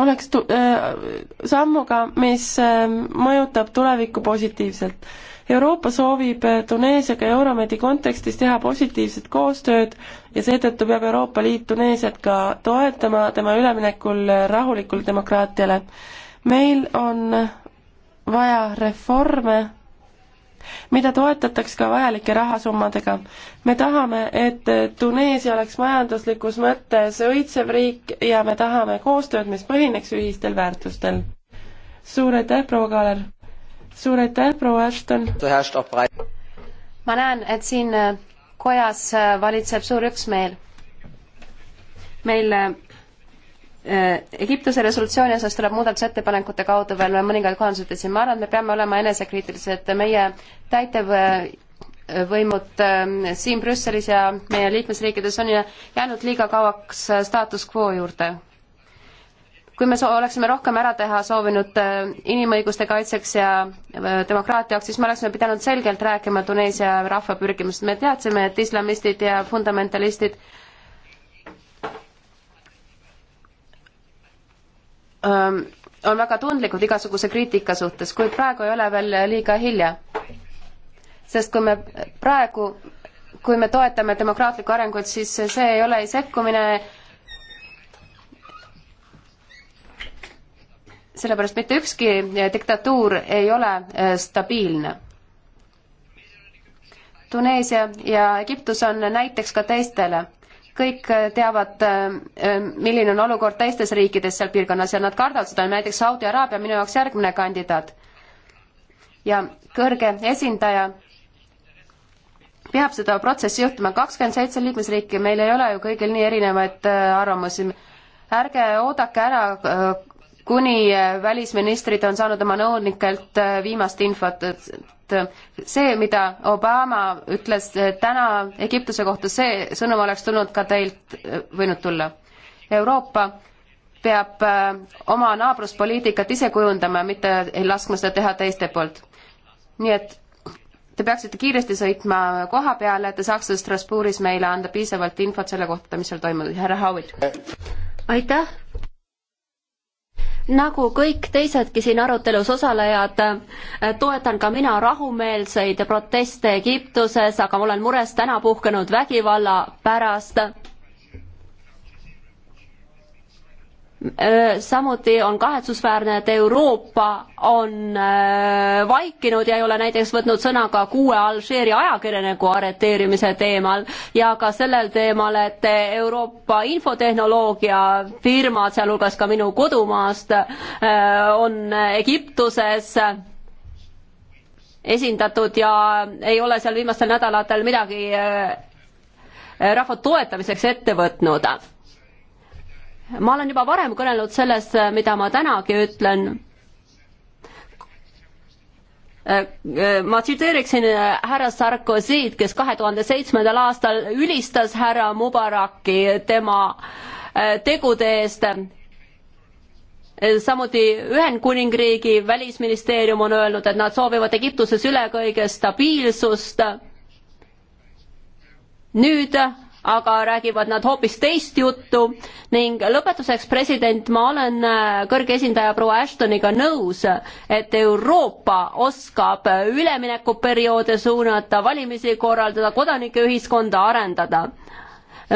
oleks tu-, äh, sammuga, mis ähm, mõjutab tulevikku positiivselt. Euroopa soovib Tuneesiaga Euromedi kontekstis teha positiivset koostööd ja seetõttu peab Euroopa Liit Tuneesiat ka toetama tema üleminekul rahulikule demokraatiale. meil on vaja reforme, mida toetataks ka vajalike rahasummadega. me tahame, et Tuneesia oleks majanduslikus mõttes õitsev riik ja me tahame koostööd, mis põhineks ühistel väärtustel. suur aitäh, proua Kaler! suur aitäh, proua Ashton! ma näen, et siin kojas valitseb suur üksmeel. meil Äh, Egiptuse resolutsiooni osas tuleb muudatusettepanekute kaudu veel mõningaid kohandused, et siin ma arvan, et me peame olema enesekriitilised, meie täitev võimud äh, siin Brüsselis ja meie liikmesriikides on jäänud liiga kauaks äh, staatus quo juurde. kui me oleksime rohkem ära teha soovinud inimõiguste kaitseks ja demokraatia jaoks, siis me oleksime pidanud selgelt rääkima Tuneesia rahva pürgimust, me teadsime, et islamistid ja fundamentalistid Ähm, on väga tundlikud igasuguse kriitika suhtes, kuid praegu ei ole veel liiga hilja. sest kui me praegu, kui me toetame demokraatlikku arengut, siis see ei ole ei sekkumine, sellepärast mitte ükski diktatuur ei ole äh, stabiilne. Tuneesia ja Egiptus on näiteks ka teistele kõik äh, teavad, äh, äh, milline on olukord teistes riikides seal piirkonnas ja nad kardavad seda, näiteks Saudi Araabia minu jaoks järgmine kandidaat. ja kõrge esindaja peab seda protsessi juhtima, kakskümmend seitse liikmesriiki, meil ei ole ju kõigil nii erinevaid arvamusi. ärge oodake ära kuni äh, välisministrid on saanud oma nõunikelt äh, viimast infot, et see, mida Obama ütles äh, täna Egiptuse kohta, see sõnum oleks tulnud ka teilt, võinud tulla. Euroopa peab oma naabruspoliitikat ise kujundama, mitte laskma seda teha teiste poolt. nii et te peaksite kiiresti sõitma koha peale, et te saaksite Strasbourgis meile anda piisavalt infot selle kohta, mis seal toimus. härra Howard. aitäh nagu kõik teisedki siin arutelus osalejad, eh, toetan ka mina rahumeelseid proteste Egiptuses, aga olen mures täna puhkenud vägivalla pärast samuti on kahetsusväärne, et Euroopa on vaikinud ja ei ole näiteks võtnud sõna ka kuue Alžeeri ajakirjaniku arreteerimise teemal ja ka sellel teemal, et Euroopa infotehnoloogia firmad, sealhulgas ka minu kodumaast, on Egiptuses esindatud ja ei ole seal viimastel nädalatel midagi rahva toetamiseks ette võtnud ma olen juba varem kõnelenud sellest, äh, mida ma tänagi ütlen. Äh, äh, ma tsiteeriksin härra Sarkozyd, kes kahe tuhande seitsmendal aastal ülistas härra Mubaraki tema tegude eest. samuti Ühendkuningriigi välisministeerium on öelnud, et nad soovivad Egiptuses üle kõige stabiilsust. nüüd aga räägivad nad hoopis teist juttu ning lõpetuseks, president, ma olen äh, kõrge esindaja proua Ashtoniga nõus, et Euroopa oskab üleminekuperioode suunata, valimisi korraldada, kodanikeühiskonda arendada.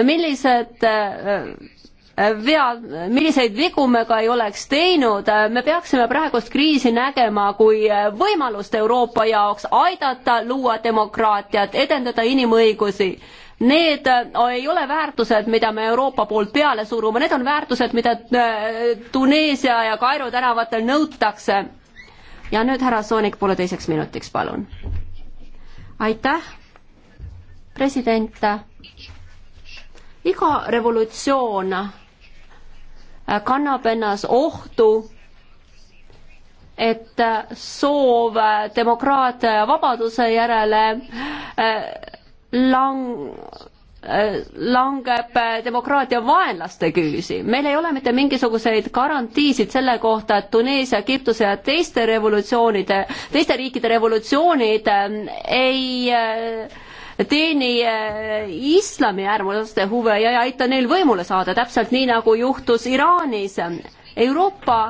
millised äh, vead, milliseid vigu me ka ei oleks teinud, äh, me peaksime praegust kriisi nägema kui võimalust Euroopa jaoks aidata luua demokraatiat, edendada inimõigusi Need äh, ei ole väärtused, mida me Euroopa poolt peale surume, need on väärtused, mida äh, Tuneesia ja Kairo tänavatel nõutakse. ja nüüd härra Soonik pooleteiseks minutiks, palun. aitäh, president. iga revolutsioon äh, kannab endas ohtu et soov demokraatia ja vabaduse järele lang-, äh, langeb äh, demokraatia vaenlaste küüsi. meil ei ole mitte mingisuguseid garantiisid selle kohta, et Tuneesia, Egiptuse ja teiste revolutsioonide, teiste riikide revolutsioonid ähm, ei äh, teeni islami äärmuslaste huve ja ei aita neil võimule saada, täpselt nii, nagu juhtus Iraanis. Euroopa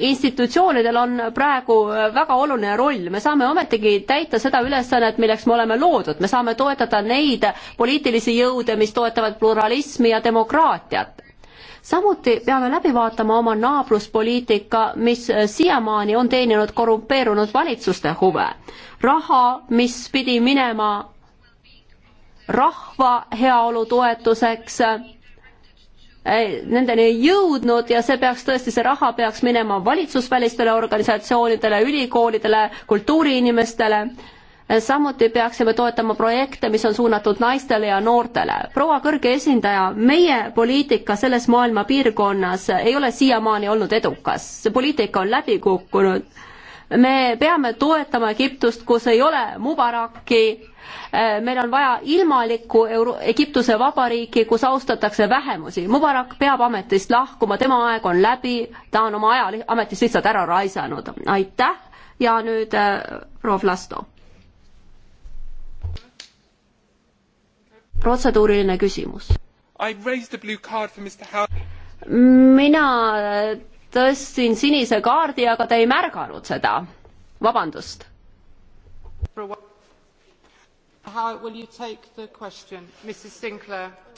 institutsioonidel on praegu väga oluline roll, me saame ometigi täita seda ülesannet, milleks me oleme loodud, me saame toetada neid poliitilisi jõude, mis toetavad pluralismi ja demokraatiat. samuti peame läbi vaatama oma naabruspoliitika, mis siiamaani on teeninud korrumpeerunud valitsuste huve. raha, mis pidi minema rahva heaolu toetuseks nendeni ei jõudnud ja see peaks tõesti, see raha peaks minema valitsusvälistele organisatsioonidele, ülikoolidele, kultuuriinimestele. samuti peaksime toetama projekte, mis on suunatud naistele ja noortele. proua kõrge esindaja, meie poliitika selles maailma piirkonnas ei ole siiamaani olnud edukas, see poliitika on läbi kukkunud. me peame toetama Egiptust, kus ei ole Mubaraki Äh, meil on vaja ilmalikku Euro Egiptuse vabariiki, kus austatakse vähemusi. Mubarak peab ametist lahkuma, tema aeg on läbi, ta on oma aja ametist lihtsalt ära raisanud. aitäh ja nüüd äh, proua Vlasto. protseduuriline küsimus. mina äh, tõstsin sinise kaardi, aga te ei märganud seda. vabandust. proua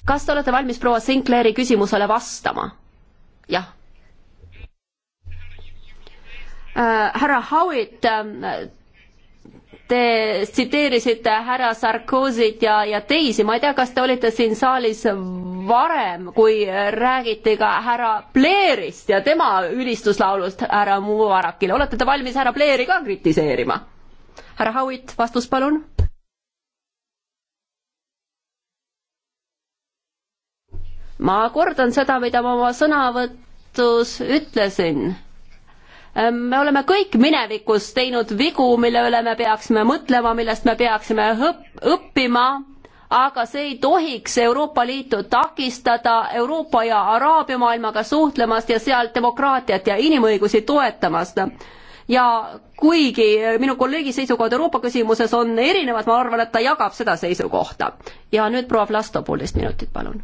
kas te olete valmis proua Sinclairi küsimusele vastama? jah äh,. härra Howitt äh,, te tsiteerisite härra Sarkozit ja, ja teisi, ma ei tea, kas te olite siin saalis varem, kui räägiti ka härra Blairist ja tema ülistuslaulust härra Mubarakile, olete te valmis härra Blairi ka kritiseerima? härra Howitt, vastus palun ma kordan seda, mida ma oma sõnavõtus ütlesin. me oleme kõik minevikus teinud vigu, mille üle me peaksime mõtlema, millest me peaksime õpp, õppima, aga see ei tohiks Euroopa Liitu takistada Euroopa ja Araabia maailmaga suhtlemast ja seal demokraatiat ja inimõigusi toetamast ja kuigi minu kolleegi seisukohad Euroopa küsimuses on erinevad, ma arvan, et ta jagab seda seisukohta. ja nüüd proua Vlastopoolist minutit, palun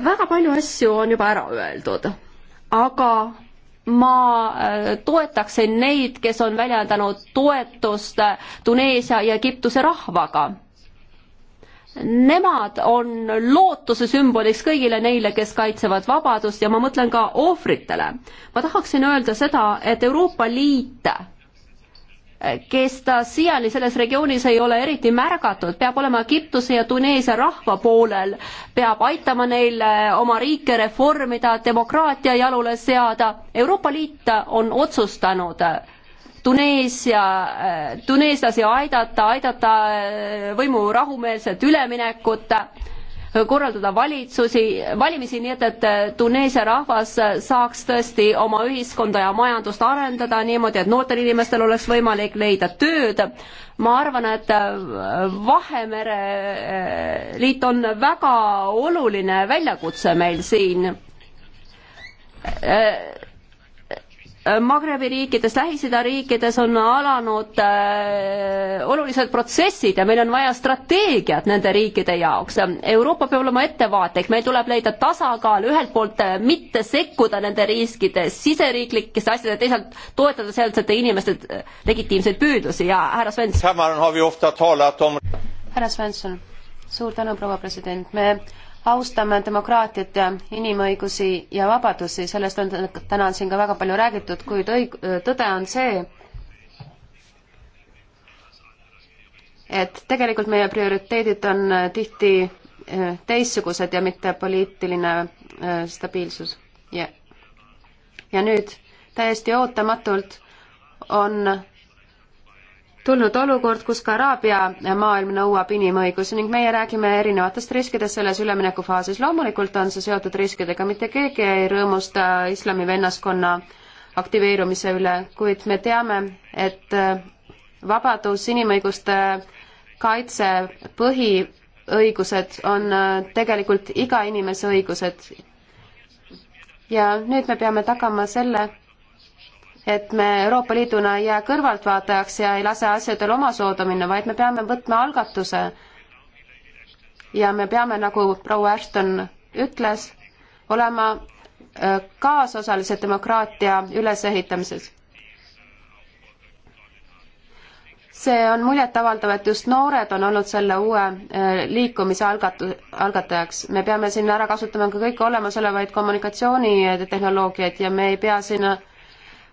väga palju asju on juba ära öeldud, aga ma äh, toetaksin neid, kes on väljendanud toetust äh, Tuneesia ja Egiptuse rahvaga. Nemad on lootuse sümboliks kõigile neile, kes kaitsevad vabadust ja ma mõtlen ka ohvritele. ma tahaksin öelda seda, et Euroopa Liit kes ta siiani selles regioonis ei ole eriti märgatud, peab olema Egiptuse ja Tuneesia rahva poolel, peab aitama neil äh, oma riike reformida, demokraatia jalule seada. Euroopa Liit on otsustanud Tuneesia, äh, tuneeslasi aidata, aidata äh, võimu rahumeelset üleminekut korraldada valitsusi, valimisi, nii et, et äh, Tuneesia rahvas äh, saaks tõesti oma ühiskonda ja majandust arendada niimoodi, et noortel inimestel oleks võimalik leida tööd. ma arvan, et äh, Vahemere liit on väga oluline väljakutse meil siin Magrebi riikides, Lähis-Ida riikides on alanud äh, olulised protsessid ja meil on vaja strateegiat nende riikide jaoks. Euroopa peab olema ettevaatlik, meil tuleb leida tasakaal, ühelt poolt äh, mitte sekkuda nende riskide siseriiklikesse asjadesse, teisalt toetada sealsete inimeste äh, legitiimseid püüdlusi ja härra Svensson. härra Svensson, suur tänu, proua president, me austame demokraatiat ja inimõigusi ja vabadusi, sellest on täna on siin ka väga palju räägitud, kuid õig-, tõde on see, et tegelikult meie prioriteedid on äh, tihti äh, teistsugused ja mitte poliitiline äh, stabiilsus ja ja nüüd täiesti ootamatult on tulnud olukord, kus ka Araabia maailm nõuab inimõigusi ning meie räägime erinevatest riskidest selles üleminekufaasis. loomulikult on see seotud riskidega, mitte keegi ei rõõmusta islami vennaskonna aktiveerumise üle, kuid me teame, et äh, vabadus, inimõiguste kaitse, põhiõigused on äh, tegelikult iga inimese õigused. ja nüüd me peame tagama selle, et me Euroopa Liiduna ei jää kõrvaltvaatajaks ja ei lase asjadel omasoodu minna, vaid me peame võtma algatuse. ja me peame, nagu proua Ashton ütles, olema äh, kaasosalised demokraatia ülesehitamises. see on muljetavaldav, et just noored on olnud selle uue äh, liikumise algatu-, algatajaks. me peame siin ära kasutama ka kõiki olemasolevaid kommunikatsioonitehnoloogiaid ja me ei pea sinna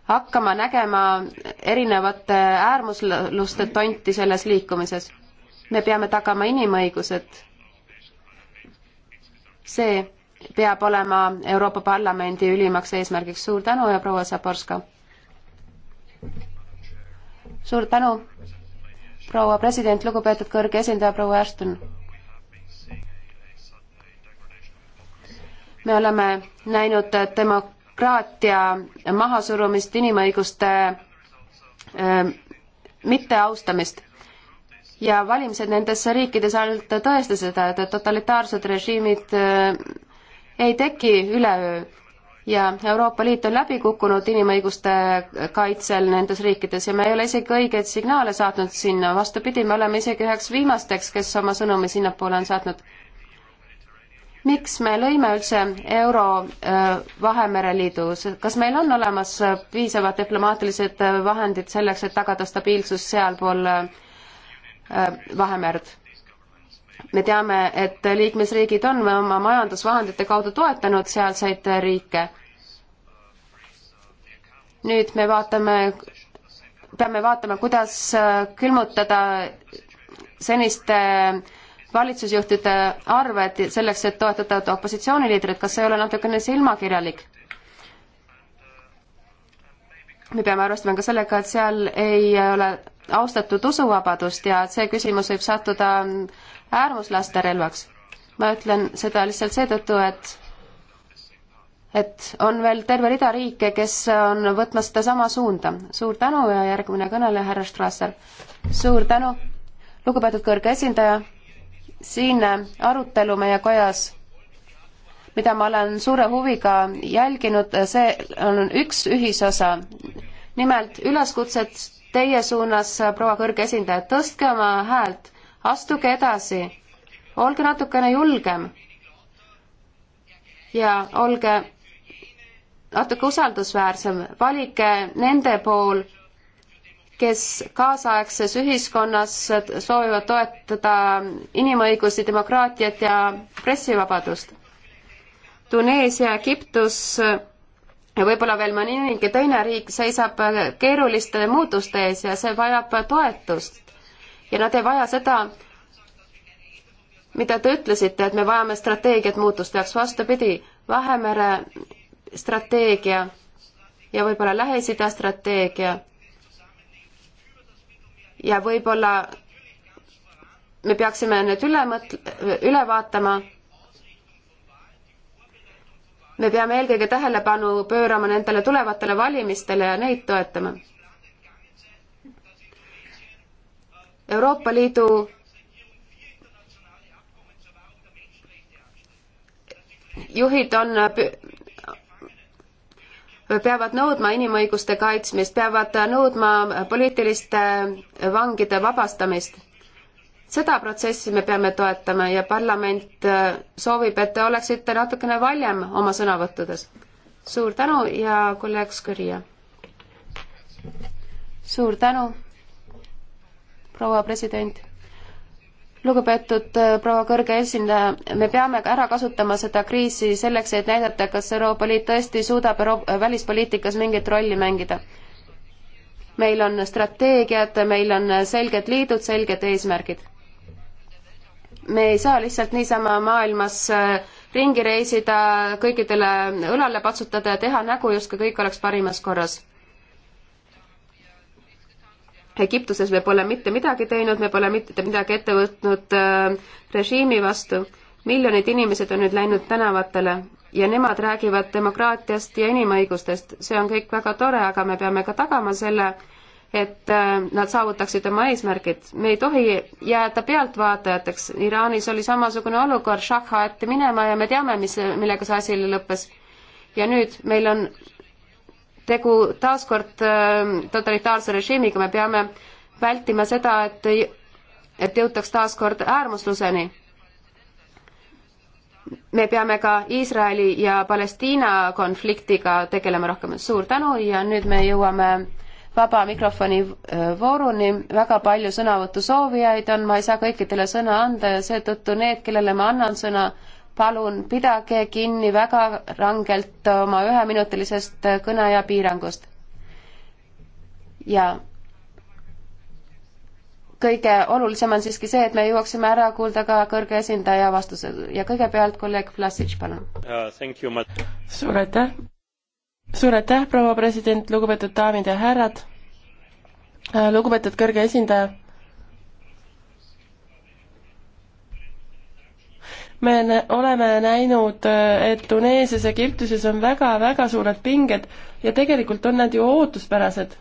hakkama nägema erinevate äärmusluste tonti selles liikumises. me peame tagama inimõigused. see peab olema Euroopa Parlamendi ülimaks eesmärgiks. suur tänu ja proua Zaborska! suur tänu, proua president, lugupeetud kõrge esindaja, proua Ashton! me oleme näinud demo-, demokraatia mahasurumist, inimõiguste ähm, mitteaustamist. ja valimised nendes riikides ainult tõestasid seda, et totalitaarsed režiimid äh, ei teki üleöö ja Euroopa Liit on läbi kukkunud inimõiguste kaitsel nendes riikides ja me ei ole isegi õigeid signaale saatnud sinna, vastupidi, me oleme isegi üheks viimasteks, kes oma sõnumi sinnapoole on saatnud miks me lõime üldse euro äh, Vahemere liidus, kas meil on olemas äh, piisavad diplomaatilised äh, vahendid selleks, et tagada stabiilsus sealpool Vahemerd? me teame, et liikmesriigid on oma majandusvahendite kaudu toetanud sealseid riike. nüüd me vaatame, peame vaatama, kuidas külmutada seniste äh, valitsusjuhtide arved selleks, et toetada opositsiooniliidrit, kas see ei ole natukene silmakirjalik? me peame arvestama ka sellega, et seal ei ole austatud usuvabadust ja see küsimus võib sattuda äärmuslaste relvaks. ma ütlen seda lihtsalt seetõttu, et et on veel terve rida riike, kes on võtmas sedasama suunda. suur tänu ja järgmine kõneleja, härra Strasser. suur tänu, lugupeetud kõrge esindaja siin arutelu meie kojas, mida ma olen suure huviga jälginud, see on üks ühisosa. nimelt üleskutsed teie suunas, proua kõrge esindaja, tõstke oma häält, astuge edasi, olge natukene julgem ja olge natuke usaldusväärsem, valige nende pool kes kaasaegses ühiskonnas soovivad toetada inimõigusi, demokraatiat ja pressivabadust. Tuneesia, Egiptus ja võib-olla veel mõningi teine riik seisab keeruliste muutuste ees ja see vajab toetust. ja nad ei vaja seda, mida te ütlesite, et me vajame strateegiat muutuste jaoks, vastupidi, Vahemere strateegia ja võib-olla Lähis-Ida strateegia ja võib-olla me peaksime nüüd üle mõt-, üle vaatama, me peame eelkõige tähelepanu pöörama nendele tulevatele valimistele ja neid toetama. Euroopa Liidu juhid on peavad nõudma inimõiguste kaitsmist, peavad nõudma poliitiliste vangide vabastamist. seda protsessi me peame toetama ja parlament äh, soovib, et te oleksite natukene valjem oma sõnavõttudes. suur tänu ja kolleeg Skõrje. suur tänu, proua president lugupeetud äh, proua kõrge esindaja, me peame ära kasutama seda kriisi selleks, et näidata, kas Euroopa Liit tõesti suudab Euro äh, välispoliitikas mingit rolli mängida. meil on strateegiad, meil on äh, selged liidud, selged eesmärgid. me ei saa lihtsalt niisama maailmas ringi reisida, kõikidele õlale patsutada ja teha nägu, justkui kõik oleks parimas korras Egiptuses me pole mitte midagi teinud, me pole mitte midagi ette võtnud äh, režiimi vastu. miljonid inimesed on nüüd läinud tänavatele ja nemad räägivad demokraatiast ja inimõigustest. see on kõik väga tore, aga me peame ka tagama selle, et äh, nad saavutaksid oma eesmärgid. me ei tohi jääda pealtvaatajateks. Iraanis oli samasugune olukord, Shah aeti minema ja me teame, mis, millega see asi lõppes. ja nüüd meil on tegu taaskord äh, totalitaarse režiimiga, me peame vältima seda, et, et jõutaks taaskord äärmusluseni. me peame ka Iisraeli ja Palestiina konfliktiga tegelema rohkem. suur tänu ja nüüd me jõuame vaba mikrofoni äh, vooruni, väga palju sõnavõtusoovijaid on, ma ei saa kõikidele sõna anda ja seetõttu need, kellele ma annan sõna, palun pidage kinni väga rangelt oma üheminutilisest kõneaja piirangust. ja kõige olulisem on siiski see, et me jõuaksime ära kuulda ka kõrge esindaja vastuse ja kõigepealt kolleeg Vlasic, palun uh,. suur aitäh, suur aitäh, proua president, lugupeetud daamid ja härrad, uh, lugupeetud kõrge esindaja me oleme näinud, et Tuneesias, Egiptuses on väga-väga suured pinged ja tegelikult on nad ju ootuspärased.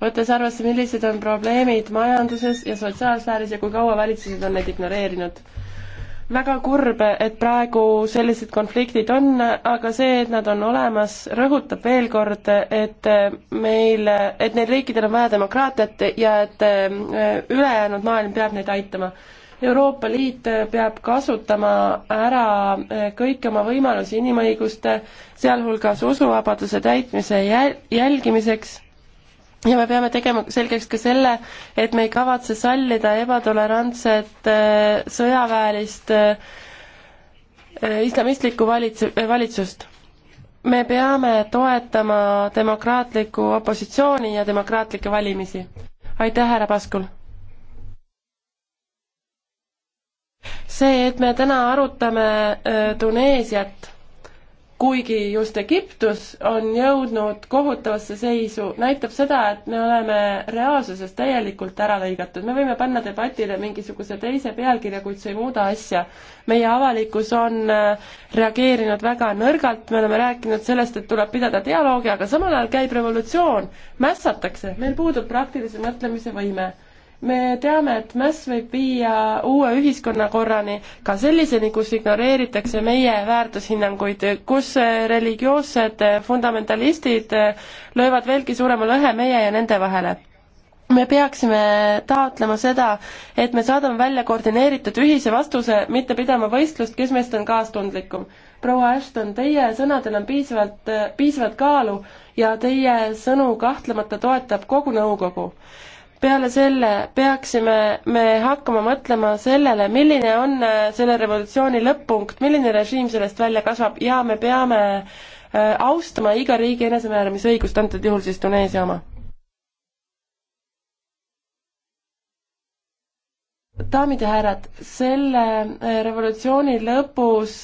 võttes arvesse, millised on probleemid majanduses ja sotsiaalsfääris ja kui kaua valitsused on neid ignoreerinud. väga kurb, et praegu sellised konfliktid on, aga see, et nad on olemas, rõhutab veel kord, et meil, et neil riikidel on vaja demokraatiat ja et eh, ülejäänud maailm peab neid aitama Euroopa Liit peab kasutama ära kõiki oma võimalusi inimõiguste, sealhulgas usuvabaduse täitmise jälgimiseks ja me peame tegema selgeks ka selle, et me ei kavatse sallida ebatolerantset äh, sõjaväelist äh, islamistlikku valitse, äh, valitsust. me peame toetama demokraatlikku opositsiooni ja demokraatlikke valimisi. aitäh, härra Paskul! see, et me täna arutame äh, Tuneesiat, kuigi just Egiptus on jõudnud kohutavasse seisu, näitab seda, et me oleme reaalsusest täielikult ära lõigatud. me võime panna debatile mingisuguse teise pealkirja, kuid see ei muuda asja. meie avalikkus on äh, reageerinud väga nõrgalt, me oleme rääkinud sellest, et tuleb pidada dialoogi, aga samal ajal käib revolutsioon, mässatakse, meil puudub praktilise mõtlemise võime me teame, et mäss võib viia uue ühiskonnakorrani, ka selliseni, kus ignoreeritakse meie väärtushinnanguid, kus äh, religioossed äh, fundamentalistid äh, löövad veelgi suurema lõhe meie ja nende vahele me peaksime taotlema seda, et me saadame välja koordineeritud ühise vastuse, mitte pidama võistlust, kes meist on kaastundlikum. proua Ashton, teie sõnadel on piisavalt, piisavalt kaalu ja teie sõnu kahtlemata toetab kogu nõukogu peale selle peaksime me hakkama mõtlema sellele, milline on äh, selle revolutsiooni lõpp-punkt, milline režiim sellest välja kasvab ja me peame äh, austama iga riigi enesemääramisõigust, antud juhul siis Tuneesia oma. daamid ja härrad, selle äh, revolutsiooni lõpus,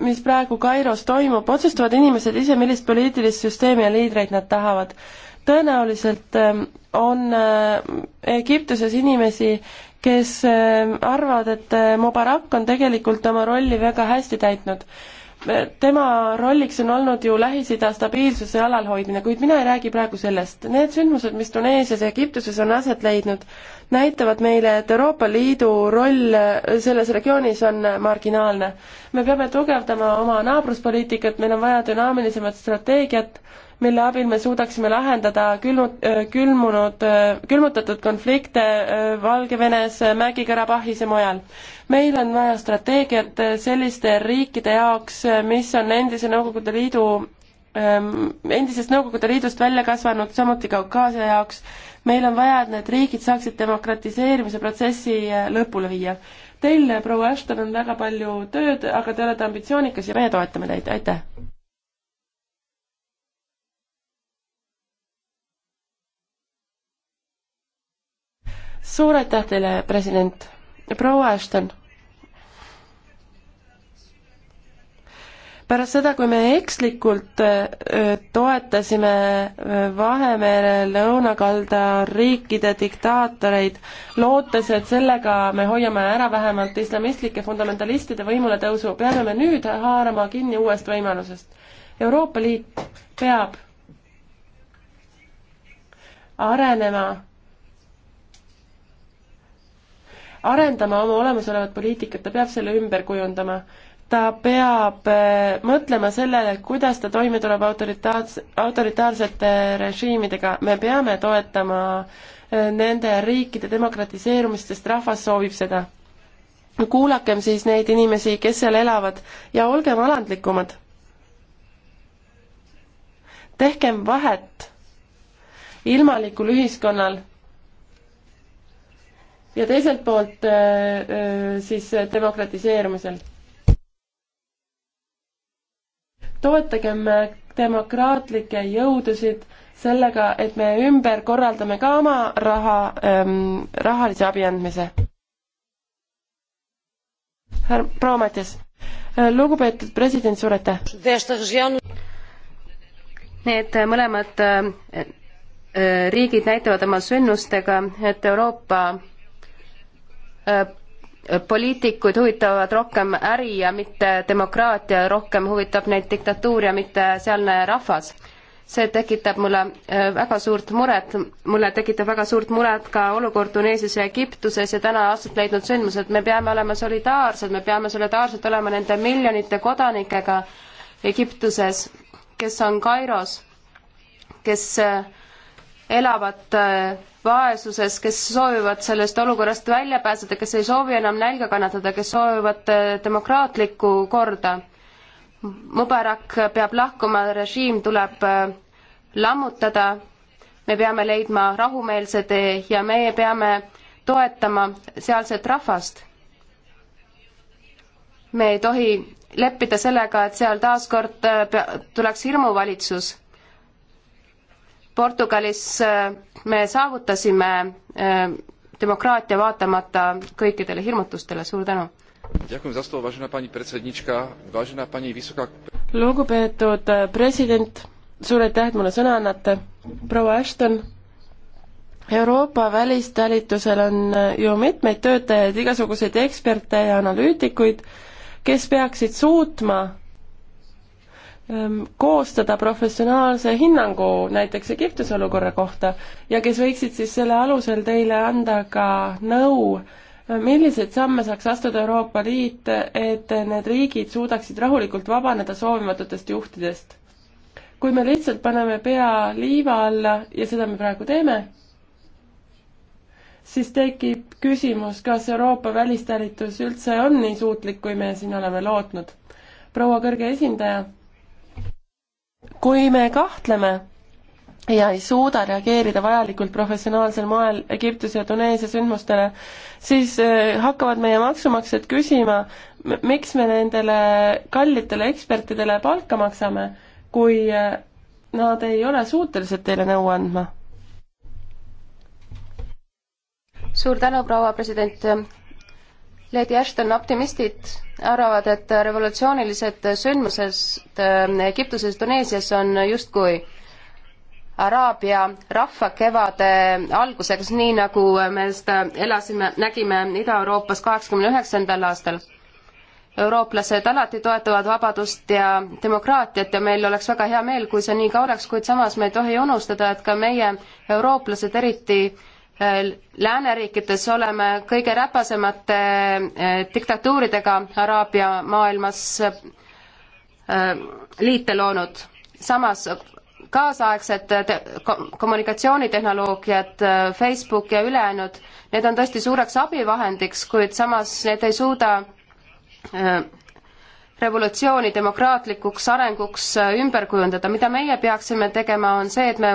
mis praegu Kairos toimub, otsustavad inimesed ise, millist poliitilist süsteemi ja liidreid nad tahavad tõenäoliselt ähm, on äh, Egiptuses inimesi, kes ähm, arvavad, et äh, Mubarak on tegelikult oma rolli väga hästi täitnud. Äh, tema rolliks on olnud ju Lähis-Ida stabiilsuse alalhoidmine, kuid mina ei räägi praegu sellest. Need sündmused, mis Tuneesias ja Egiptuses on aset leidnud, näitavad meile, et Euroopa Liidu roll selles regioonis on marginaalne. me peame tugevdama oma naabruspoliitikat, meil on vaja dünaamilisemat strateegiat mille abil me suudaksime lahendada külmut-, äh, külmunud, äh, külmutatud konflikte äh, Valgevenes, Mägi-Karabahhis ja mujal. meil on vaja strateegiat selliste riikide jaoks, mis on endise Nõukogude Liidu ähm, endisest Nõukogude Liidust välja kasvanud, samuti Kaukaasia jaoks. meil on vaja, et need riigid saaksid demokratiseerimise protsessi lõpule viia. Teil, proua Ashton, on väga palju tööd, aga te olete ambitsioonikas ja meie toetame teid, aitäh! suur aitäh teile, president, proua Ashton. pärast seda, kui me ekslikult äh, toetasime äh, Vahemere lõunakalda riikide diktaatoreid, lootes, et sellega me hoiame ära vähemalt islamistlike fundamentalistide võimuletõusu, peame me nüüd haarama kinni uuest võimalusest. Euroopa Liit peab arenema arendama oma olemasolevat poliitikat, ta peab selle ümber kujundama. ta peab äh, mõtlema sellele, kuidas ta toime tuleb autoritaars-, autoritaarsete režiimidega, me peame toetama äh, nende riikide demokratiseerumist, sest rahvas soovib seda. kuulakem siis neid inimesi, kes seal elavad ja olgem alandlikumad. tehkem vahet ilmalikul ühiskonnal ja teiselt poolt äh, äh, siis demokratiseerumisel. toetagem demokraatlikke jõudusid sellega, et me ümber korraldame ka oma raha ähm,, rahalise abi andmise. härra proua Matjas, äh, lugupeetud president, suur aitäh! Need mõlemad riigid näitavad oma sündmustega, et Euroopa Äh, poliitikuid huvitavad rohkem äri ja mitte demokraatia, rohkem huvitab neid diktatuur ja mitte sealne rahvas. see tekitab mulle äh, väga suurt muret, mulle tekitab väga suurt muret ka olukord Tuneesias ja Egiptuses ja täna aastat leidnud sündmused, me peame olema solidaarsed, me peame solidaarsed olema nende miljonite kodanikega Egiptuses, kes on Kairos, kes äh, elavad äh, vaesuses, kes soovivad sellest olukorrast välja pääseda, kes ei soovi enam nälga kannatada, kes soovivad äh, demokraatlikku korda. Mubarak peab lahkuma, režiim tuleb äh, lammutada, me peame leidma rahumeelse tee ja meie peame toetama sealset rahvast. me ei tohi leppida sellega, et seal taaskord tuleks hirmuvalitsus Portugalis äh, me saavutasime äh, demokraatia vaatamata kõikidele hirmutustele, suur tänu! lugupeetud äh, president, suur aitäh, et mulle sõna annate, proua Ashton, Euroopa välistalitusel on ju mitmeid töötajaid, igasuguseid eksperte ja analüütikuid, kes peaksid suutma Ähm, koostada professionaalse hinnangu näiteks Egiptuse olukorra kohta ja kes võiksid siis selle alusel teile anda ka nõu, äh, milliseid samme saaks astuda Euroopa Liit, et need riigid suudaksid rahulikult vabaneda soovimatutest juhtidest. kui me lihtsalt paneme pea liiva alla ja seda me praegu teeme, siis tekib küsimus, kas Euroopa välistalitus üldse on nii suutlik, kui me siin oleme lootnud. proua kõrge esindaja kui me kahtleme ja ei suuda reageerida vajalikult professionaalsel moel Egiptuse ja Tuneesia sündmustele, siis eh, hakkavad meie maksumaksjad küsima, miks me nendele kallitele ekspertidele palka maksame, kui eh, nad ei ole suutelised teile nõu andma. suur tänu, proua president Lady Ashton, optimistid arvavad, et revolutsioonilised sündmused äh, Egiptuses, Tuneesias on justkui Araabia rahvakevade alguseks, nii nagu me seda elasime, nägime Ida-Euroopas kaheksakümne üheksandal aastal. eurooplased alati toetavad vabadust ja demokraatiat ja meil oleks väga hea meel, kui see nii ka oleks, kuid samas me ei tohi unustada, et ka meie, eurooplased, eriti äh, Äh, lääneriikides oleme kõige räpasemate äh, diktatuuridega Araabia maailmas äh, liite loonud. samas kaasaegsed kommunikatsioonitehnoloogiad, Facebook ja ülejäänud, need on tõesti suureks abivahendiks, kuid samas need ei suuda revolutsiooni demokraatlikuks arenguks ümber kujundada. mida meie peaksime tegema, on see, et me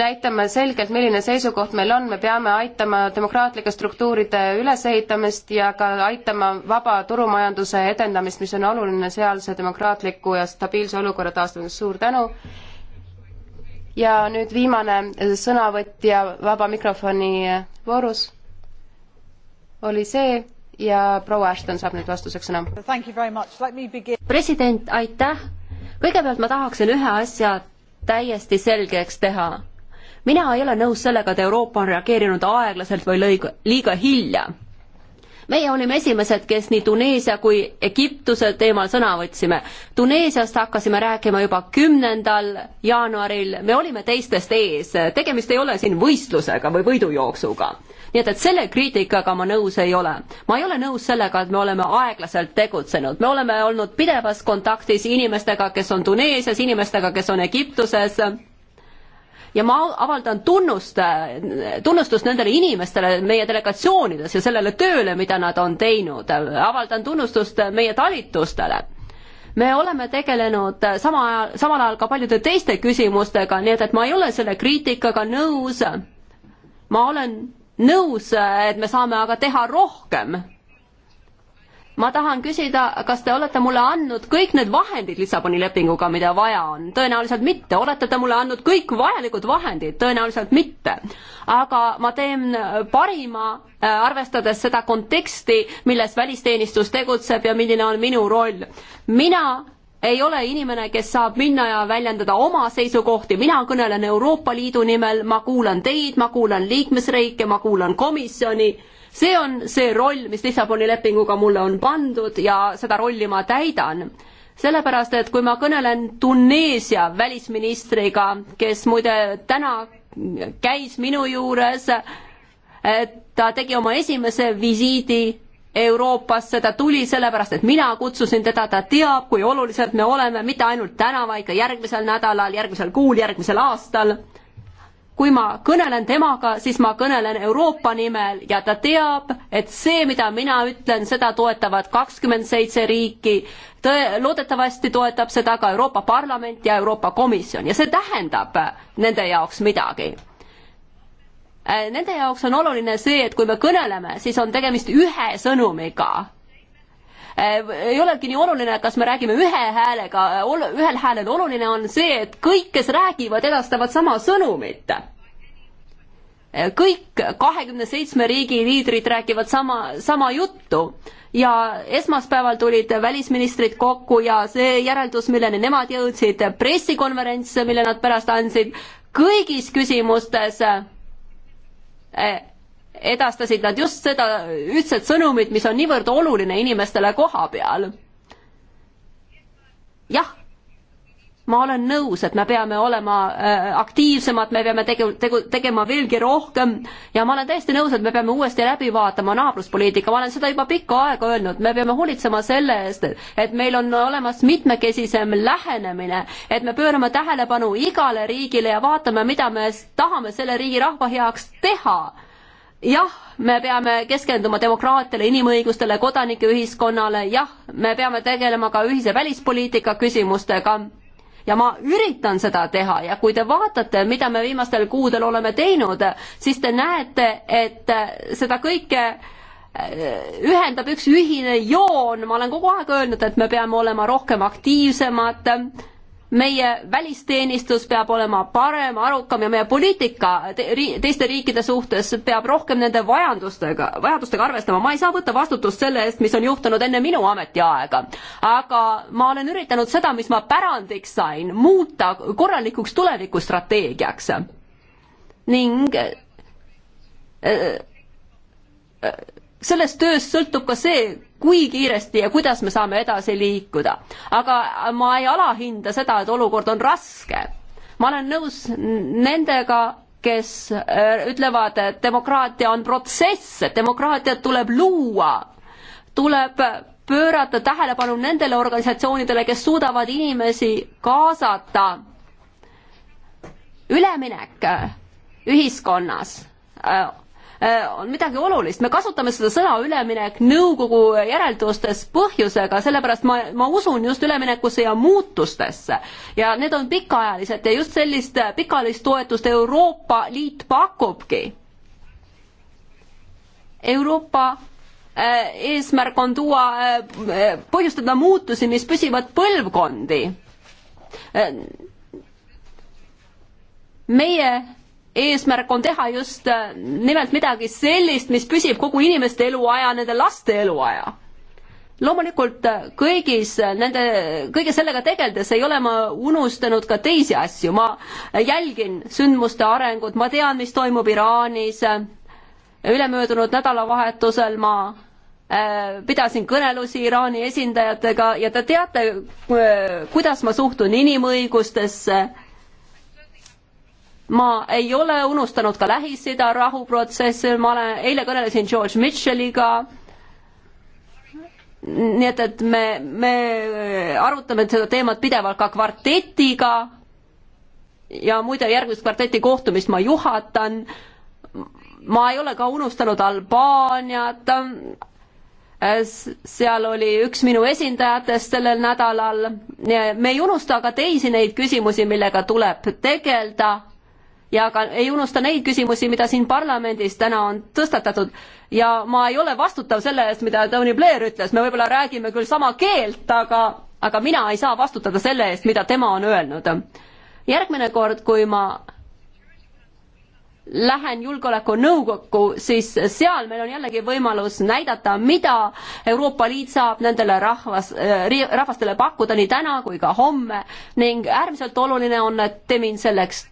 näitama selgelt, milline seisukoht meil on, me peame aitama demokraatlike struktuuride ülesehitamist ja ka aitama vaba turumajanduse edendamist, mis on oluline sealse demokraatliku ja stabiilse olukorra taastamiseks, suur tänu. ja nüüd viimane sõnavõtja vaba mikrofoni voorus oli see ja proua Ashton saab nüüd vastuseks sõna. president, aitäh! kõigepealt ma tahaksin ühe asja täiesti selgeks teha mina ei ole nõus sellega, et Euroopa on reageerinud aeglaselt või lõig-, liiga hilja. meie olime esimesed, kes nii Tuneesia kui Egiptuse teemal sõna võtsime. Tuneesiast hakkasime rääkima juba kümnendal jaanuaril, me olime teistest ees, tegemist ei ole siin võistlusega või võidujooksuga nii et, et selle kriitikaga ma nõus ei ole. ma ei ole nõus sellega, et me oleme aeglaselt tegutsenud, me oleme olnud pidevas kontaktis inimestega, kes on Tuneesias, inimestega, kes on Egiptuses ja ma avaldan tunnust, tunnustust nendele inimestele meie delegatsioonides ja sellele tööle, mida nad on teinud. avaldan tunnustust meie talitustele me oleme tegelenud sama ajal, samal ajal ka paljude teiste küsimustega, nii et, et ma ei ole selle kriitikaga nõus. ma olen nõus, et me saame aga teha rohkem ma tahan küsida, kas te olete mulle andnud kõik need vahendid Lissaboni lepinguga, mida vaja on? tõenäoliselt mitte, olete te mulle andnud kõik vajalikud vahendid? tõenäoliselt mitte. aga ma teen parima, äh, arvestades seda konteksti, milles välisteenistus tegutseb ja milline on minu roll. mina ei ole inimene, kes saab minna ja väljendada oma seisukohti, mina kõnelen Euroopa Liidu nimel, ma kuulan teid, ma kuulan liikmesriike, ma kuulan komisjoni, see on see roll, mis Lissaboni lepinguga mulle on pandud ja seda rolli ma täidan sellepärast, et kui ma kõnelen Tuneesia välisministriga, kes muide täna käis minu juures, ta tegi oma esimese visiidi Euroopas, ta tuli sellepärast, et mina kutsusin teda, ta teab, kui olulised me oleme, mitte ainult täna, vaid ka järgmisel nädalal, järgmisel kuul, järgmisel aastal. kui ma kõnelen temaga, siis ma kõnelen Euroopa nimel ja ta teab, et see, mida mina ütlen, seda toetavad kakskümmend seitse riiki, tõe, loodetavasti toetab seda ka Euroopa Parlament ja Euroopa Komisjon ja see tähendab nende jaoks midagi Äh, nende jaoks on oluline see, et kui me kõneleme, siis on tegemist ühe sõnumiga. Äh, ei olegi nii oluline, kas me räägime ühe häälega, äh, ühel häälel, oluline on see, et kõik, kes räägivad, edastavad sama sõnumit kõik kahekümne seitsme riigi liidrid räägivad sama, sama juttu ja esmaspäeval tulid välisministrid kokku ja see järeldus, milleni nemad jõudsid, pressikonverents, mille nad pärast andsid, kõigis küsimustes äh, edastasid nad just seda ühtset sõnumit, mis on niivõrd oluline inimestele koha peal. jah ma olen nõus, et me peame olema äh, aktiivsemad, me peame tegu-, tegu-, tegema veelgi rohkem ja ma olen täiesti nõus, et me peame uuesti läbi vaatama naabruspoliitika, ma olen seda juba pikka aega öelnud, me peame hoolitsema selle eest, et meil on olemas mitmekesisem lähenemine, et me pöörame tähelepanu igale riigile ja vaatame, mida me tahame selle riigi rahva heaks teha jah, me peame keskenduma demokraatiale, inimõigustele, kodanikeühiskonnale, jah, me peame tegelema ka ühise välispoliitika küsimustega ja ma üritan seda teha ja kui te vaatate, mida me viimastel kuudel oleme teinud, siis te näete, et seda kõike eh, ühendab üks ühine joon, ma olen kogu aeg öelnud, et me peame olema rohkem aktiivsemad meie välisteenistus peab olema parem, arukam ja meie poliitika teiste riikide suhtes peab rohkem nende vajadustega, vajadustega arvestama. ma ei saa võtta vastutust selle eest, mis on juhtunud enne minu ametiaega. aga ma olen üritanud seda, mis ma pärandiks sain, muuta korralikuks tulevikustrateegiaks. ning äh, äh, äh sellest tööst sõltub ka see, kui kiiresti ja kuidas me saame edasi liikuda. aga ma ei alahinda seda, et olukord on raske. ma olen nõus nendega, kes äh, ütlevad, et demokraatia on protsess, et demokraatiat tuleb luua, tuleb pöörata tähelepanu nendele organisatsioonidele, kes suudavad inimesi kaasata. üleminek äh, ühiskonnas äh, Äh, on midagi olulist, me kasutame seda sõna üleminek nõukogu järeldustes põhjusega, sellepärast ma, ma usun just üleminekusse ja muutustesse. ja need on pikaajalised ja just sellist pikaajalist toetust Euroopa Liit pakubki. Euroopa äh, eesmärk on tuua, äh, põhjustada muutusi, mis püsivad põlvkondi meie eesmärk on teha just äh, nimelt midagi sellist, mis püsib kogu inimeste eluaja, nende laste eluaja. loomulikult äh, kõigis äh, nende, kõige sellega tegeldes ei ole ma unustanud ka teisi asju, ma jälgin sündmuste arengut, ma tean, mis toimub Iraanis, ülemöödunud nädalavahetusel ma pidasin kõnelusi Iraani esindajatega ja te teate, kuidas ma suhtun inimõigustesse ma ei ole unustanud ka Lähis-Ida rahuprotsessi, ma olen, eile kõnelesin George Mitchelliga, nii et, et me, me arutame seda teemat pidevalt ka kvartetiga ja muide, järgmist kvarteti kohtumist ma juhatan, ma ei ole ka unustanud Albaaniat, seal oli üks minu esindajatest sellel nädalal, me ei unusta ka teisi neid küsimusi, millega tuleb tegeleda ja ka ei unusta neid küsimusi, mida siin parlamendis täna on tõstatatud. ja ma ei ole vastutav selle eest, mida Tony Blair ütles, me võib-olla räägime küll sama keelt, aga, aga mina ei saa vastutada selle eest, mida tema on öelnud. järgmine kord, kui ma lähen Julgeolekunõukokku, siis seal meil on jällegi võimalus näidata, mida Euroopa Liit saab nendele rahvas, äh, rahvastele pakkuda nii täna kui ka homme ning äärmiselt oluline on, et te mind selleks,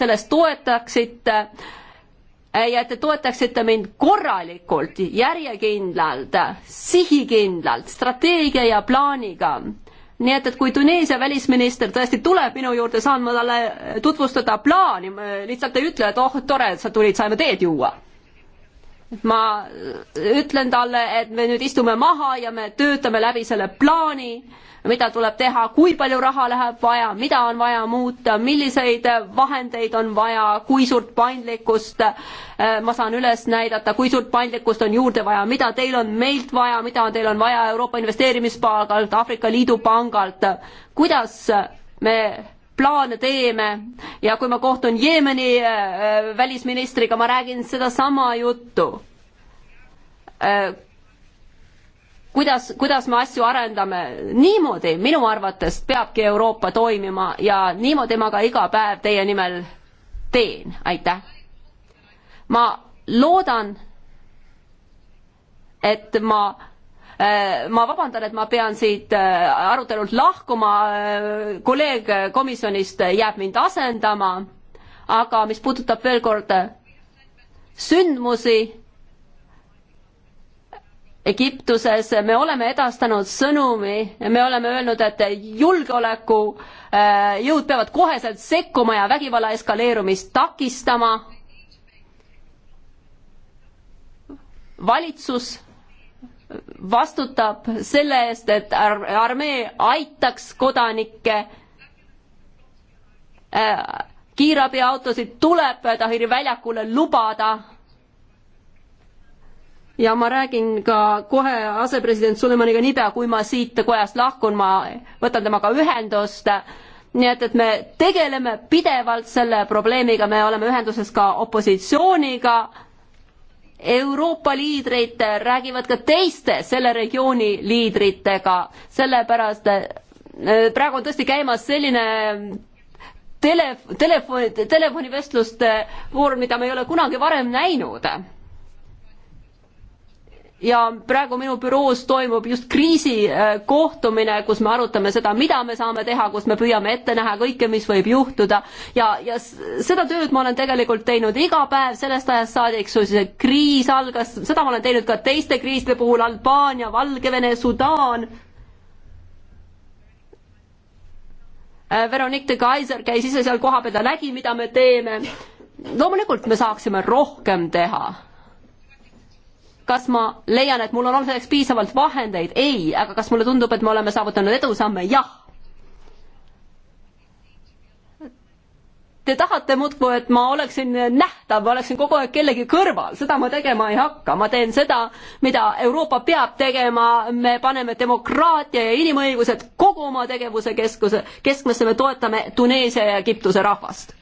selles toetaksite äh, ja et te toetaksite mind korralikult, järjekindlalt, sihikindlalt, strateegia ja plaaniga nii et, et kui Tuneesia välisminister tõesti tuleb minu juurde, saan ma talle tutvustada plaani, lihtsalt ei ütle, et oh, tore, et sa tulid, saime teed juua ma ütlen talle, et me nüüd istume maha ja me töötame läbi selle plaani, mida tuleb teha, kui palju raha läheb vaja, mida on vaja muuta, milliseid vahendeid on vaja, kui suurt paindlikkust eh, ma saan üles näidata, kui suurt paindlikkust on juurde vaja, mida teil on meilt vaja, mida teil on vaja Euroopa Investeerimispangalt, Aafrika Liidu pangalt, kuidas me plaane teeme ja kui ma kohtun Jeemeni äh, välisministriga, ma räägin sedasama juttu. Äh, kuidas, kuidas me asju arendame, niimoodi minu arvates peabki Euroopa toimima ja niimoodi ma ka iga päev teie nimel teen, aitäh. ma loodan, et ma Äh, ma vabandan, et ma pean siit äh, arutelult lahkuma, äh, kolleeg komisjonist jääb mind asendama, aga mis puudutab veel kord sündmusi Egiptuses, me oleme edastanud sõnumi, me oleme öelnud, et julgeolekujõud peavad koheselt sekkuma ja vägivalla eskaleerumist takistama. valitsus vastutab selle eest, et ar-, armee aitaks kodanikke äh,, kiirabiautosid tuleb Tahiri väljakule lubada ja ma räägin ka kohe asepresident Sulemaniga niipea, kui ma siit kojast lahkun, ma võtan temaga ühendust nii et, et me tegeleme pidevalt selle probleemiga, me oleme ühenduses ka opositsiooniga Euroopa liidrid räägivad ka teiste selle regiooni liidritega, sellepärast praegu on tõesti käimas selline tele, telefoni, telefonivestluste voor, mida me ei ole kunagi varem näinud ja praegu minu büroos toimub just kriisikohtumine, äh, kus me arutame seda, mida me saame teha, kus me püüame ette näha kõike, mis võib juhtuda ja, ja seda tööd ma olen tegelikult teinud iga päev sellest ajast saadik, kui see kriis algas, seda ma olen teinud ka teiste kriiside puhul, Albaania, Valgevene, Sudaan. Äh, Veronique de Kaiser käis ise seal kohapeal, ta nägi, mida me teeme. loomulikult me saaksime rohkem teha kas ma leian, et mul on selleks piisavalt vahendeid? ei, aga kas mulle tundub, et me oleme saavutanud edusamme? jah. Te tahate muudkui, et ma oleksin nähtav, ma oleksin kogu aeg kellegi kõrval, seda ma tegema ei hakka, ma teen seda, mida Euroopa peab tegema, me paneme demokraatia ja inimõigused kogu oma tegevuse keskuse, keskmesse, me toetame Tuneesia ja Egiptuse rahvast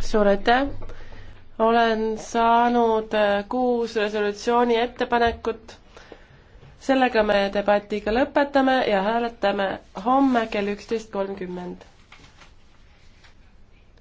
suur aitäh! olen saanud äh, kuus resolutsiooni ettepanekut. sellega me debati ka lõpetame ja hääletame homme kell üksteist kolmkümmend